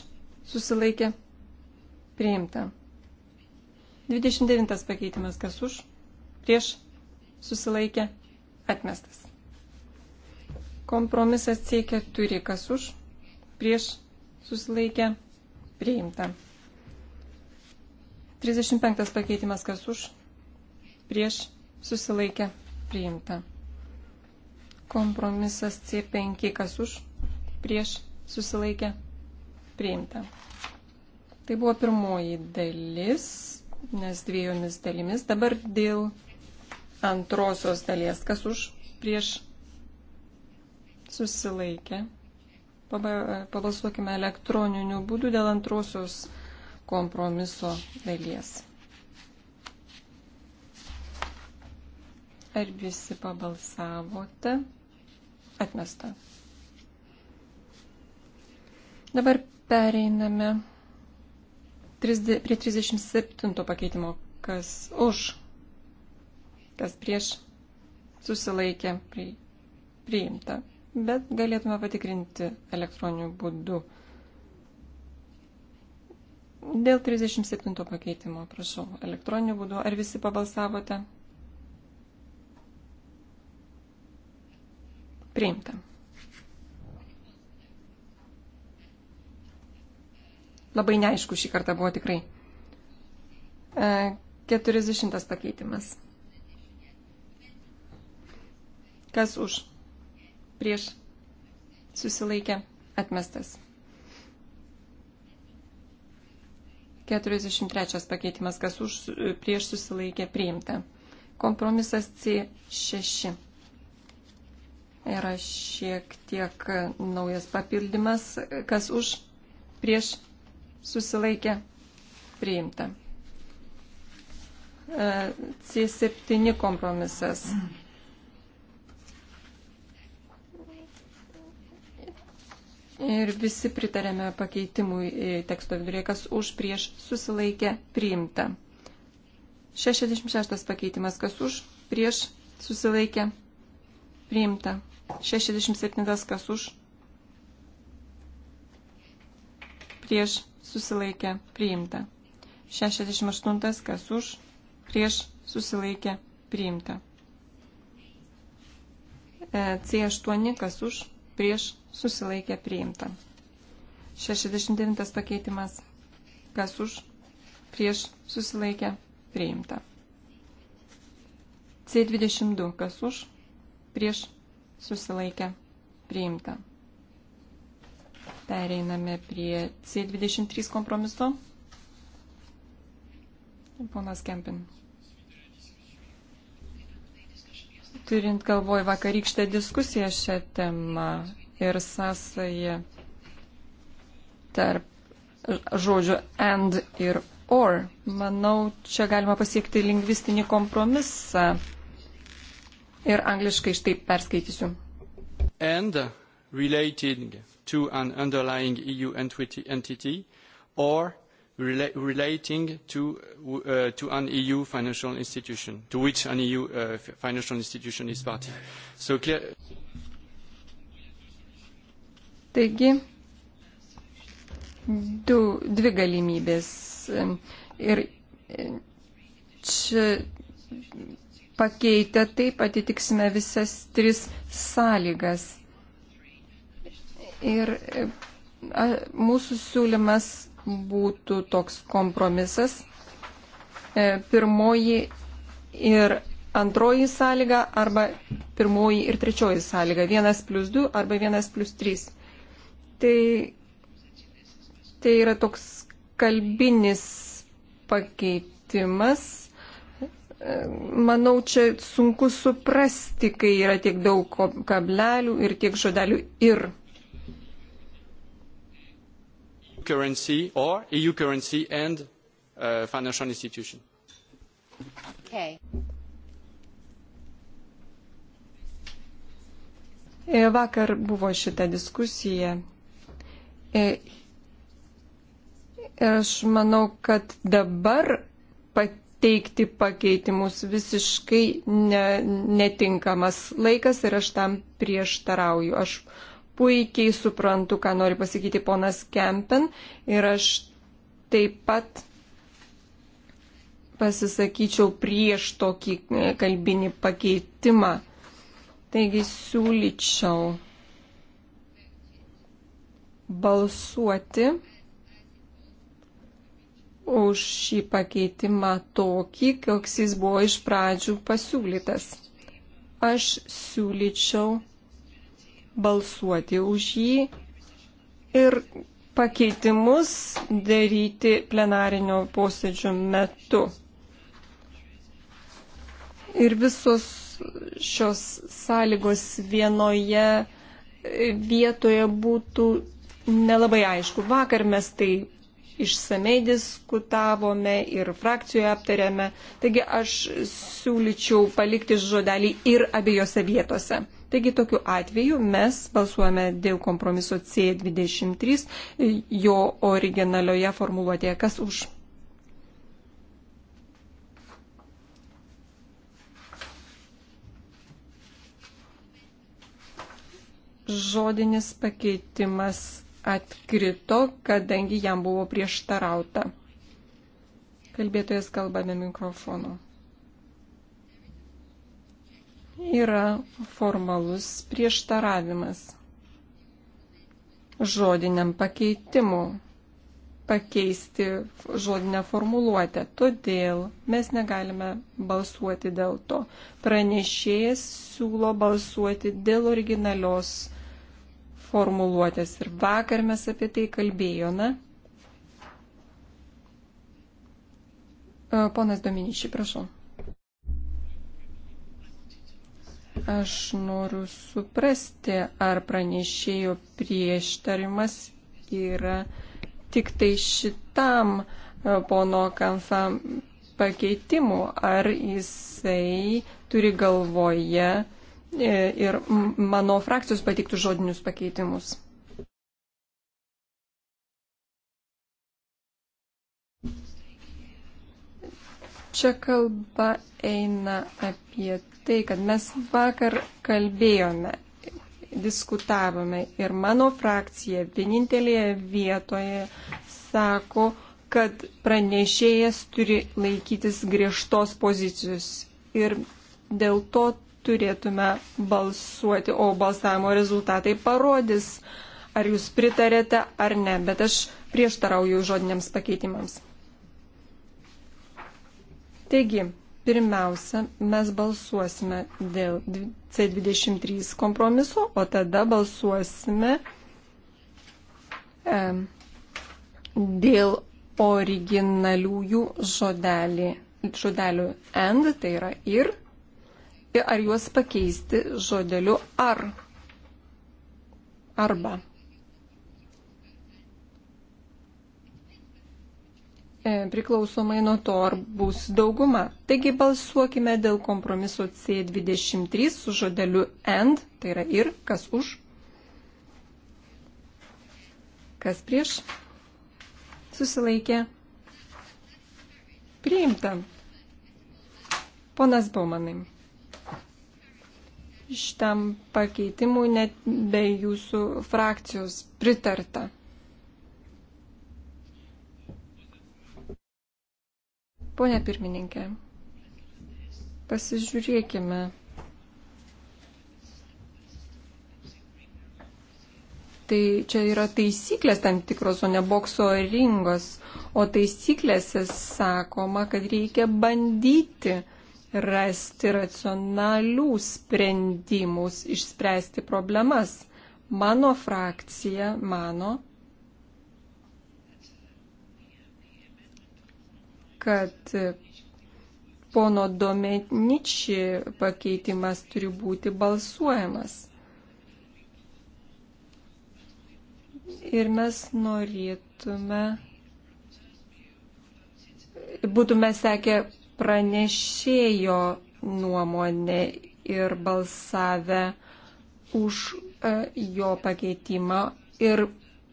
susilaikė, priimta. 29 pakeitimas kas už, prieš susilaikė, atmestas. Kompromisas C4 kas už, prieš susilaikė, priimta. 35 pakeitimas kas už, prieš susilaikė, priimta. Kompromisas C5, kas už, prieš, susilaikė, priimta. Tai buvo pirmoji dalis, nes dviejomis dalimis. Dabar dėl antrosios dalies, kas už, prieš, susilaikė. Pabalsuokime elektroniniu būdu dėl antrosios kompromiso dalies. Ar visi pabalsavote? Atmesta. Dabar pereiname prie 37 pakeitimo, kas už, kas prieš susilaikė pri, priimta, bet galėtume patikrinti elektroniniu būdu. Dėl 37 pakeitimo, prašau, elektroniniu būdu, ar visi pabalsavote? Priimta. Labai neaišku šį kartą buvo tikrai. 40 e, pakeitimas. Kas už? Prieš. Susilaikė. Atmestas. 43 pakeitimas. Kas už? Prieš susilaikė. Priimta. Kompromisas C6 yra šiek tiek naujas papildymas, kas už, prieš, susilaikė, priimta. E, C7 kompromisas. Ir visi pritarėme pakeitimui teksto vidurėje, kas už, prieš, susilaikė, priimta. 66 pakeitimas, kas už, prieš, susilaikė, priimta Priimta. 67 kas už. Prieš susilaikė. Priimta. 68 kas už. Prieš susilaikė. Priimta. E, C8 kas už. Prieš susilaikė. Priimta. 69 pakeitimas. Kas už. Prieš susilaikė. Priimta. C22 kas už prieš susilaikę priimta. Pereiname prie C23 kompromiso. Ponas Kempin. Turint galvoj vakarykštę diskusiją šią temą ir sąsąją tarp žodžių and ir or, manau, čia galima pasiekti lingvistinį kompromisą ir angliškai štai perskaitysiu. And relating to an underlying EU entity or rela relating to, uh, to an EU financial institution, to which an EU uh, financial institution is party. So clear... Taigi, du, dvi galimybės. Ir e, čia pakeitę taip atitiksime visas tris sąlygas. Ir mūsų siūlymas būtų toks kompromisas. E, pirmoji ir antroji sąlyga arba pirmoji ir trečioji sąlyga. Vienas plus du arba vienas plus trys. Tai, tai yra toks kalbinis pakeitimas manau, čia sunku suprasti, kai yra tiek daug kablelių ir tiek žodelių ir. Currency or EU currency and uh, financial institution. Okay. E, vakar buvo šita diskusija. Ir e, e, aš manau, kad dabar pat teikti pakeitimus visiškai ne, netinkamas laikas ir aš tam prieštarauju. Aš puikiai suprantu, ką nori pasakyti ponas Kempen ir aš taip pat pasisakyčiau prieš tokį e, kalbinį pakeitimą. Taigi siūlyčiau balsuoti už šį pakeitimą tokį, koks jis buvo iš pradžių pasiūlytas. Aš siūlyčiau balsuoti už jį ir pakeitimus daryti plenarinio posėdžio metu. Ir visos šios sąlygos vienoje vietoje būtų nelabai aišku. Vakar mes tai išsamei diskutavome ir frakcijoje aptarėme. Taigi aš siūlyčiau palikti žodelį ir abiejose vietose. Taigi tokiu atveju mes balsuojame dėl kompromiso C23 jo originalioje formuluotėje. Kas už? Žodinis pakeitimas atkrito, kadangi jam buvo prieštarauta. Kalbėtojas kalba be mikrofono. Yra formalus prieštaravimas žodiniam pakeitimu pakeisti žodinę formuluotę. Todėl mes negalime balsuoti dėl to. Pranešėjas siūlo balsuoti dėl originalios formuluotės ir vakar mes apie tai kalbėjome. E, ponas Dominičiai, prašau. Aš noriu suprasti, ar pranešėjo prieštarimas yra tik tai šitam e, pono Kanfam pakeitimu, ar jisai turi galvoje uh, E, ir mano frakcijos pateiktų žodinius pakeitimus. Čia kalba eina apie tai, kad mes vakar kalbėjome, diskutavome ir mano frakcija vienintelėje vietoje sako, kad pranešėjas turi laikytis griežtos pozicijos ir dėl to turėtume balsuoti, o balsavimo rezultatai parodys, ar jūs pritarėte ar ne, bet aš prieštarauju žodiniams pakeitimams. Taigi, pirmiausia, mes balsuosime dėl C23 kompromiso, o tada balsuosime e, dėl originaliųjų žodelių, žodelių and, tai yra ir ar juos pakeisti žodeliu ar. Arba. E, priklausomai nuo to, ar bus dauguma. Taigi balsuokime dėl kompromiso C23 su žodeliu and, tai yra ir, kas už, kas prieš, susilaikė, priimta. Ponas Baumanai šitam pakeitimui net be jūsų frakcijos pritarta. Pone pirmininkė, pasižiūrėkime. Tai čia yra taisyklės tam tikros, o ne bokso ringos. O taisyklėse sakoma, kad reikia bandyti rasti racionalių sprendimus, išspręsti problemas. Mano frakcija mano, kad pono Domeniči pakeitimas turi būti balsuojamas. Ir mes norėtume, būtume sekę pranešėjo nuomonę ir balsavę už e, jo pakeitimą ir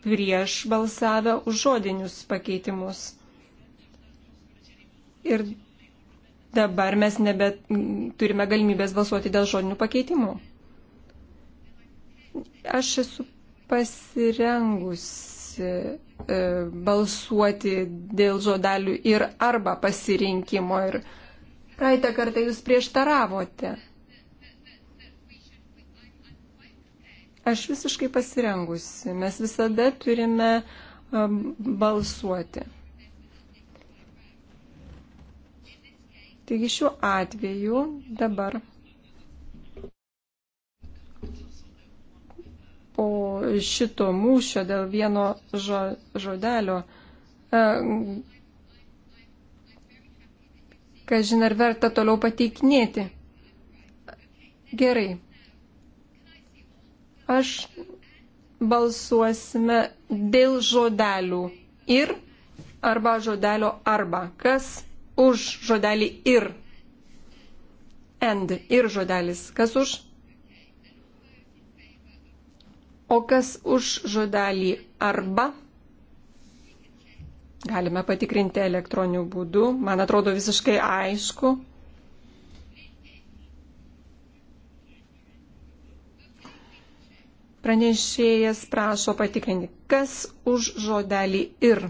prieš balsavę už žodinius pakeitimus. Ir dabar mes nebeturime galimybės balsuoti dėl žodinių pakeitimų. Aš esu pasirengusi e, balsuoti dėl žodelių ir arba pasirinkimo. Ir praeitą kartą jūs prieštaravote. Aš visiškai pasirengusi. Mes visada turime e, balsuoti. Taigi šiuo atveju dabar po šito mūšio dėl vieno žo, žodelio. E, kažin ar verta toliau pateikinėti. Gerai. Aš balsuosime dėl žodelių ir arba žodelio arba. Kas už žodelį ir? And ir žodelis. Kas už? O kas už žodelį arba? Galime patikrinti elektroniniu būdu. Man atrodo visiškai aišku. Pranešėjas prašo patikrinti, kas už žodelį ir.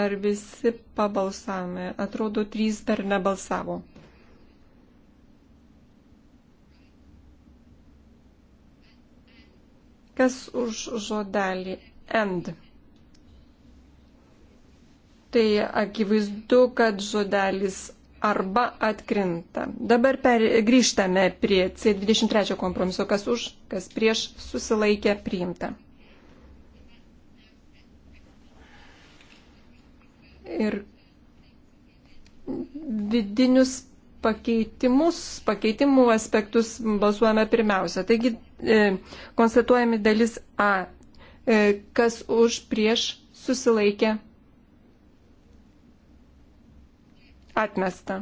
Ar visi pabalsavome? Atrodo, trys dar nebalsavo. Kas už žodelį end? Tai akivaizdu, kad žodelis arba atkrinta. Dabar per, grįžtame prie C23 kompromiso, kas už, kas prieš susilaikė priimta. ir vidinius pakeitimus, pakeitimų aspektus balsuojame pirmiausia. Taigi e, konstatuojami dalis A. E, kas už prieš susilaikė atmesta.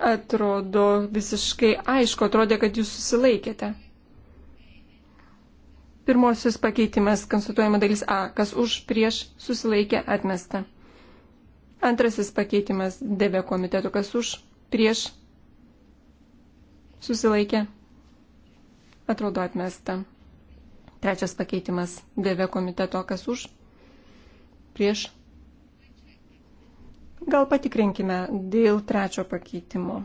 Atrodo visiškai aišku, atrodė, kad jūs susilaikėte. Pirmosios pakeitimas, konstatuojama dalis A, kas už, prieš, susilaikė, atmesta. Antrasis pakeitimas, DV komiteto, kas už, prieš, susilaikė, atrodo atmesta. Trečias pakeitimas, DV komiteto, kas už, prieš. Gal patikrinkime dėl trečio pakeitimo.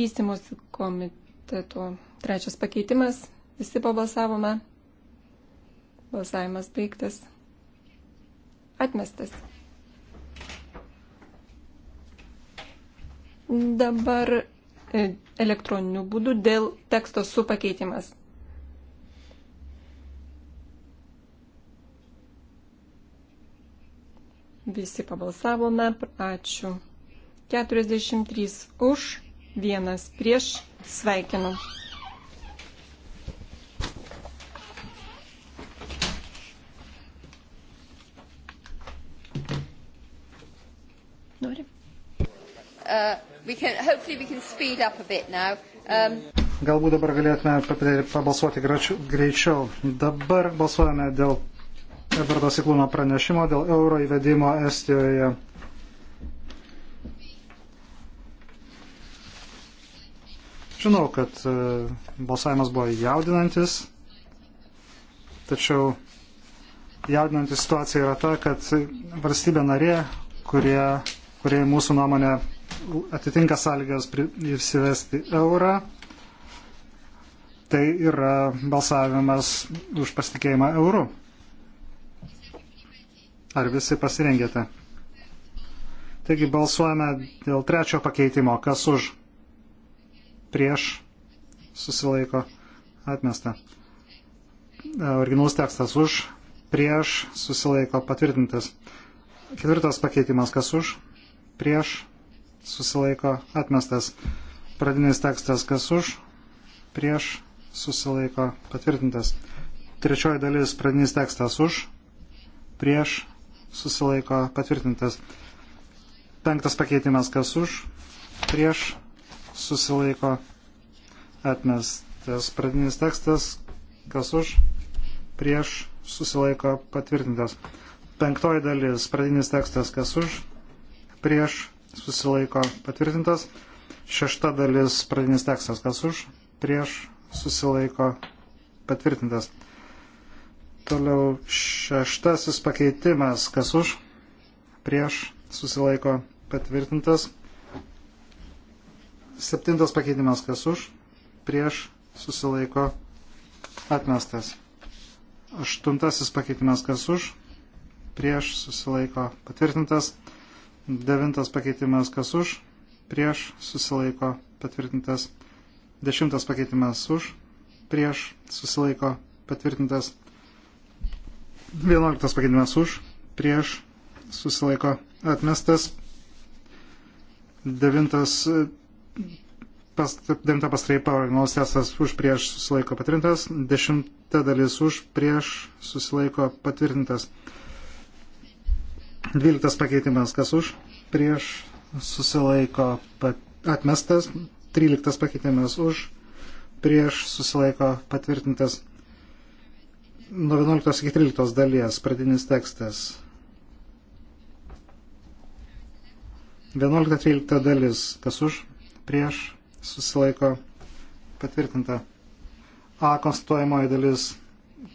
Vystimos komiteto Trečias pakeitimas. Visi pabalsavome. Balsavimas baigtas. Atmestas. Dabar e, elektroniniu būdu dėl teksto su pakeitimas. Visi pabalsavome, ačiū. 43 už, vienas prieš, sveikinu. Nori? Uh, um... Galbūt dabar galėtume pabalsuoti greičiau. Dabar balsuojame dėl Edvardo Siklūno pranešimo, dėl euro įvedimo Estijoje. Žinau, kad uh, balsavimas buvo jaudinantis, tačiau jaudinanti situacija yra ta, kad valstybė narė, kurie kuri mūsų nuomonė atitinka sąlygas įsivesti eurą. Tai yra balsavimas už pasitikėjimą eurų. Ar visi pasirengėte? Taigi balsuojame dėl trečio pakeitimo. Kas už? Prieš? Susilaiko? Atmesta. E, originalus tekstas už? Prieš? Susilaiko? Patvirtintas. Ketvirtas pakeitimas. Kas už? prieš, susilaiko atmestas. Pradinis tekstas kas už, prieš, susilaiko patvirtintas. Trečioji dalis pradinis tekstas už, prieš, susilaiko patvirtintas. Penktas pakeitimas kas už, prieš, susilaiko atmestas. Pradinis tekstas kas už, prieš, susilaiko patvirtintas. Penktoji dalis pradinis tekstas kas už, prieš, susilaiko patvirtintas. Šešta dalis pradinis tekstas, kas už, prieš, susilaiko patvirtintas. Toliau šeštasis pakeitimas, kas už, prieš, susilaiko patvirtintas. Septintas pakeitimas, kas už, prieš, susilaiko atmestas. Aštuntasis pakeitimas, kas už, prieš, susilaiko patvirtintas. Devintas pakeitimas kas už, prieš susilaiko patvirtintas. Dešimtas pakeitimas už, prieš susilaiko patvirtintas. Vienuoliktas pakeitimas už, prieš susilaiko atmestas. Devintas pas, devinta pastraipa, originalus testas už prieš susilaiko patvirtintas, dešimta dalis už prieš susilaiko patvirtintas, 12 pakeitimas, kas už, prieš, susilaiko pat, atmestas, 13 pakeitimas už, prieš, susilaiko patvirtintas nuo 11 iki 13 dalies pradinis tekstas. 11-13 dalis, kas už, prieš, susilaiko patvirtinta. A konstatuojamoji dalis,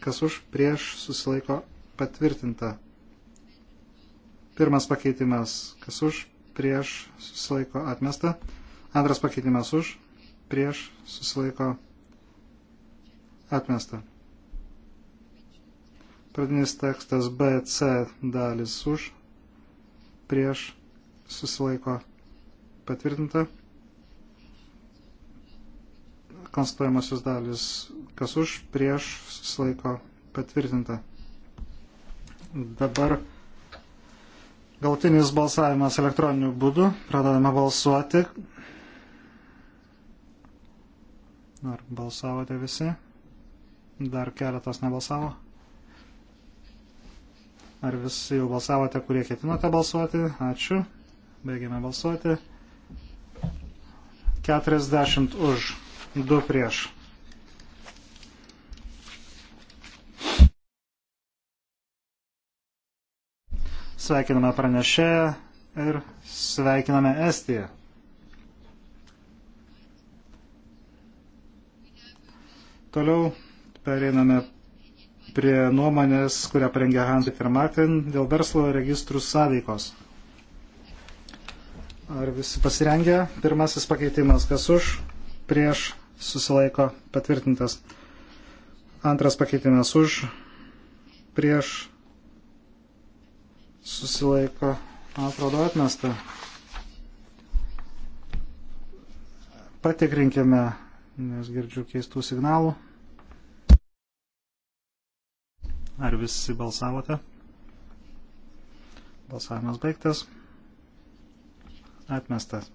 kas už, prieš, susilaiko patvirtinta. Pirmas pakeitimas, kas už, prieš, susilaiko atmesta. Antras pakeitimas už, prieš, susilaiko atmesta. Pradinis tekstas BC dalis už, prieš, susilaiko patvirtinta. Konstatuojamosios dalis, kas už, prieš, susilaiko patvirtinta. Dabar Gautinis balsavimas elektroniniu būdu. Pradedame balsuoti. Ar balsavote visi? Dar keletas nebalsavo. Ar visi jau balsavote, kurie ketinote balsuoti? Ačiū. Baigėme balsuoti. 40 už, 2 prieš. Sveikiname pranešėją ir sveikiname Estiją. Toliau pereiname prie nuomonės, kurią parengė Hansik ir Martin dėl verslo registrų sąveikos. Ar visi pasirengę? Pirmasis pakeitimas, kas už, prieš, susilaiko, patvirtintas. Antras pakeitimas už, prieš, susilaiko, man atrodo, atmesta. Patikrinkime, nes girdžiu keistų signalų. Ar visi balsavote? Balsavimas baigtas. Atmestas.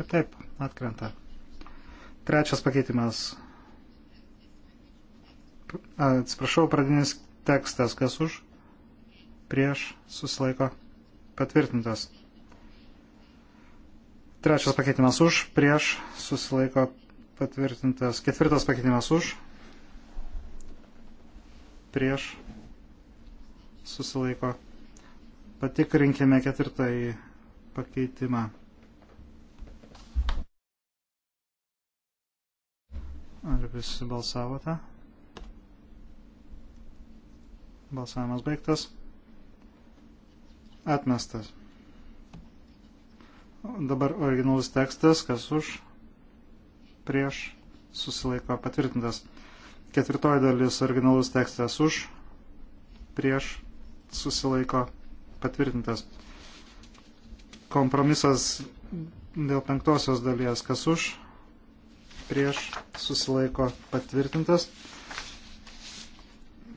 Taip, taip, atkrenta. Trečias pakeitimas. Atsiprašau, pradinis tekstas, kas už, prieš, susilaiko, patvirtintas. Trečias pakeitimas už, prieš, susilaiko, patvirtintas. Ketvirtas pakeitimas už, prieš, susilaiko. Patikrinkime ketvirtąjį pakeitimą. Ar visi balsavote? Balsavimas baigtas. Atmestas. Dabar originalus tekstas, kas už, prieš, susilaiko patvirtintas. Ketvirtoji dalis originalus tekstas už, prieš, susilaiko patvirtintas. Kompromisas dėl penktosios dalies, kas už, prieš susilaiko patvirtintas.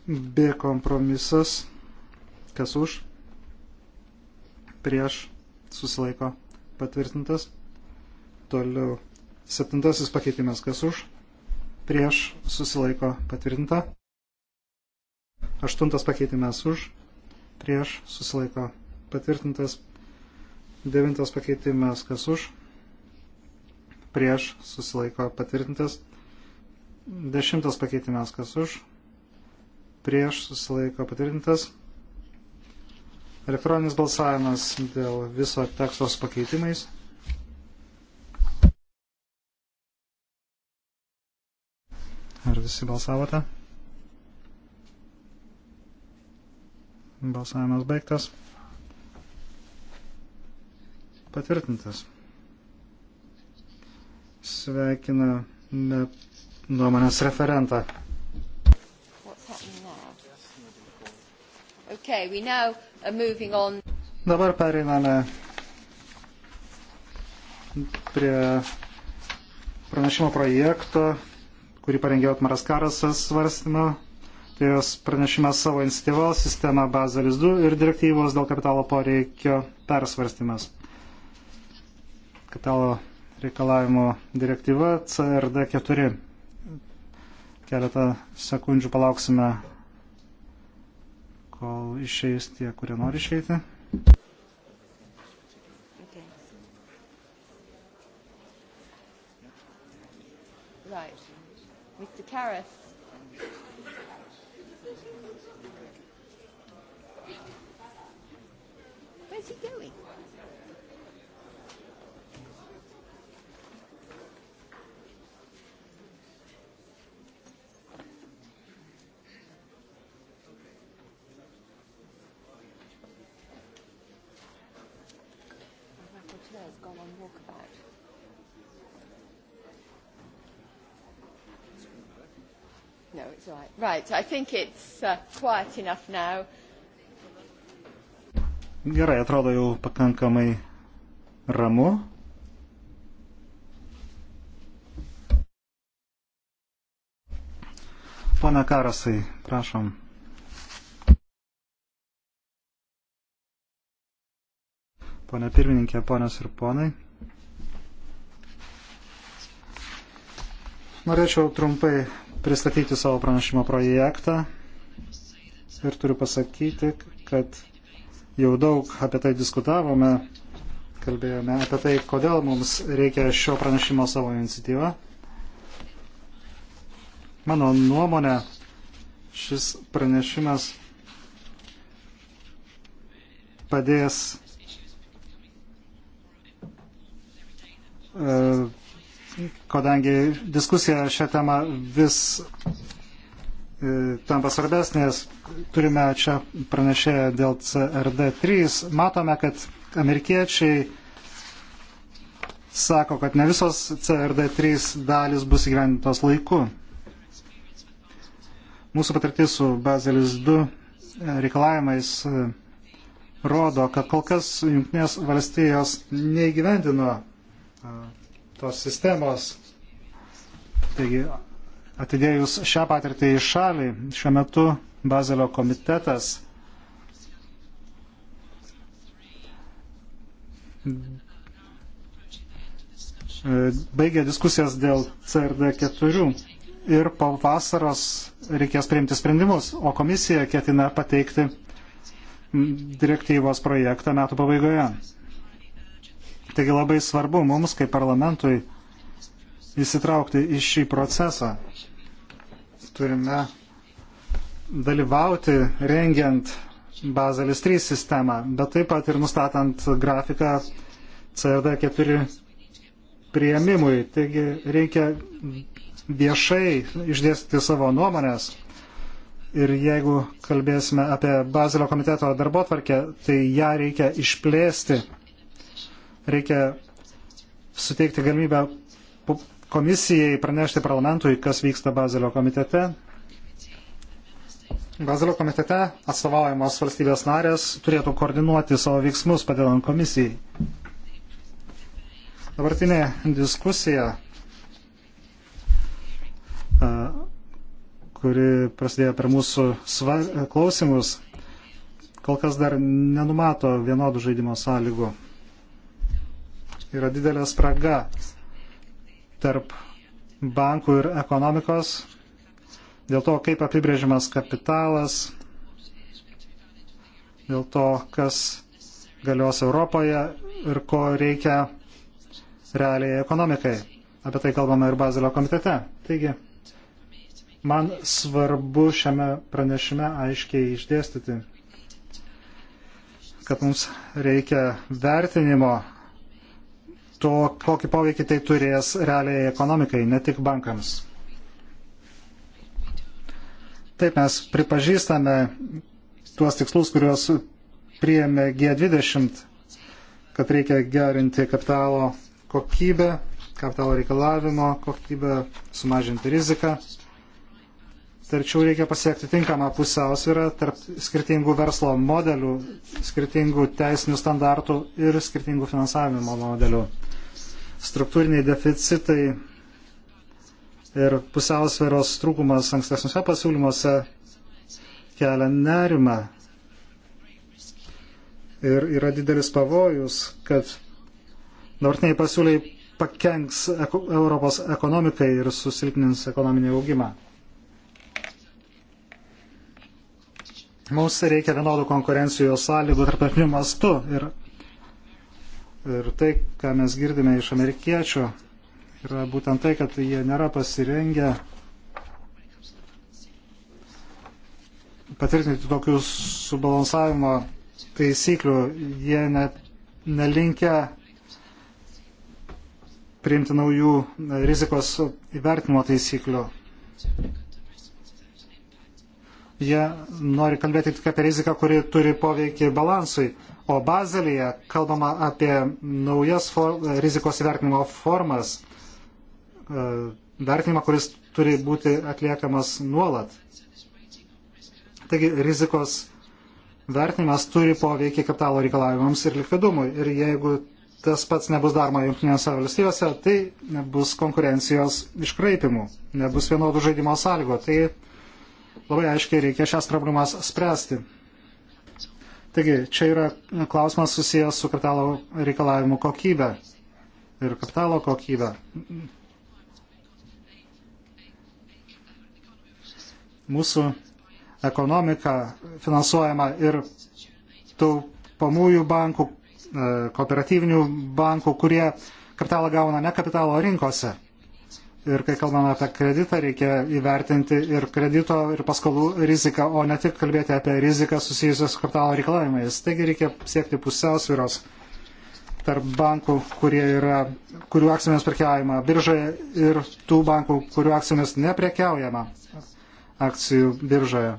B kompromisas, kas už, prieš susilaiko patvirtintas. Toliau septintasis pakeitimas, kas už, prieš susilaiko patvirtinta. Aštuntas pakeitimas už, prieš susilaiko patvirtintas. Devintas pakeitimas, kas už, prieš susilaiko patvirtintas. Dešimtas pakeitimas kas už, prieš susilaiko patvirtintas. Elektroninis balsavimas dėl viso teksto su pakeitimais. Ar visi balsavote? Balsavimas baigtas. Patvirtintas. Sveikiname nuomonės referentą. Okay, Dabar pereiname prie pranešimo projekto, kurį parengė Otmaras Karasas svarstymo. Tai jos pranešimas savo iniciatyvos, sistema Bazelis 2 ir direktyvos dėl kapitalo poreikio persvarstymas. Kapitalo reikalavimo direktyva CRD 4. Keletą sekundžių palauksime, kol išeis tie, kurie nori išeiti. Okay. Right. Mr. Karras. Where's he going? Right, I think it's uh, quiet enough now. Gerai, atrodo jau pakankamai ramu. Pone Karasai, prašom. Pone pirmininkė, ponios ir ponai. Norėčiau trumpai pristatyti savo pranešimo projektą ir turiu pasakyti, kad jau daug apie tai diskutavome, kalbėjome apie tai, kodėl mums reikia šio pranešimo savo iniciatyvą. Mano nuomonė, šis pranešimas padės uh, kadangi diskusija šią temą vis e, tampa svarbesnės, turime čia pranešėją dėl CRD3, matome, kad amerikiečiai sako, kad ne visos CRD3 dalis bus įgyvendintos laiku. Mūsų patirtis su Bazelis 2 reikalavimais e, rodo, kad kol kas Junktinės valstijos neįgyvendino e, tos sistemos. Taigi, atidėjus šią patirtį į šalį, šiuo metu Bazelio komitetas baigė diskusijas dėl CRD 4 ir po vasaros reikės priimti sprendimus, o komisija ketina pateikti direktyvos projektą metų pabaigoje. Taigi labai svarbu mums, kaip parlamentui, įsitraukti į šį procesą. Turime dalyvauti rengiant Bazelis 3 sistemą, bet taip pat ir nustatant grafiką CRD 4 prieimimui. Taigi reikia viešai išdėstyti savo nuomonės. Ir jeigu kalbėsime apie Bazilio komiteto darbo tvarkę, tai ją reikia išplėsti reikia suteikti galimybę komisijai pranešti parlamentui, kas vyksta Bazelio komitete. Bazelio komitete atstovaujamos valstybės narės turėtų koordinuoti savo veiksmus padedant komisijai. Dabartinė diskusija, kuri prasidėjo per mūsų klausimus, kol kas dar nenumato vienodų žaidimo sąlygų yra didelė spraga tarp bankų ir ekonomikos, dėl to, kaip apibrėžimas kapitalas, dėl to, kas galios Europoje ir ko reikia realiai ekonomikai. Apie tai kalbama ir Bazilio komitete. Taigi, man svarbu šiame pranešime aiškiai išdėstyti, kad mums reikia vertinimo to, kokį poveikį tai turės realiai ekonomikai, ne tik bankams. Taip mes pripažįstame tuos tikslus, kuriuos priėmė G20, kad reikia gerinti kapitalo kokybę, kapitalo reikalavimo kokybę, sumažinti riziką. Tačiau reikia pasiekti tinkamą pusiausvyrą tarp skirtingų verslo modelių, skirtingų teisinių standartų ir skirtingų finansavimo modelių struktūriniai deficitai ir pusiausvėros trūkumas ankstesniuose pasiūlymuose kelia nerimą. Ir yra didelis pavojus, kad dabartiniai pasiūlai pakenks eko, Europos ekonomikai ir susilpnins ekonominį augimą. Mums reikia vienodų konkurencijos sąlygų tarptautiniu mastu ir Ir tai, ką mes girdime iš amerikiečio, yra būtent tai, kad jie nėra pasirengę patvirtinti tokių subalansavimo taisyklių. Jie net nelinkia priimti naujų rizikos įvertinimo taisyklių. Jie nori kalbėti tik apie riziką, kuri turi poveikį balansui. O Bazelėje kalbama apie naujas for, rizikos vertinimo formas, e, vertinimą, kuris turi būti atliekamas nuolat. Taigi rizikos vertinimas turi poveikį kapitalo reikalavimams ir likvidumui. Ir jeigu tas pats nebus daroma Junktinėse valstijose, tai nebus konkurencijos iškraipimų, nebus vienodų žaidimo sąlygo. Tai labai aiškiai reikia šias problemas spręsti. Taigi, čia yra klausimas susijęs su kapitalo reikalavimu kokybė ir kapitalo kokybė. Mūsų ekonomika finansuojama ir taupomųjų bankų, e, kooperatyvinių bankų, kurie kapitalą gauna ne kapitalo rinkose. Ir kai kalbame apie kreditą, reikia įvertinti ir kredito, ir paskolų riziką, o ne tik kalbėti apie riziką susijusią su kapitalo reikalavimais. Taigi reikia siekti pusiausviros tarp bankų, yra, kurių akcijomis prekiaujama biržoje ir tų bankų, kurių akcijomis neprekiaujama akcijų biržoje.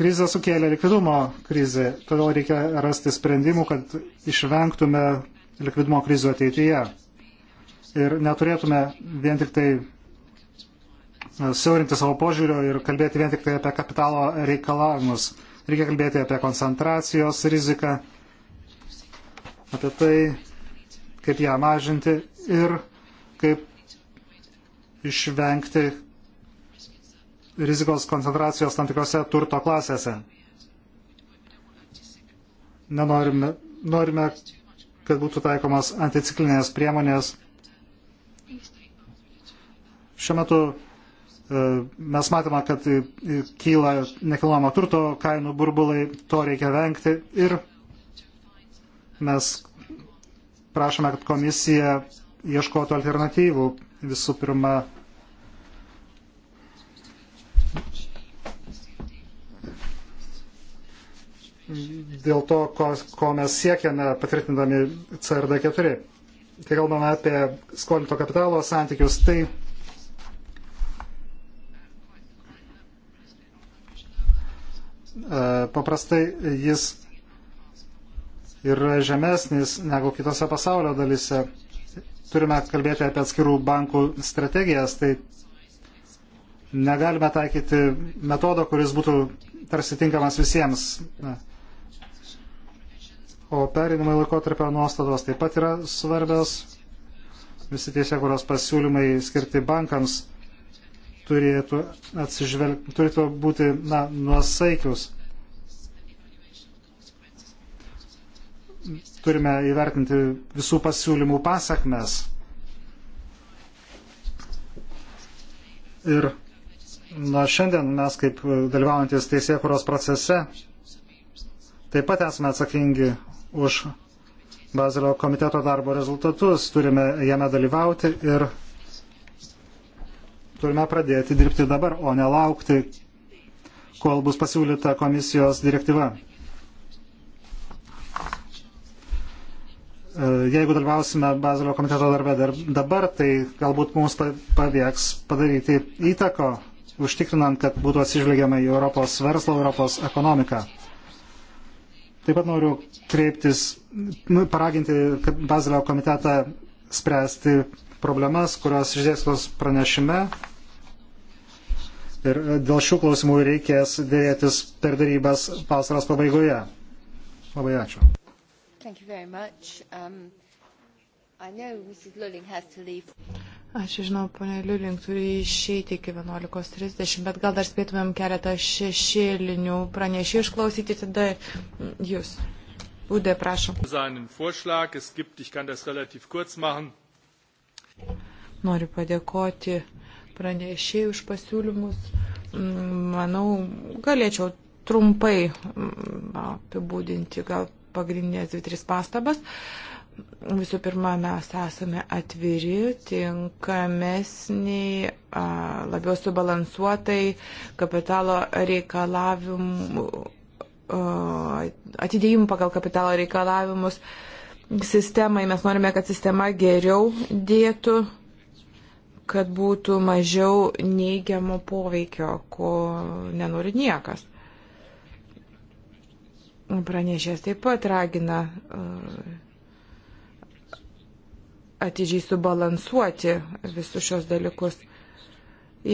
Krizė sukėlė likvidumo krizę, todėl reikia rasti sprendimų, kad išvengtume likvidumo krizių ateityje ir neturėtume vien tik tai e, siaurinti savo požiūrio ir kalbėti vien tik tai apie kapitalo reikalavimus. Reikia kalbėti apie koncentracijos riziką, apie tai, kaip ją mažinti ir kaip išvengti rizikos koncentracijos tam tikrose turto klasėse. Nenorime, norime, kad būtų taikomas anticiklinės priemonės Šiuo metu e, mes matome, kad kyla nekilnojamo turto kainų burbulai, to reikia vengti ir mes prašome, kad komisija ieškotų alternatyvų. Visų pirma, dėl to, ko, ko mes siekiame patvirtindami CRD4. Kai kalbame apie skolinto kapitalo santykius, tai paprastai jis yra žemesnis negu kitose pasaulio dalise. Turime kalbėti apie atskirų bankų strategijas, tai negalime taikyti metodo, kuris būtų tarsi tinkamas visiems. O perinimai laikotarpio nuostatos taip pat yra svarbios. Visi tiesiekuros pasiūlymai skirti bankams turėtų, atsižvelg... turėtų būti na, nuosaikius. turime įvertinti visų pasiūlymų pasakmes. Ir na, šiandien mes kaip dalyvaujantis teisėkuros procese taip pat esame atsakingi už Bazilio komiteto darbo rezultatus, turime jame dalyvauti ir turime pradėti dirbti dabar, o nelaukti, kol bus pasiūlyta komisijos direktyva. E, jeigu dalyvausime Bazilio komiteto darbe dar, dabar, tai galbūt mums pavyks padaryti įtako, užtikrinant, kad būtų atsižvelgiama į Europos verslą, Europos ekonomiką. Taip pat noriu kreiptis, nu, paraginti Bazilio komitetą spręsti problemas, kurios išdėstos pranešime. Ir e, dėl šių klausimų reikės dėrėtis per darybas vasaros pabaigoje. Labai ačiū. Thank you very much. Um, I know Mrs. Lulling has to leave. Aš žinau, ponia Liulink turi išeiti iki 11.30, bet gal dar spėtumėm keletą šešėlinių pranešį išklausyti, tada jūs. Ude, prašom. Noriu padėkoti pranešėjai už pasiūlymus. Mm, Manau, galėčiau trumpai mm, apibūdinti gal pagrindinės dvi, tris pastabas. Visų pirma, mes esame atviri, tinkamesniai, labiau subalansuotai kapitalo reikalavimų, atidėjimų pagal kapitalo reikalavimus sistemai. Mes norime, kad sistema geriau dėtų kad būtų mažiau neigiamo poveikio, ko nenori niekas. Pranešės taip pat ragina e, atidžiai subalansuoti visus šios dalykus,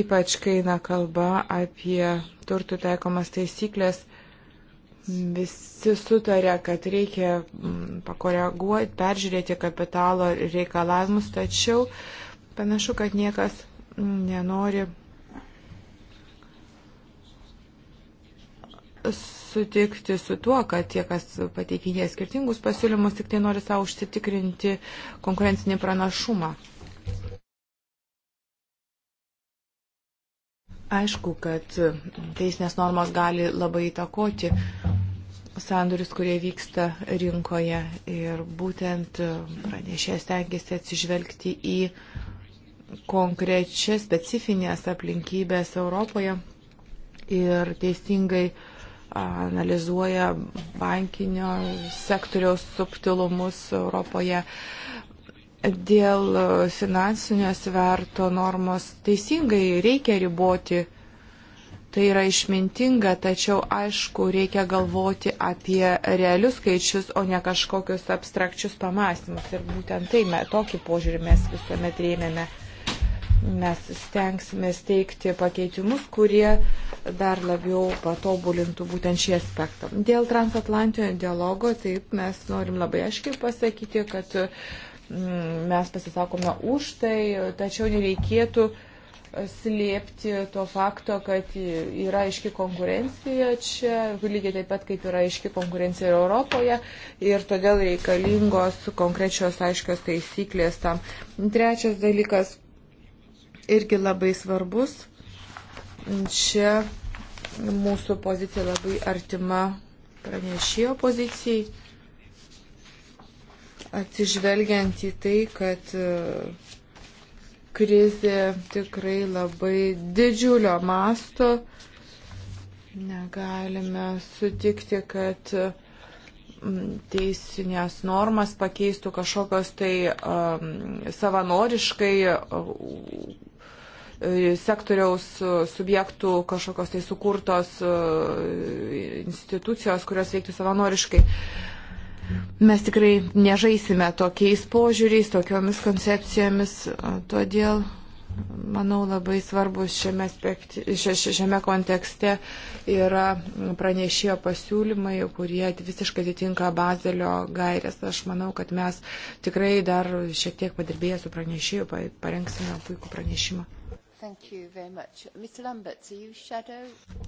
ypač kai eina kalba apie turtų taikomas taisyklės. Visi sutarė, kad reikia mm, pakoreguoti, peržiūrėti kapitalo reikalavimus, tačiau panašu, kad niekas nenori sutikti su tuo, kad tie, kas pateikinėja skirtingus pasiūlymus, tik tai nori savo užsitikrinti konkurencinį pranašumą. Aišku, kad teisinės normos gali labai įtakoti sandorius, kurie vyksta rinkoje ir būtent pranešėjas tenkėsi atsižvelgti į konkrečias specifinės aplinkybės Europoje ir teisingai analizuoja bankinio sektoriaus subtilumus Europoje. Dėl finansinio sverto normos teisingai reikia riboti. Tai yra išmintinga, tačiau aišku, reikia galvoti apie realius skaičius, o ne kažkokius abstrakčius pamastymus. Ir būtent tai, tokį požiūrį mes visuomet rėmėme. Mes stengsime steigti pakeitimus, kurie dar labiau patobulintų būtent šį aspektą. Dėl transatlantinio dialogo, taip, mes norim labai aiškiai pasakyti, kad mm, mes pasisakome už tai, tačiau nereikėtų slėpti to fakto, kad yra aiški konkurencija čia, lygiai taip pat kaip yra aiški konkurencija ir Europoje, ir todėl reikalingos konkrečios aiškios taisyklės tam. Trečias dalykas irgi labai svarbus. Čia mūsų pozicija labai artima pranešėjo pozicijai, atsižvelgiant į tai, kad e, krizė tikrai labai didžiulio masto. Negalime sutikti, kad e, teisinės normas pakeistų kažkokios tai um, savanoriškai um, sektoriaus e, subjektų kažkokios tai sukurtos e, institucijos, kurios veiktų savanoriškai. Mes tikrai nežaisime tokiais požiūriais, tokiomis koncepcijomis, todėl, manau, labai svarbus šiame, aspekti, šiame kontekste yra pranešėjo pasiūlymai, kurie visiškai atitinka bazelio gairės. Aš manau, kad mes tikrai dar šiek tiek padirbėję su pranešėju parengsime puikų pranešimą. Thank you very much. Mr. Lambert, are you shadow?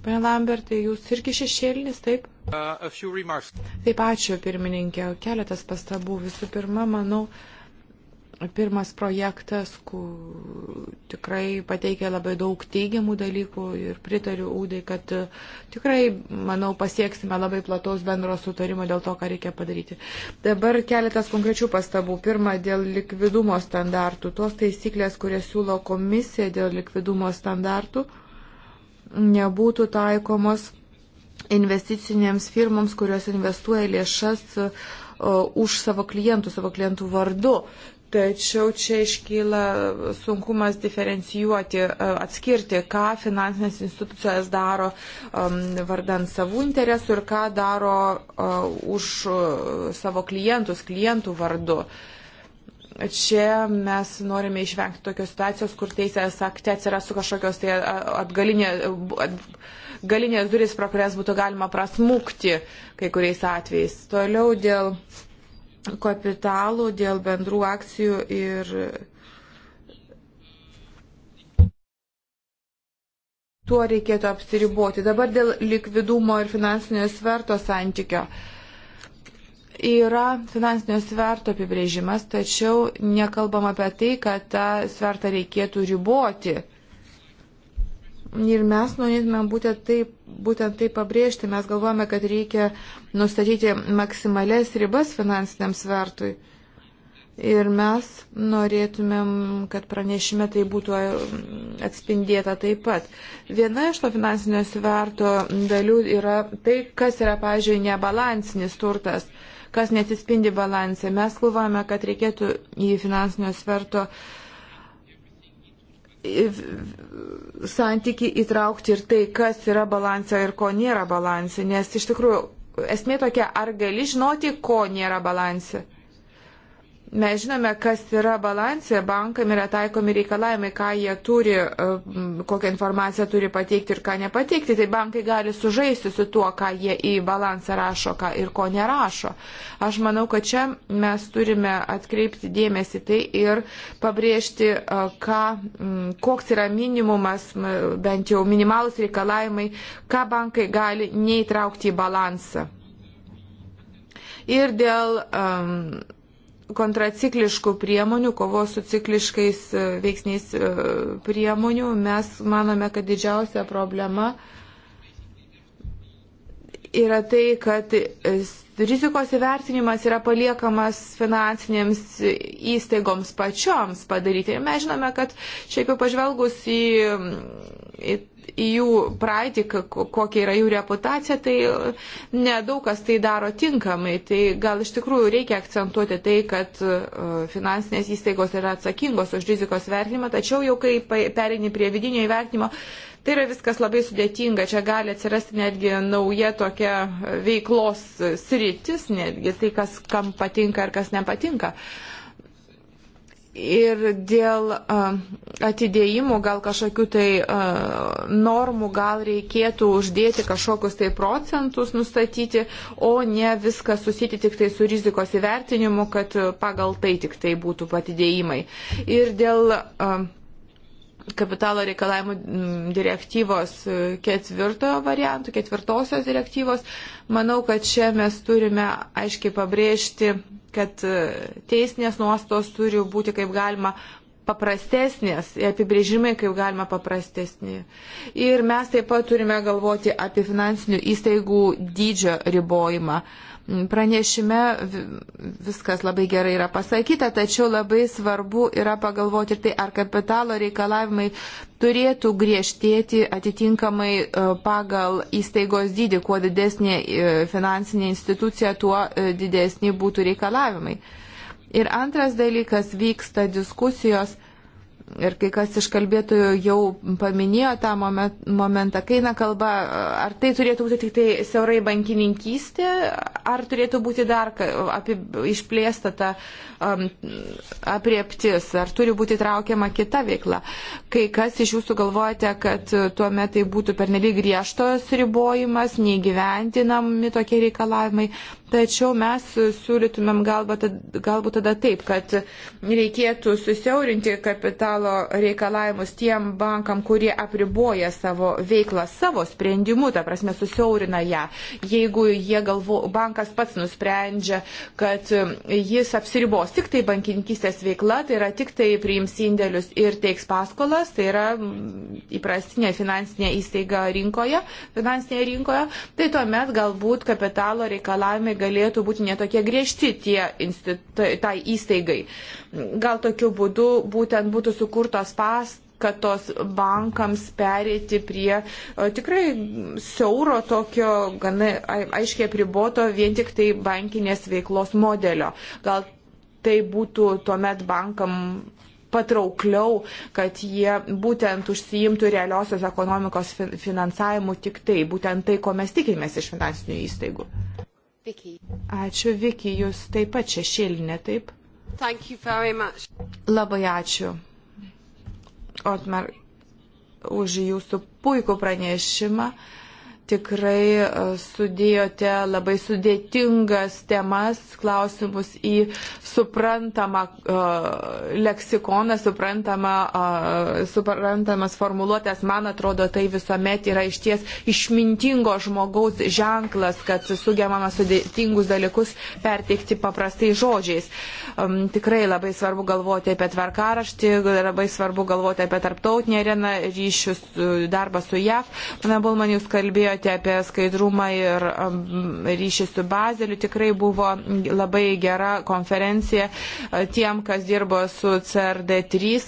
Pane Lambertai, jūs irgi šešėlinis, taip? Uh, taip, ačiū pirmininkė. Keletas pastabų. Visų pirma, manau, uh, Pirmas projektas, kur tikrai pateikė labai daug teigiamų dalykų ir pritariu Ūdai, kad e, tikrai, manau, pasieksime labai plataus bendro sutarimo dėl to, ką reikia padaryti. Dabar keletas konkrečių pastabų. Pirma, dėl likvidumo standartų. Tos taisyklės, kurias siūlo komisija dėl likvidumo standartų, nebūtų taikomos investicinėms firmoms, kurios investuoja lėšas e, už savo klientų, savo klientų vardu. Tačiau čia iškyla sunkumas diferencijuoti, e, atskirti, ką finansinės institucijos daro vardant savų interesų ir ką daro e, už e, savo klientus, klientų vardu. Čia mes norime išvengti tokios situacijos, kur teisės akte atsirastų kažkokios tai atgalinė, atgalinės durys, pro kurias būtų galima prasmukti kai kuriais atvejais. Toliau dėl kapitalų, dėl bendrų akcijų ir tuo reikėtų apsiriboti. Dabar dėl likvidumo ir finansinio sverto santykio. Yra finansinio sverto apibrėžimas, tačiau nekalbam apie tai, kad tą svertą reikėtų riboti. Ir mes norėtume būtent taip būtent tai pabrėžti. Mes galvojame, kad reikia nustatyti maksimales ribas finansiniam svertui. Ir mes norėtumėm, kad pranešime tai būtų atspindėta taip pat. Viena iš to finansinio sverto dalių yra tai, kas yra, pažiūrėjau, nebalansinis turtas, kas netispindi balansė. Mes galvojame, kad reikėtų į finansinio sverto uh, santyki įtraukti ir tai, kas yra balanse ir ko nėra balanse, nes iš tikrųjų esmė tokia, ar gali žinoti, ko nėra balanse. Mes žinome, kas yra balansė, bankam yra taikomi reikalavimai, ką jie turi, e, kokią informaciją turi pateikti ir ką nepateikti. Tai bankai gali sužaisti su tuo, ką jie į balansą rašo ką ir ko nerašo. Aš manau, kad čia mes turime atkreipti dėmesį tai ir pabrėžti, e, ką, koks yra minimumas, bent jau minimalus reikalavimai, ką bankai gali neįtraukti į balansą. Ir dėl um, kontracikliškų priemonių, kovos su cikliškais e, veiksniais e, priemonių, mes manome, kad didžiausia problema yra tai, kad e, rizikos įvertinimas yra paliekamas finansinėms įstaigoms pačioms padaryti. Ir mes žinome, kad šiaip jau pažvelgus į, į į jų praeitį, kokia yra jų reputacija, tai e, nedaug kas tai daro tinkamai. Tai gal iš tikrųjų reikia akcentuoti tai, kad e, finansinės įstaigos yra atsakingos už rizikos vertinimą, tačiau jau kai perini prie vidinio įvertinimo, tai yra viskas labai sudėtinga, čia gali atsirasti netgi nauja tokia e, veiklos sritis, netgi tai, kas kam patinka ar kas nepatinka. Uh, Ir dėl atidėjimų gal kažkokių tai normų gal reikėtų uždėti kažkokius tai procentus nustatyti, o ne viską susiti tik tai su rizikos įvertinimu, kad pagal tai tik tai būtų atidėjimai. Ir dėl kapitalo reikalavimų direktyvos e, ketvirtojo variantų, ketvirtosios direktyvos, manau, kad čia mes turime aiškiai pabrėžti kad e, teisinės nuostos turi būti kaip galima paprastesnės, apibrėžimai kaip galima paprastesni. Ir mes taip pat turime galvoti apie finansinių įstaigų dydžio ribojimą. Pranešime viskas labai gerai yra pasakyta, tačiau labai svarbu yra pagalvoti ir tai, ar kapitalo reikalavimai turėtų griežtėti atitinkamai e, pagal įstaigos dydį. Kuo didesnė e, finansinė institucija, tuo e, didesni būtų reikalavimai. Ir antras dalykas vyksta diskusijos ir kai kas iš kalbėtojų jau paminėjo tą momentą, kai eina kalba, ar tai turėtų būti tik tai siaurai bankininkystė, ar turėtų būti dar apie, išplėsta ta um, aprieptis, ar turi būti traukiama kita veikla. Kai kas iš jūsų galvojate, kad tuo metu tai būtų pernelyg griežtos ribojimas, neįgyventinami tokie reikalavimai, Tačiau mes siūlytumėm galbūt, galbūt tada taip, kad reikėtų susiaurinti kapitalo reikalavimus tiem bankam, kurie apriboja savo veiklą savo sprendimu, ta prasme susiaurina ją. Jeigu galvo, bankas pats nusprendžia, kad jis apsiribos tik tai bankininkistės veikla, tai yra tik tai priims indėlius ir teiks paskolas, tai yra įprastinė finansinė įstaiga rinkoje, finansinėje rinkoje, tai tuomet galbūt kapitalo reikalavimai galėtų būti netokie griežti tie institu, tai-, tai įstaigai. Gal tokiu būdu būtent būtų sukurtos pastos kad tos bankams perėti prie tikrai siauro tokio, gana aiškiai priboto vien tik tai bankinės veiklos modelio. Gal tai būtų tuomet bankam patraukliau, kad jie būtent užsiimtų realiosios ekonomikos finansavimu tik tai, būtent tai, ko mes tikimės iš finansinių įstaigų. Vicky. Ačiū, Viki, jūs taip pat šešėlinė, taip? Labai ačiū. Otmar, už jūsų puikų pranešimą. Uh, tikrai e, sudėjote labai sudėtingas temas, klausimus į suprantamą e, leksikoną, suprantamą, e, suprantamas formuluotės. Man atrodo, tai visuomet yra išties išmintingo žmogaus ženklas, kad sugebama sudėtingus dalykus perteikti paprastai žodžiais. Tikrai labai svarbu galvoti apie tvarkaraštį, labai svarbu galvoti apie tarptautinę areną, ryšius, darbą su JAV. Pana Bulman, jūs kalbėjote kalbėjote apie skaidrumą ir ryšį su Bazeliu. Tikrai buvo labai gera konferencija tiem, kas dirbo su CRD3,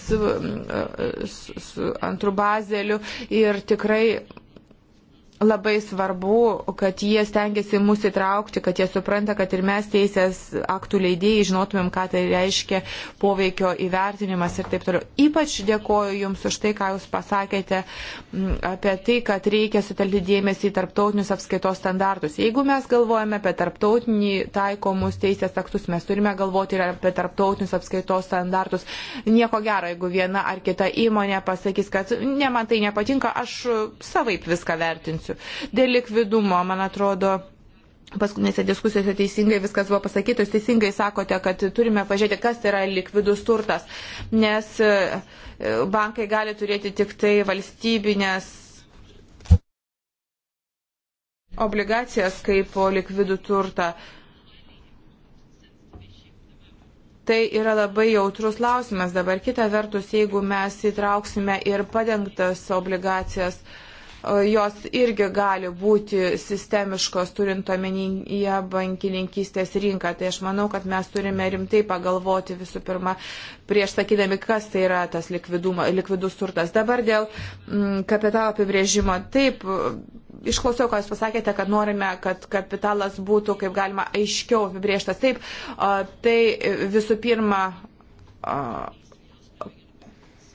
su antru Bazeliu. Ir tikrai labai svarbu, kad jie stengiasi mus įtraukti, kad jie supranta, kad ir mes teisės aktų leidėjai žinotumėm, ką tai reiškia poveikio įvertinimas ir taip toliau. Ypač dėkoju Jums už tai, ką Jūs pasakėte apie tai, kad reikia sutelkti dėmesį į tarptautinius apskaitos standartus. Jeigu mes galvojame apie tarptautinį taikomus teisės aktus, mes turime galvoti ir apie tarptautinius apskaitos standartus. Nieko gero, jeigu viena ar kita įmonė pasakys, kad ne man tai nepatinka, aš savaip viską vertinsiu mėnesių. Dėl likvidumo, man atrodo, paskutinėse diskusijose teisingai viskas buvo pasakyta, jūs teisingai sakote, kad turime pažiūrėti, kas yra likvidus turtas, nes e, bankai gali turėti tik tai valstybinės obligacijas kaip likvidų turtą. Tai yra labai jautrus klausimas. Dabar kita vertus, jeigu mes įtrauksime ir padengtas obligacijas, uh, jos irgi gali būti sistemiškos, turint omenyje bankininkystės rinką. Tai aš manau, kad mes turime rimtai pagalvoti visų pirma, prieš sakydami, kas tai yra tas likvidumo, likvidus turtas. Dabar dėl m, mm, kapitalo apibrėžimo. Taip, išklausiau, ką Jūs pasakėte, kad norime, kad kapitalas būtų kaip galima aiškiau apibrėžtas. Taip, tai visų pirma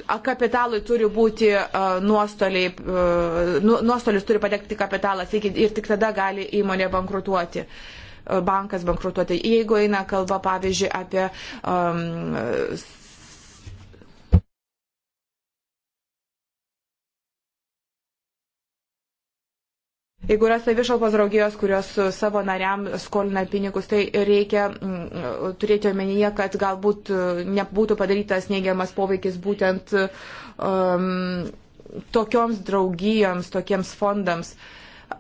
kapitalui turi būti e, nuostoliai, e, nu, nuostolis turi patekti kapitalas ir tik tada gali įmonė bankrutuoti e, bankas bankrutuoti. Jeigu eina kalba, pavyzdžiui, apie um, Jeigu yra savišalpos draugijos, kurios savo nariam skolina pinigus, tai reikia mm, turėti omenyje, kad galbūt e, nebūtų padarytas neigiamas poveikis būtent um, tokioms draugijoms, tokiems fondams. Uh,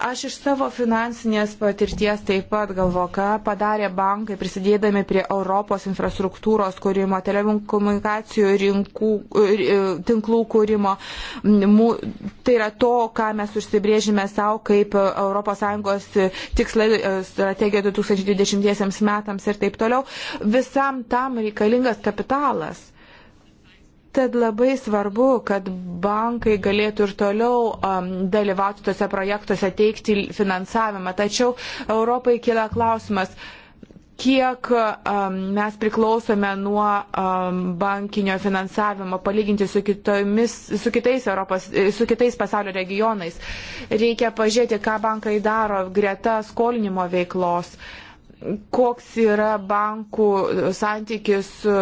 Aš iš savo finansinės patirties taip pat galvoju, ką padarė bankai prisidėdami prie Europos infrastruktūros kūrimo, telekomunikacijų rinkų, e, tinklų kūrimo. Tai yra to, ką mes užsibrėžime savo kaip ES tikslai e, strategija 2020 metams ir taip toliau. Visam tam reikalingas kapitalas. Tad labai svarbu, kad bankai galėtų ir toliau um, dalyvauti tose projektuose, teikti finansavimą. Tačiau Europai kila klausimas, kiek um, mes priklausome nuo um, bankinio finansavimo palyginti su, kitomis, su, kitais Europos, su kitais pasaulio regionais. Reikia pažiūrėti, ką bankai daro greta skolinimo veiklos. Uh, koks yra bankų santykis, e,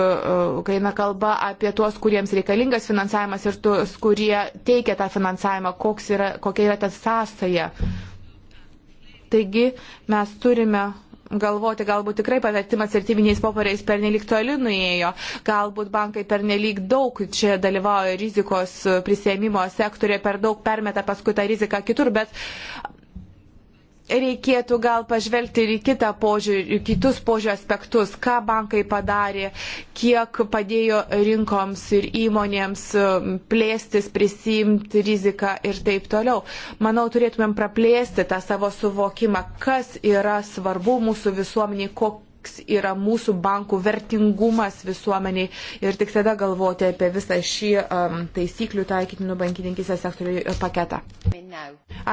kai eina kalba apie tuos, kuriems reikalingas finansavimas ir tuos, kurie teikia tą finansavimą, yra, kokia yra ta sąsaja. Taigi mes turime galvoti, galbūt tikrai pavertimas vertybiniais popieriais pernelyg toli nuėjo, galbūt bankai pernelyg daug čia dalyvauja rizikos prisėmimo sektorė, per daug permeta paskui tą riziką kitur, bet reikėtų gal pažvelgti ir į kitą požiūrį, kitus požiūrį aspektus, ką bankai padarė, kiek padėjo rinkoms ir įmonėms um, plėstis, prisimti riziką ir taip toliau. Manau, turėtumėm praplėsti tą savo suvokimą, kas yra svarbu mūsų visuomeniai, kokia koks yra mūsų bankų vertingumas visuomeniai ir tik tada galvoti apie visą šį um, taisyklių taikytinų bankininkysės sektorių uh, paketą.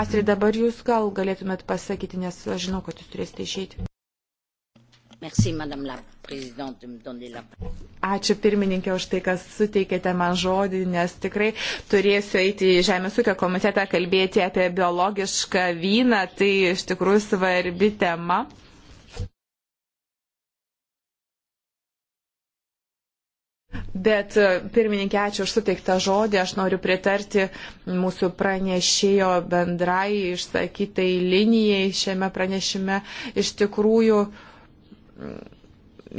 Astrid, dabar jūs gal galėtumėt pasakyti, nes aš žinau, kad jūs turėsite išeiti. Merci, Madame la Présidente, de me donner la Ačiū pirmininkė už tai, kas suteikėte man žodį, nes tikrai turėsiu eiti į Žemės ūkio komitetą kalbėti apie biologišką vyną, tai iš tikrųjų svarbi tema. Bet e, pirmininkė, ačiū už suteiktą žodį. Aš noriu pritarti mūsų pranešėjo bendrai išsakytai linijai šiame pranešime. Iš tikrųjų,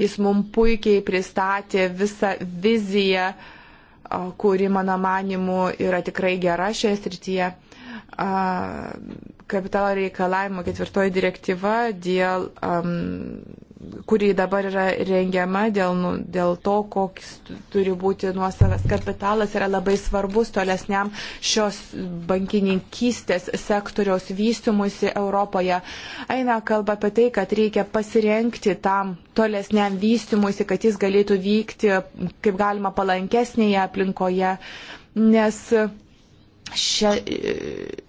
jis mums puikiai pristatė visą viziją, kuri, mano manimu, yra tikrai gera šioje srityje kapitalo reikalavimo ketvirtoji direktyva dėl um, kuri dabar yra rengiama dėl, nu, dėl to, koks turi būti nuosavas kapitalas, yra labai svarbus tolesniam šios bankininkystės sektoriaus vystimusi Europoje. Eina kalba apie tai, kad reikia pasirenkti tam tolesniam vystimusi, kad jis galėtų vykti kaip galima palankesnėje aplinkoje, nes šia,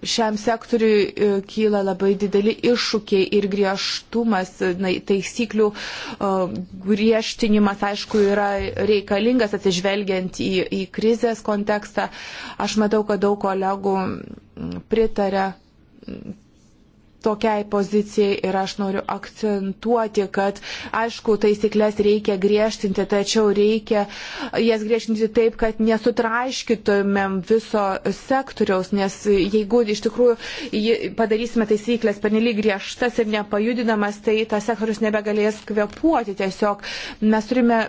šiam sektoriui e, kyla labai dideli iššūkiai ir griežtumas, na, taisyklių e, griežtinimas, aišku, yra reikalingas atsižvelgiant į, į krizės kontekstą. Aš matau, kad daug kolegų pritarė tokiai pozicijai ir aš noriu akcentuoti, kad aišku, taisyklės reikia griežtinti, tačiau reikia jas griežtinti taip, kad nesutraiškytumėm viso sektoriaus, nes jeigu iš tikrųjų padarysime taisyklės pernelyg griežtas ir nepajudinamas, tai tas sektorius nebegalės kvepuoti tiesiog. Mes turime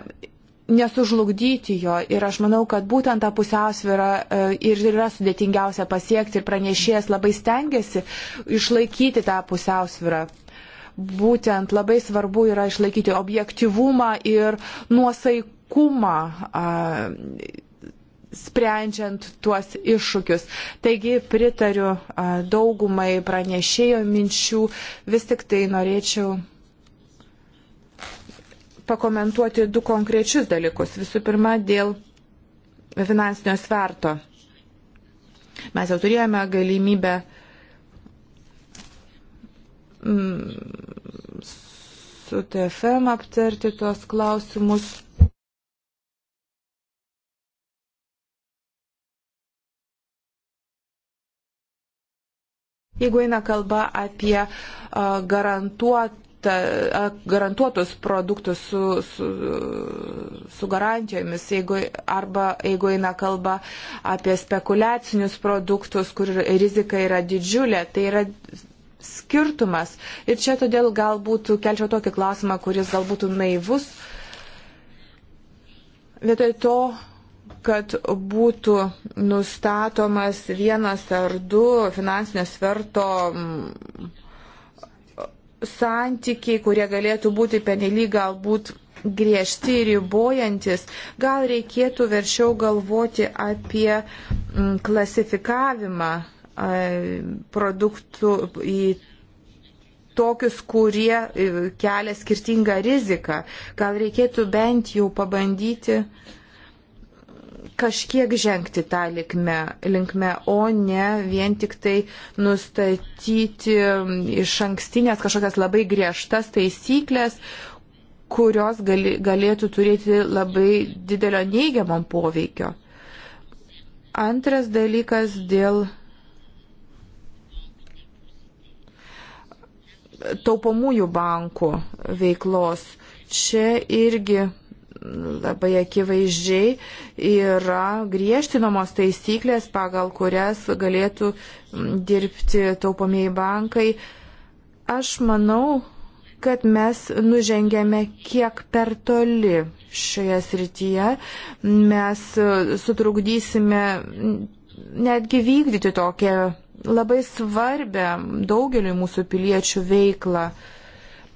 nesužlugdyti jo. Ir aš manau, kad būtent tą pusiausvyrą e, ir yra sudėtingiausia pasiekti ir pranešėjas labai stengiasi išlaikyti tą pusiausvyrą. Būtent labai svarbu yra išlaikyti objektivumą ir nuosaikumą sprendžiant tuos iššūkius. Taigi pritariu daugumai pranešėjo minčių, vis tik tai norėčiau pakomentuoti du konkrečius dalykus. Visų pirma, dėl finansinio sverto. Mes jau turėjome galimybę mm, su TFM aptarti tuos klausimus. Jeigu eina kalba apie garantuot ta, garantuotus produktus su, su, su garantijomis, jeigu, arba jeigu eina kalba apie spekuliacinius produktus, kur rizika yra didžiulė, tai yra skirtumas. Ir čia todėl galbūt kelčiau tokį klausimą, kuris galbūt naivus. Vietoj to, kad būtų nustatomas vienas ar du finansinio sverto santykiai, kurie galėtų būti penelyg galbūt griežti ir ribojantis, gal reikėtų verčiau galvoti apie mm, klasifikavimą produktų į tokius, kurie e, kelia skirtingą riziką. Gal reikėtų bent jau pabandyti uh, kažkiek žengti tą linkme, linkme, o ne vien tik tai nustatyti iš ankstinės kažkokias labai griežtas taisyklės, kurios gali, galėtų turėti labai didelio neigiamam poveikio. Antras dalykas dėl taupomųjų bankų veiklos. Čia irgi labai akivaizdžiai yra griežtinamos taisyklės, pagal kurias galėtų mm, dirbti taupomieji bankai. Aš manau, kad mes nužengėme kiek per toli šioje srityje. Mes e, sutrukdysime netgi vykdyti tokią labai svarbę daugeliu mūsų piliečių veiklą.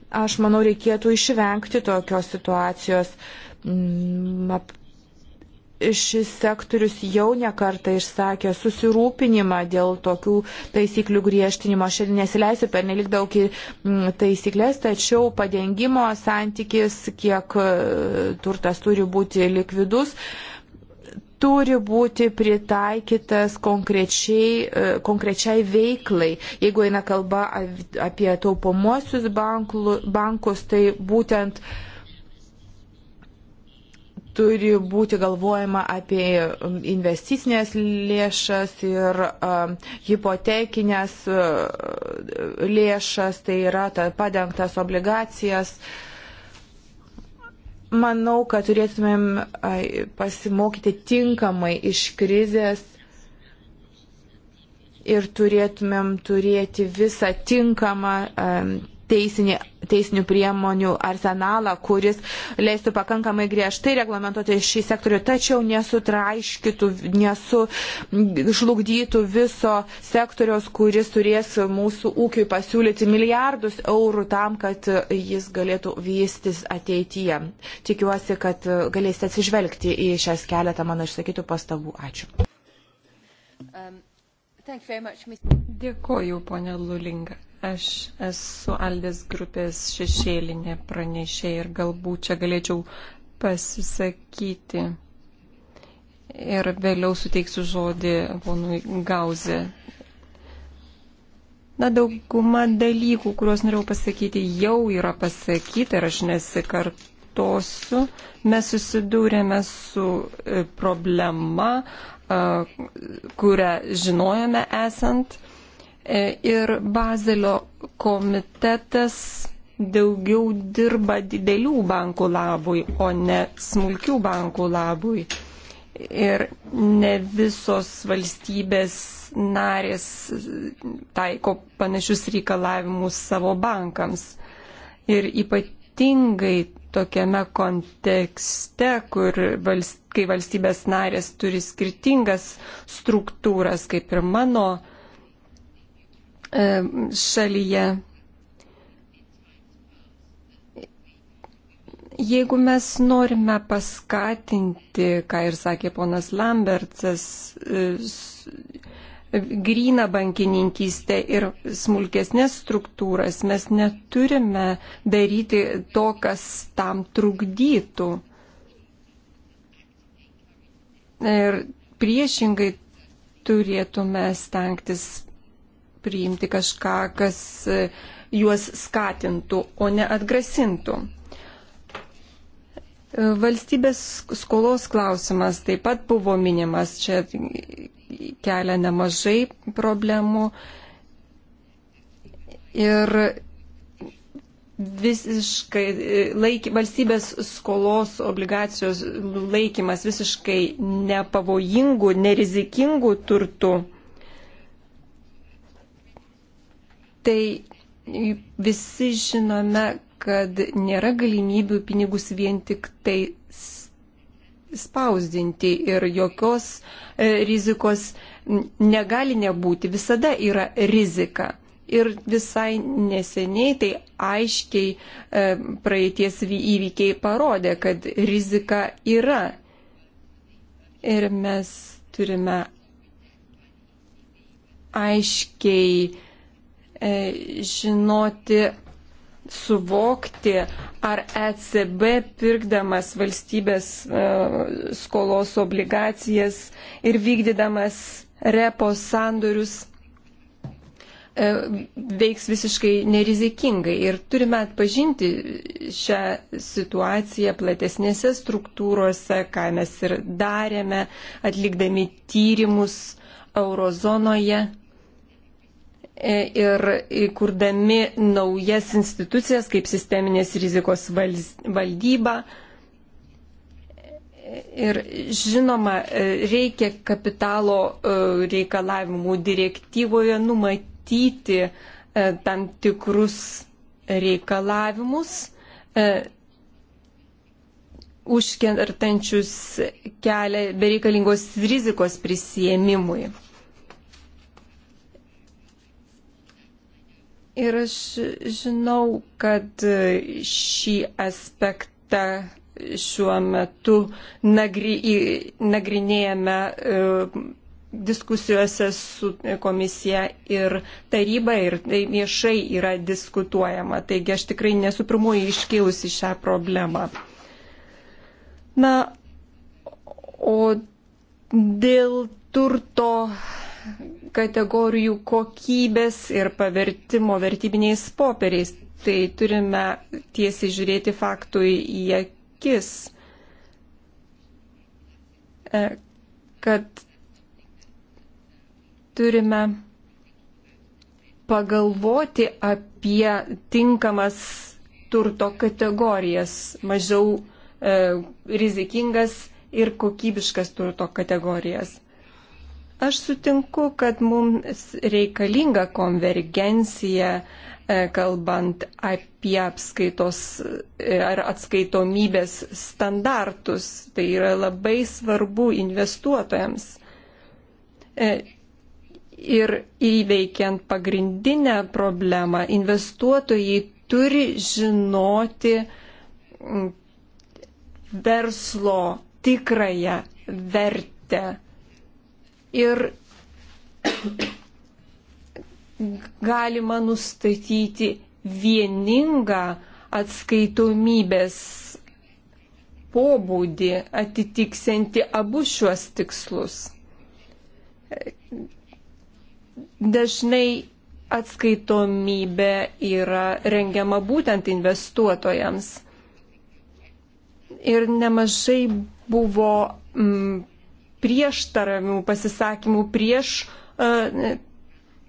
Aš manau, reikėtų išvengti tokios situacijos. Mm, Šis sektorius jau nekartą išsakė susirūpinimą dėl tokių taisyklių griežtinimo. Aš ir nesileisiu per nelik daug į mm, taisyklės, tačiau padengimo santykis, kiek e, turtas turi būti likvidus, turi būti pritaikytas e, konkrečiai veiklai. Jeigu eina kalba apie taupomuosius bankus, tai būtent turi būti galvojama apie um, investicinės lėšas ir um, hipotekinės uh, lėšas, tai yra padengtas obligacijas. Uh, Manau, kad turėtumėm pasimokyti tinkamai iš krizės ir turėtumėm turėti visą tinkamą teisinį, teisinių priemonių arsenalą, kuris leistų pakankamai griežtai reglamentuoti šį sektorių, tačiau nesutraiškytų, nesužlugdytų viso sektoriaus, kuris turės mūsų ūkiui pasiūlyti milijardus eurų tam, kad jis galėtų vystis ateityje. Tikiuosi, kad galėsite atsižvelgti į šias keletą mano išsakytų pastabų. Ačiū. Um. Much, Dėkoju, ponė Lulinga. Aš esu Aldės grupės šešėlinė pranešė ir galbūt čia galėčiau pasisakyti. Ir vėliau suteiksiu žodį ponui Gauzė. Na, dauguma dalykų, kuriuos norėjau pasakyti, jau yra pasakyti ir aš nesikartu kartosiu, mes susidūrėme su e, problema, kurią žinojame esant E, ir Bazelio komitetas daugiau dirba didelių bankų labui, o ne smulkių bankų labui. Ir ne visos valstybės narės taiko panašius reikalavimus savo bankams. Ir ypatingai tokiame kontekste, kur valst, kai valstybės narės turi skirtingas struktūras, kaip ir mano E, šalyje. Jeigu mes norime paskatinti, ką ir sakė ponas Lambertas, e, gryną bankininkystę ir smulkesnės struktūras, mes neturime daryti to, kas tam trukdytų. Ir priešingai turėtume stengtis priimti kažką, kas e, juos skatintų, o ne atgrasintų. E, valstybės skolos klausimas taip pat buvo minimas, čia kelia nemažai problemų. Ir visiškai e, laik, valstybės skolos obligacijos laikymas visiškai nepavojingų, nerizikingų turtų tai visi žinome, kad nėra galimybių pinigus vien tik tai spausdinti ir jokios e, rizikos negali nebūti, visada yra rizika. Ir visai neseniai tai aiškiai e, praeities įvykiai parodė, kad rizika yra. Ir mes turime aiškiai E, žinoti, suvokti, ar ECB pirkdamas valstybės e, skolos obligacijas ir vykdydamas repo sandorius e, veiks visiškai nerizikingai. Ir turime atpažinti šią situaciją platesnėse struktūrose, ką mes ir darėme, atlikdami tyrimus eurozonoje E, ir įkurdami naujas institucijas kaip sisteminės rizikos valdyba. Ir žinoma, e, reikia kapitalo e, reikalavimų direktyvoje numatyti tam tikrus reikalavimus užkertančius kelią bereikalingos rizikos prisėmimui. Ir aš žinau, kad šį aspektą šiuo metu nagri, nagrinėjame e, diskusijose su komisija ir taryba ir tai viešai yra diskutuojama. Taigi aš tikrai nesu pirmoji iškilusi šią problemą. Na, o dėl turto kategorijų kokybės ir pavertimo vertybiniais popieriais. Tai turime tiesiai žiūrėti faktui į akis, e, kad turime pagalvoti apie tinkamas turto kategorijas, mažiau e, rizikingas ir kokybiškas turto kategorijas. Aš sutinku, kad mums reikalinga konvergencija, e, kalbant apie apskaitos e, ar atskaitomybės standartus. Tai yra labai svarbu investuotojams. E, ir įveikiant pagrindinę problemą, investuotojai turi žinoti mm, verslo tikrąją vertę ir galima nustatyti vieningą atskaitomybės pobūdį atitiksinti abu šiuos tikslus. Dažnai atskaitomybė yra rengiama būtent investuotojams. Ir nemažai buvo mm, prieštaravimų pasisakymų prieš e,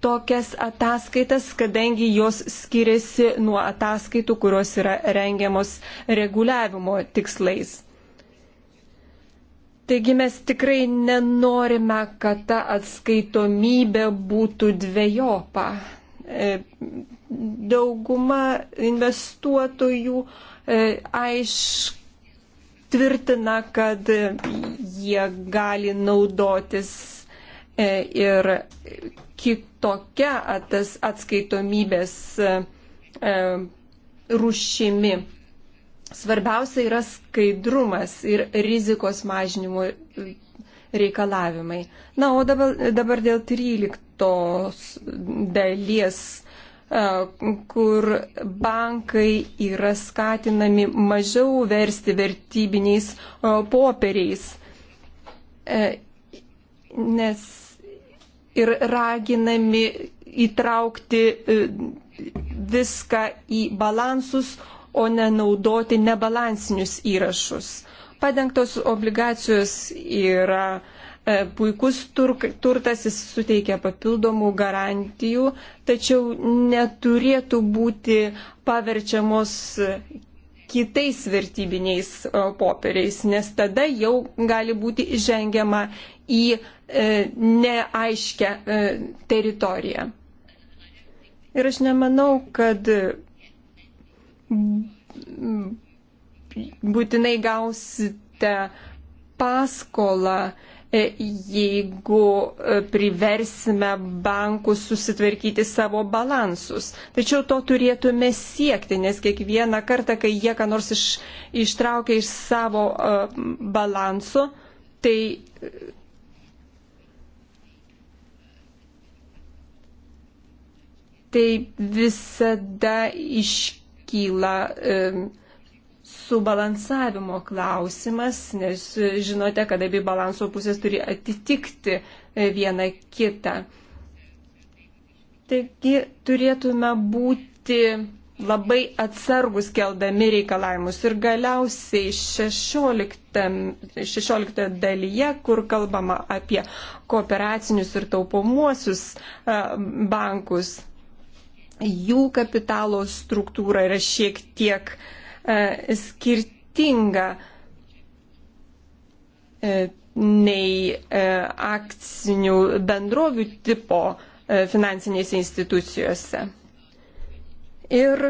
tokias ataskaitas, kadangi jos skiriasi nuo ataskaitų, kurios yra rengiamos reguliavimo tikslais. Taigi mes tikrai nenorime, kad ta atskaitomybė būtų dviejopa. E, dauguma investuotojų e, aiškiai tvirtina, kad jie gali naudotis e, ir kitokia atskaitomybės e, e, rušimi. Svarbiausia yra skaidrumas ir rizikos mažinimo reikalavimai. Na, o dabar, dabar dėl 13 dalies E, kur bankai yra skatinami mažiau versti vertybiniais e, popieriais. E, nes ir raginami įtraukti viską į balansus, o nenaudoti nebalansinius įrašus. Padengtos obligacijos yra uh, E, puikus turk, turtas, jis suteikia papildomų garantijų, tačiau neturėtų būti paverčiamos kitais vertybiniais e, popieriais, nes tada jau gali būti įžengiama į e, neaiškę e, teritoriją. Ir aš nemanau, kad būtinai gausite paskolą e, E, jeigu e, priversime bankus susitvarkyti savo balansus. Tačiau to turėtume siekti, nes kiekvieną kartą, kai jie ką nors iš, ištraukia iš savo uh, balanso, tai. Tai visada iškyla. Uh, subalansavimo klausimas, nes žinote, kad abi balanso pusės turi atitikti e, vieną kitą. Taigi turėtume būti labai atsargus keldami reikalavimus. Ir galiausiai 16, 16 dalyje, kur kalbama apie kooperacinius ir taupomuosius e, bankus, jų kapitalo struktūra yra šiek tiek uh, E, skirtinga e, nei e, akcinių bendrovių tipo finansinėse institucijose. Ir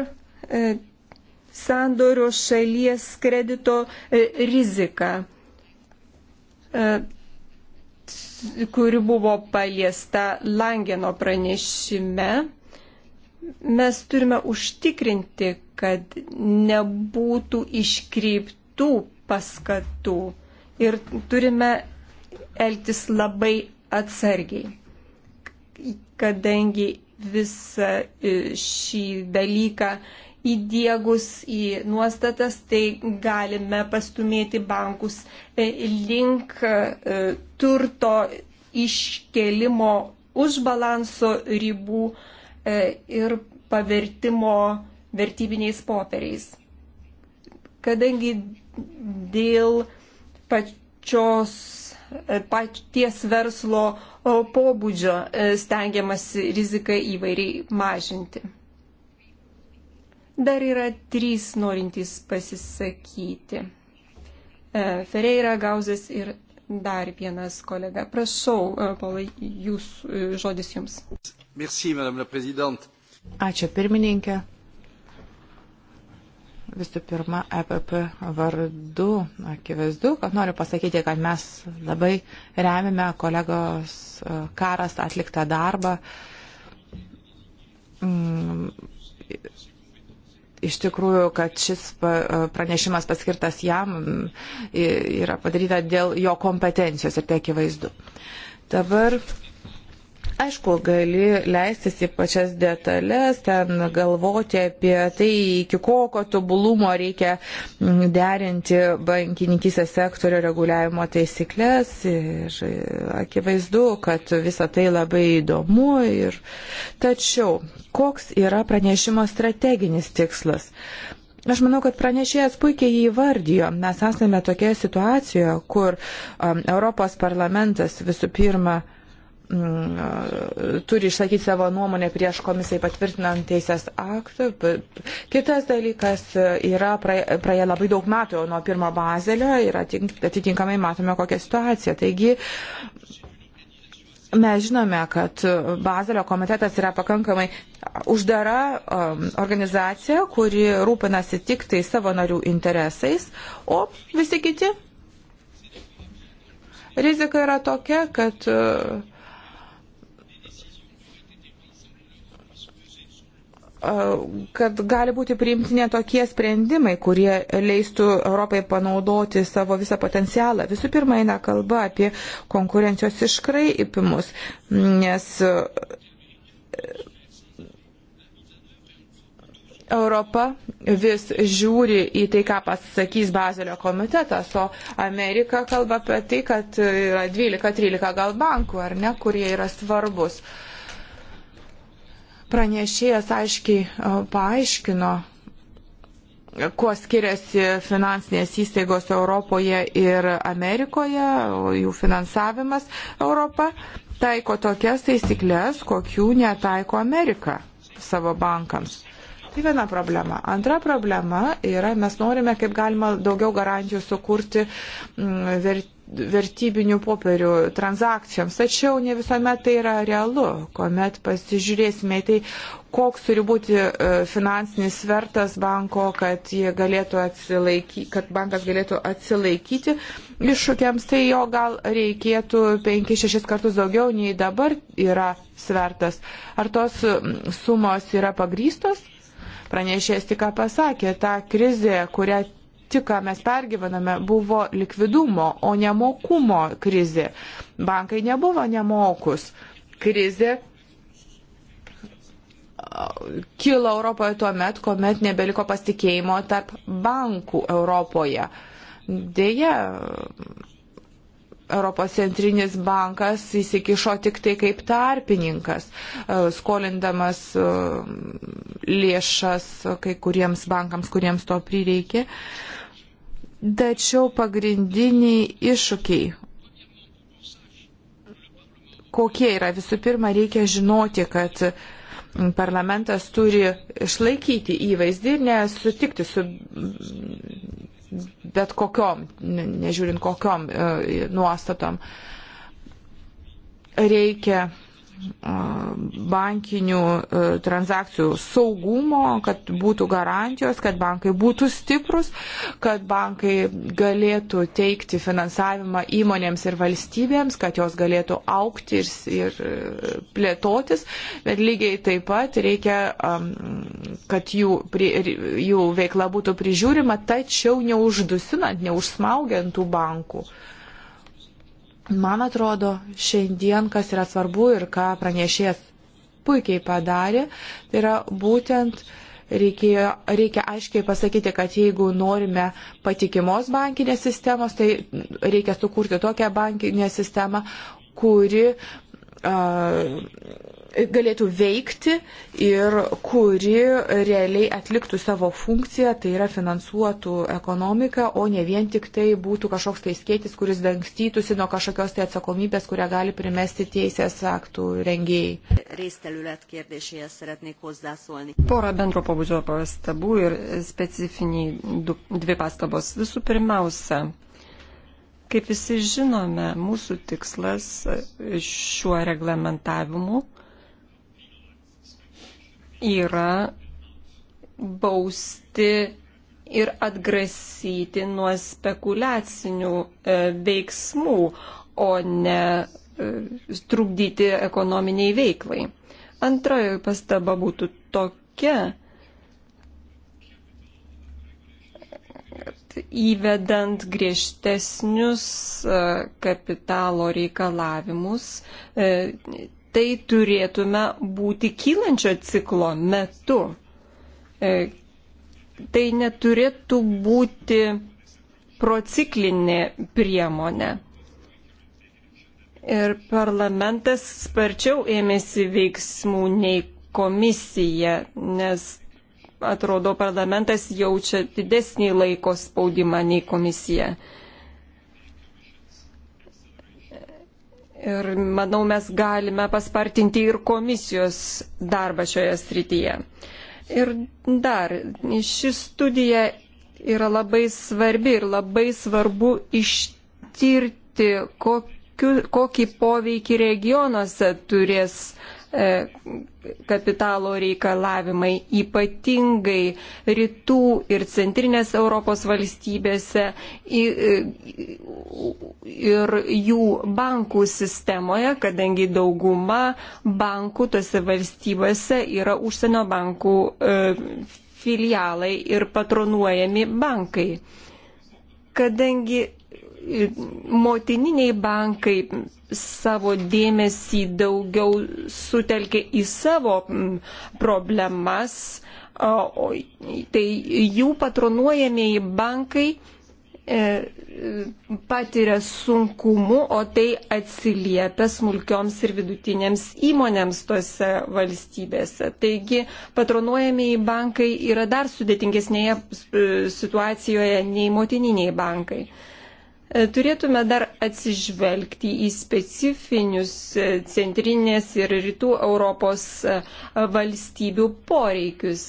sandorio šalies kredito rizika, kuri buvo paliesta Langeno pranešime, mes turime užtikrinti, kad nebūtų iškreiptų paskatų ir turime elgtis labai atsargiai, kadangi visą e, šį dalyką įdėgus į nuostatas, tai galime pastumėti bankus e, link e, turto iškelimo už balanso ribų ir pavertimo vertybiniais popieriais. Kadangi dėl pačios e, paties verslo e, pobūdžio e, stengiamasi riziką įvairiai mažinti. Dar yra trys norintys pasisakyti. Ferreira, Gauzės ir dar vienas kolega. Prašau, Paulai, jūs žodis jums. Merci, Ačiū pirmininkė. Visų pirma, EPP vardu akivaizdu, kad noriu pasakyti, kad mes labai remime kolegos e, karas atliktą darbą. Mm, iš tikrųjų, kad šis e, pranešimas paskirtas jam mm, yra padaryta dėl jo kompetencijos ir tai akivaizdu. Dabar Aišku, gali leistis į pačias detalės, ten galvoti apie tai, iki kokio tobulumo reikia mm, derinti bankininkysės sektorio reguliavimo taisyklės. Ir akivaizdu, kad visa tai labai įdomu. Ir... Tačiau, koks yra pranešimo strateginis tikslas? Aš manau, kad pranešėjas puikiai jį įvardijo. Mes esame tokioje situacijoje, kur um, Europos parlamentas visų pirma uh, Mm, turi išsakyti savo nuomonę prieš komisijai patvirtinant teisės aktų. Kitas dalykas e, yra praėję labai daug metų nuo pirmo bazelio ir atitinkamai matome kokią situaciją. Taigi, Mes žinome, kad Bazelio komitetas yra pakankamai uždara um, organizacija, kuri rūpinasi tik tai savo narių interesais, o visi kiti rizika yra tokia, kad uh, kad gali būti priimtinė tokie sprendimai, kurie leistų Europai panaudoti savo visą potencialą. Visų pirma, eina kalba apie konkurencijos iškraipimus, nes Europa vis žiūri į tai, ką pasakys Bazelio komitetas, o Amerika kalba apie tai, kad yra 12-13 gal bankų, ar ne, kurie yra svarbus. Uh, Pranešėjas aiškiai e, paaiškino, kuo skiriasi finansinės įstaigos Europoje ir Amerikoje, jų finansavimas Europą, taiko tokias taisyklės, kokių netaiko Amerika savo bankams. Tai viena problema. Antra problema yra, mes norime kaip galima daugiau garantijų sukurti vert, vertybinių popierių transakcijoms. Tačiau ne visuomet tai yra realu, kuomet pasižiūrėsime į tai, koks turi būti e, finansinis svertas banko, kad, atsilaiky, kad bankas galėtų atsilaikyti iššūkiams, tai jo gal reikėtų 5-6 kartus daugiau nei dabar yra svertas. Ar tos sumos yra pagrystos? Pranešėjas tik ką pasakė, ta krizė, kurią tik ką mes pergyvename, buvo likvidumo, o nemokumo krizė. Bankai nebuvo nemokus. Krizė kilo Europoje tuo met, kuomet nebeliko pasitikėjimo tarp bankų Europoje. Deja, Europos centrinis bankas įsikišo tik tai kaip tarpininkas, skolindamas lėšas kai kuriems bankams, kuriems to prireikė. Tačiau pagrindiniai iššūkiai. Kokie yra? Visų pirma, reikia žinoti, kad parlamentas turi išlaikyti įvaizdį ir nesutikti su bet kokiom, nežiūrint kokiom e, nuostatom. Reikia bankinių e, transakcijų saugumo, kad būtų garantijos, kad bankai būtų stiprus, kad bankai galėtų teikti finansavimą įmonėms ir valstybėms, kad jos galėtų aukti ir, ir e, plėtotis, bet lygiai taip pat reikia, kad jų, jų veikla būtų prižiūrima, tačiau neuždusinant, neužsmaugiant tų bankų. Man atrodo, šiandien, kas yra svarbu ir ką pranešėjas puikiai padarė, tai yra būtent reikėjo, reikia aiškiai pasakyti, kad jeigu norime patikimos bankinės sistemos, tai reikia sukurti tokią bankinę sistemą, kuri uh, galėtų veikti ir kuri realiai atliktų savo funkciją, tai yra finansuotų ekonomiką, o ne vien tik tai būtų kažkoks tai skėtis, kuris dangstytųsi nuo kažkokios tai atsakomybės, kurią gali primesti teisės aktų rengėjai. Porą bendro pabudžio pastabų ir specifiniai du, dvi pastabos. Visų pirmiausia, Kaip visi žinome, mūsų tikslas šiuo reglamentavimu yra bausti ir atgrasyti nuo spekulacinių e, veiksmų, o ne e, trukdyti ekonominiai veiklai. Antroji pastaba būtų tokia, įvedant griežtesnius e, kapitalo reikalavimus, tai turėtume būti kylančio ciklo metu. E, tai neturėtų būti prociklinė priemonė. Ir parlamentas sparčiau ėmėsi veiksmų nei komisija, nes atrodo parlamentas jaučia didesnį laiko spaudimą nei komisija. Ir manau, mes galime paspartinti ir komisijos darbą šioje srityje. Ir dar, ši studija yra labai svarbi ir labai svarbu ištirti, kokiu, kokį poveikį regionuose turės uh, E, kapitalo reikalavimai, ypatingai rytų ir centrinės Europos valstybėse e, ir jų bankų sistemoje, kadangi dauguma bankų tose valstybėse yra užsienio bankų e, filialai ir patronuojami bankai. Kadangi motininiai bankai savo dėmesį daugiau sutelkia į savo problemas, o, tai jų patronuojamieji bankai e, patiria sunkumu, o tai atsiliepia smulkioms ir vidutinėms įmonėms tose valstybėse. Taigi patronuojamieji bankai yra dar sudėtingesnėje e, situacijoje nei motininiai bankai. E, turėtume dar atsižvelgti į specifinius e, centrinės ir rytų Europos e, valstybių poreikius.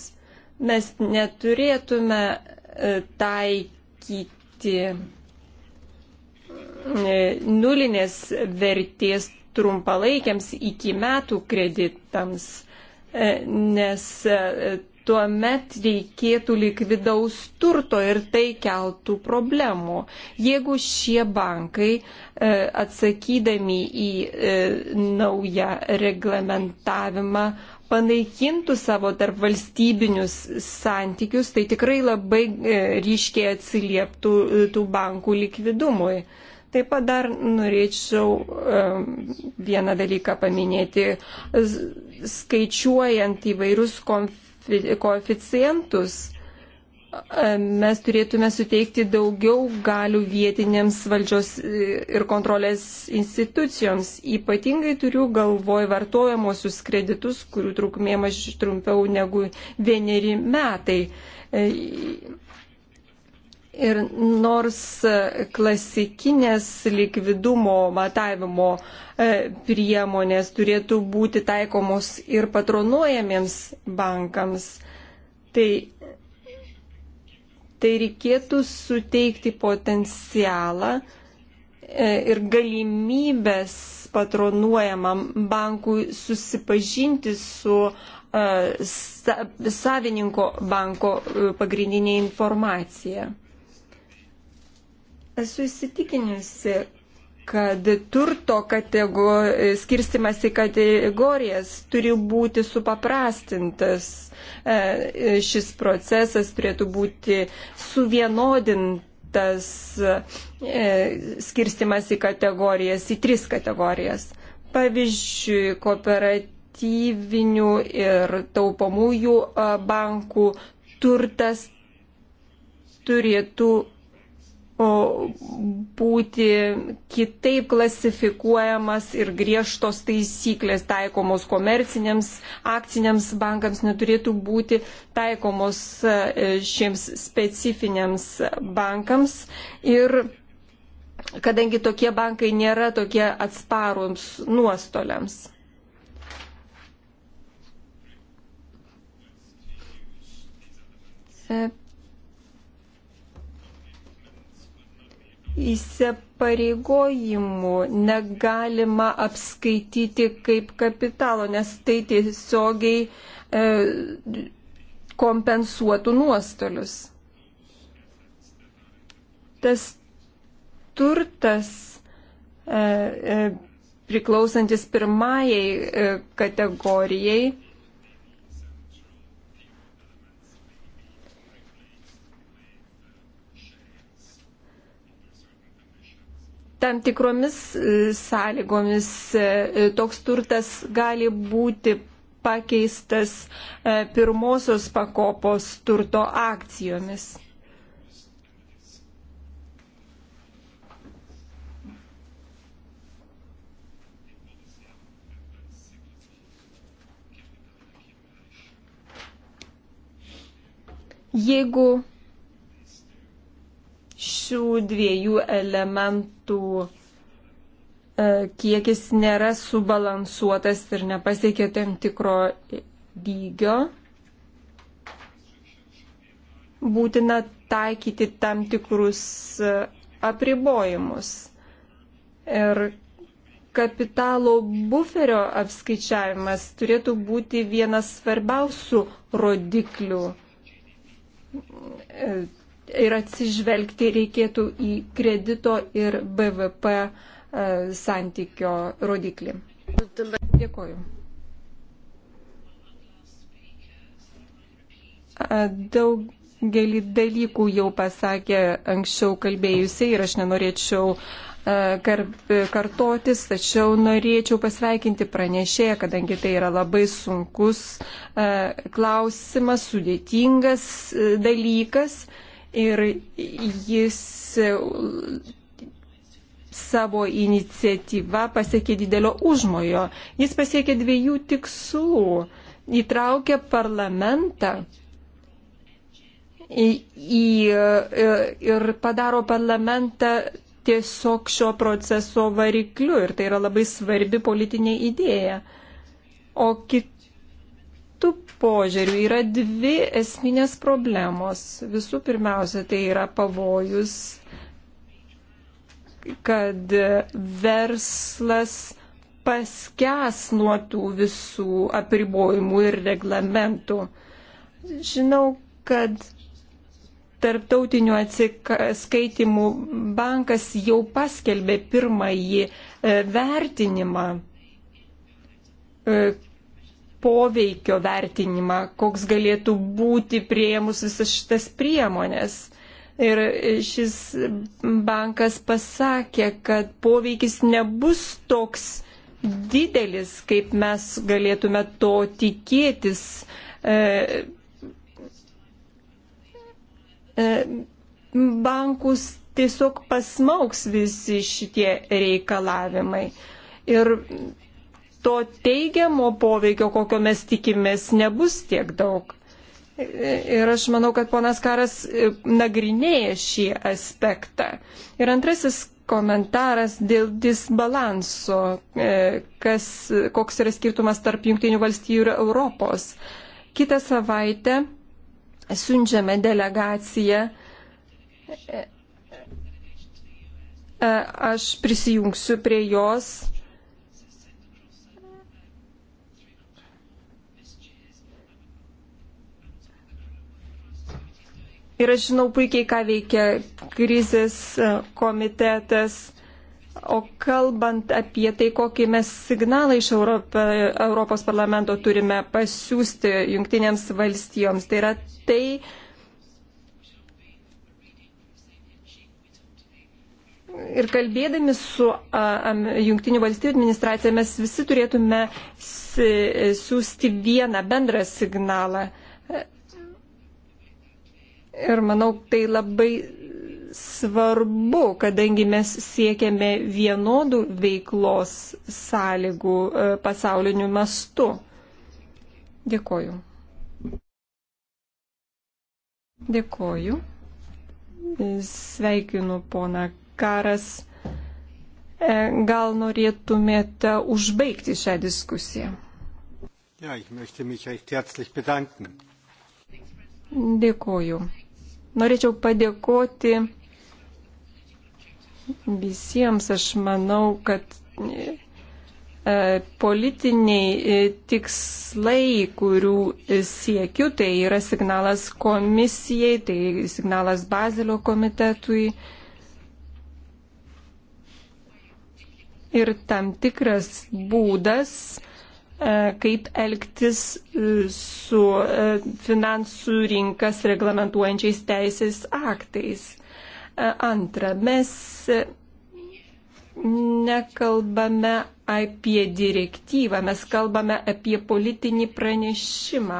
Mes neturėtume taikyti nulinės vertės trumpalaikiams iki metų kreditams, nes tuomet reikėtų likvidaus turto ir tai keltų problemų. Jeigu šie bankai e, atsakydami į e, naują reglamentavimą panaikintų savo tarp valstybinius santykius, tai tikrai labai e, ryškiai atsilieptų tų bankų likvidumui. Taip pat dar norėčiau vieną dalyką paminėti. Skaičiuojant įvairius konfliktus, koeficientus, e, mes turėtume suteikti daugiau galių vietinėms valdžios e, ir kontrolės institucijoms. Ypatingai turiu galvoj vartojamosius kreditus, kurių trukmė maž trumpiau negu vieneri metai. E, Ir nors klasikinės likvidumo matavimo e, priemonės turėtų būti taikomos ir patronuojamiems bankams, tai, tai reikėtų suteikti potencialą e, ir galimybės patronuojamam bankui susipažinti su e, savininko banko pagrindinė informacija. Esu įsitikinusi, kad turto kategor... skirstimas į kategorijas turi būti supaprastintas. E, šis procesas turėtų būti suvienodintas e, skirstimas į kategorijas, į tris kategorijas. Pavyzdžiui, kooperatyvinių ir taupomųjų e, bankų turtas turėtų būti kitaip klasifikuojamas ir griežtos taisyklės taikomos komerciniams akciniams bankams neturėtų būti taikomos e, šiems specifiniams bankams. Ir kadangi tokie bankai nėra tokie atsparums nuostoliams. E, įsipareigojimų negalima apskaityti kaip kapitalo, nes tai tiesiogiai e, kompensuotų nuostolius. Tas turtas e, e, priklausantis pirmajai e, kategorijai tam tikromis e, sąlygomis e, e, toks turtas gali būti pakeistas pirmosios pakopos turto akcijomis. Jeigu šių dviejų elementų e, kiekis nėra subalansuotas ir nepasiekia tam tikro lygio, būtina taikyti tam tikrus e, apribojimus. Ir kapitalo buferio apskaičiavimas turėtų būti vienas svarbiausių rodiklių e, ir atsižvelgti reikėtų į kredito ir BVP e, santykio rodiklį. Dėkoju. E, daugelį dalykų jau pasakė anksčiau kalbėjusiai ir aš nenorėčiau e, kartotis, tačiau norėčiau pasveikinti pranešėją, kadangi tai yra labai sunkus klausimas, sudėtingas dalykas ir jis savo iniciatyvą pasiekė didelio užmojo. Jis pasiekė dviejų tikslų. Įtraukė parlamentą į, į, e, ir padaro parlamentą tiesiog šio proceso varikliu ir tai yra labai svarbi politinė idėja. O kit, Šitų požiūrių yra dvi esminės problemos. Visų pirmiausia, tai yra pavojus, kad verslas paskes nuo tų visų apribojimų ir reglamentų. Žinau, kad tarptautinių atskaitimų bankas jau paskelbė pirmąjį e, vertinimą, e, poveikio vertinimą, koks galėtų būti prieimus visas šitas priemonės. Ir šis bankas pasakė, kad poveikis nebus toks didelis, kaip mes galėtume to tikėtis. E, e, bankus tiesiog pasmauks visi šitie reikalavimai. Ir to teigiamo poveikio, kokio mes tikimės, nebus tiek daug. Ir aš manau, kad ponas Karas e, nagrinėja šį aspektą. Ir antrasis komentaras dėl disbalanso, e, kas, koks yra skirtumas tarp Junktinių valstybių ir Europos. Kitą savaitę siunčiame delegaciją. E, aš prisijungsiu prie jos Ir aš žinau puikiai, ką veikia krizės e, komitetas. O kalbant apie tai, kokį mes signalą iš Europą, Europos parlamento turime pasiūsti jungtinėms valstijoms, tai yra tai, Ir kalbėdami su Junktinių valstybių administracija mes visi turėtume siūsti vieną bendrą signalą Ir manau, tai labai svarbu, kadangi mes siekiame vienodų veiklos sąlygų e, pasauliniu mastu. Dėkoju. Dėkoju. Sveikinu pona Karas. E, gal norėtumėte užbaigti šią diskusiją? Ja, Dėkoju. Norėčiau padėkoti visiems. Aš manau, kad e, politiniai e, tikslai, kurių e, siekiu, tai yra signalas komisijai, tai signalas Bazilio komitetui. Ir tam tikras būdas, E, kaip elgtis e, su e, finansų rinkas reglamentuojančiais teisės aktais. Antra, mes nekalbame apie direktyvą, mes kalbame apie politinį pranešimą,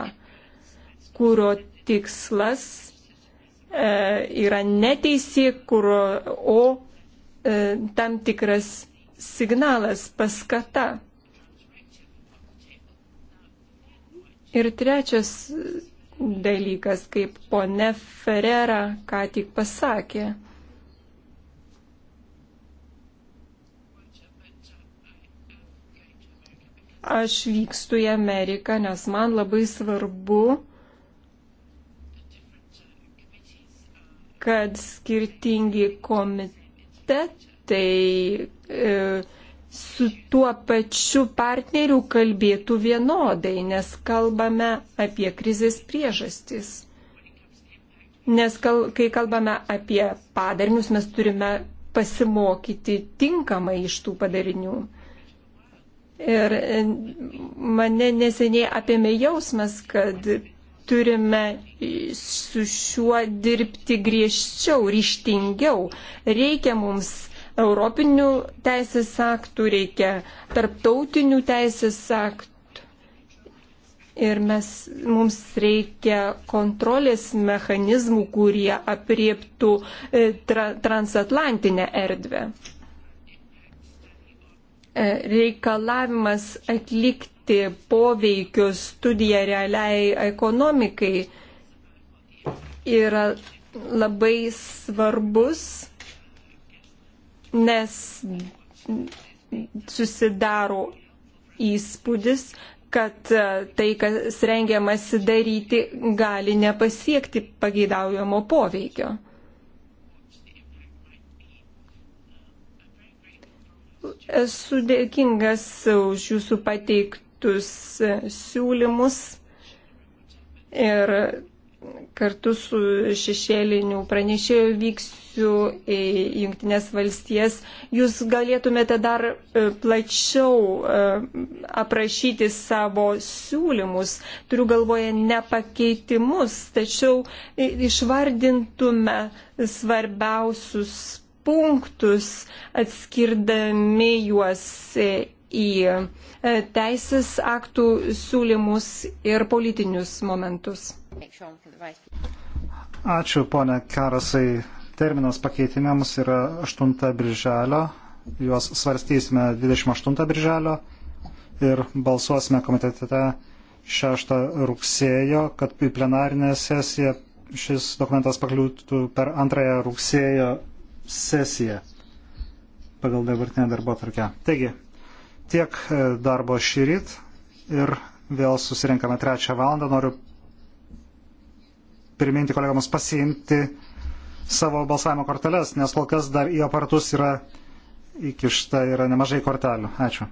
kurio tikslas yra neteisė, kurio, o tam tikras signalas, paskata Ir trečias dalykas, kaip ponė Ferrera ką tik pasakė. Aš vykstu į Ameriką, nes man labai svarbu, kad skirtingi komitetai e, su tuo pačiu partneriu kalbėtų vienodai, nes kalbame apie krizės priežastis. Nes kal, kai kalbame apie padarinius, mes turime pasimokyti tinkamai iš tų padarinių. Ir e, mane neseniai apėmė jausmas, kad turime su šiuo dirbti griežčiau, ryštingiau. Reikia mums europinių teisės aktų, reikia tarptautinių teisės aktų. Ir mes, mums reikia kontrolės mechanizmų, kurie apriektų e, tra, transatlantinę erdvę. E, reikalavimas atlikti poveikio studiją realiai ekonomikai yra labai svarbus nes susidaro įspūdis, kad e, tai, kas rengiamasi daryti, gali nepasiekti pageidaujamo poveikio. Esu dėkingas už jūsų pateiktus siūlymus ir kartu su šešėliniu pranešėju vyksiu į Junktinės valstijas. Jūs galėtumėte dar e, plačiau e, aprašyti savo siūlymus, turiu galvoje ne pakeitimus, tačiau e, išvardintume svarbiausius punktus, atskirdami juos į e, teisės aktų siūlymus ir politinius momentus. Ačiū, ponė Karasai. Terminas pakeitimams yra 8 birželio. Juos svarstysime 28 birželio ir balsuosime komitete 6 rugsėjo, kad į plenarinę sesiją šis dokumentas pakliūtų per antrąją rugsėjo sesiją pagal dabartinę darbo tvarkę. Taigi, Tiek e, darbo šyrit ir vėl susirinkame trečią valandą. Noriu priminti kolegams pasiimti savo balsavimo korteles, nes kol kas dar į aparatus yra įkišta yra nemažai kortelių. Ačiū.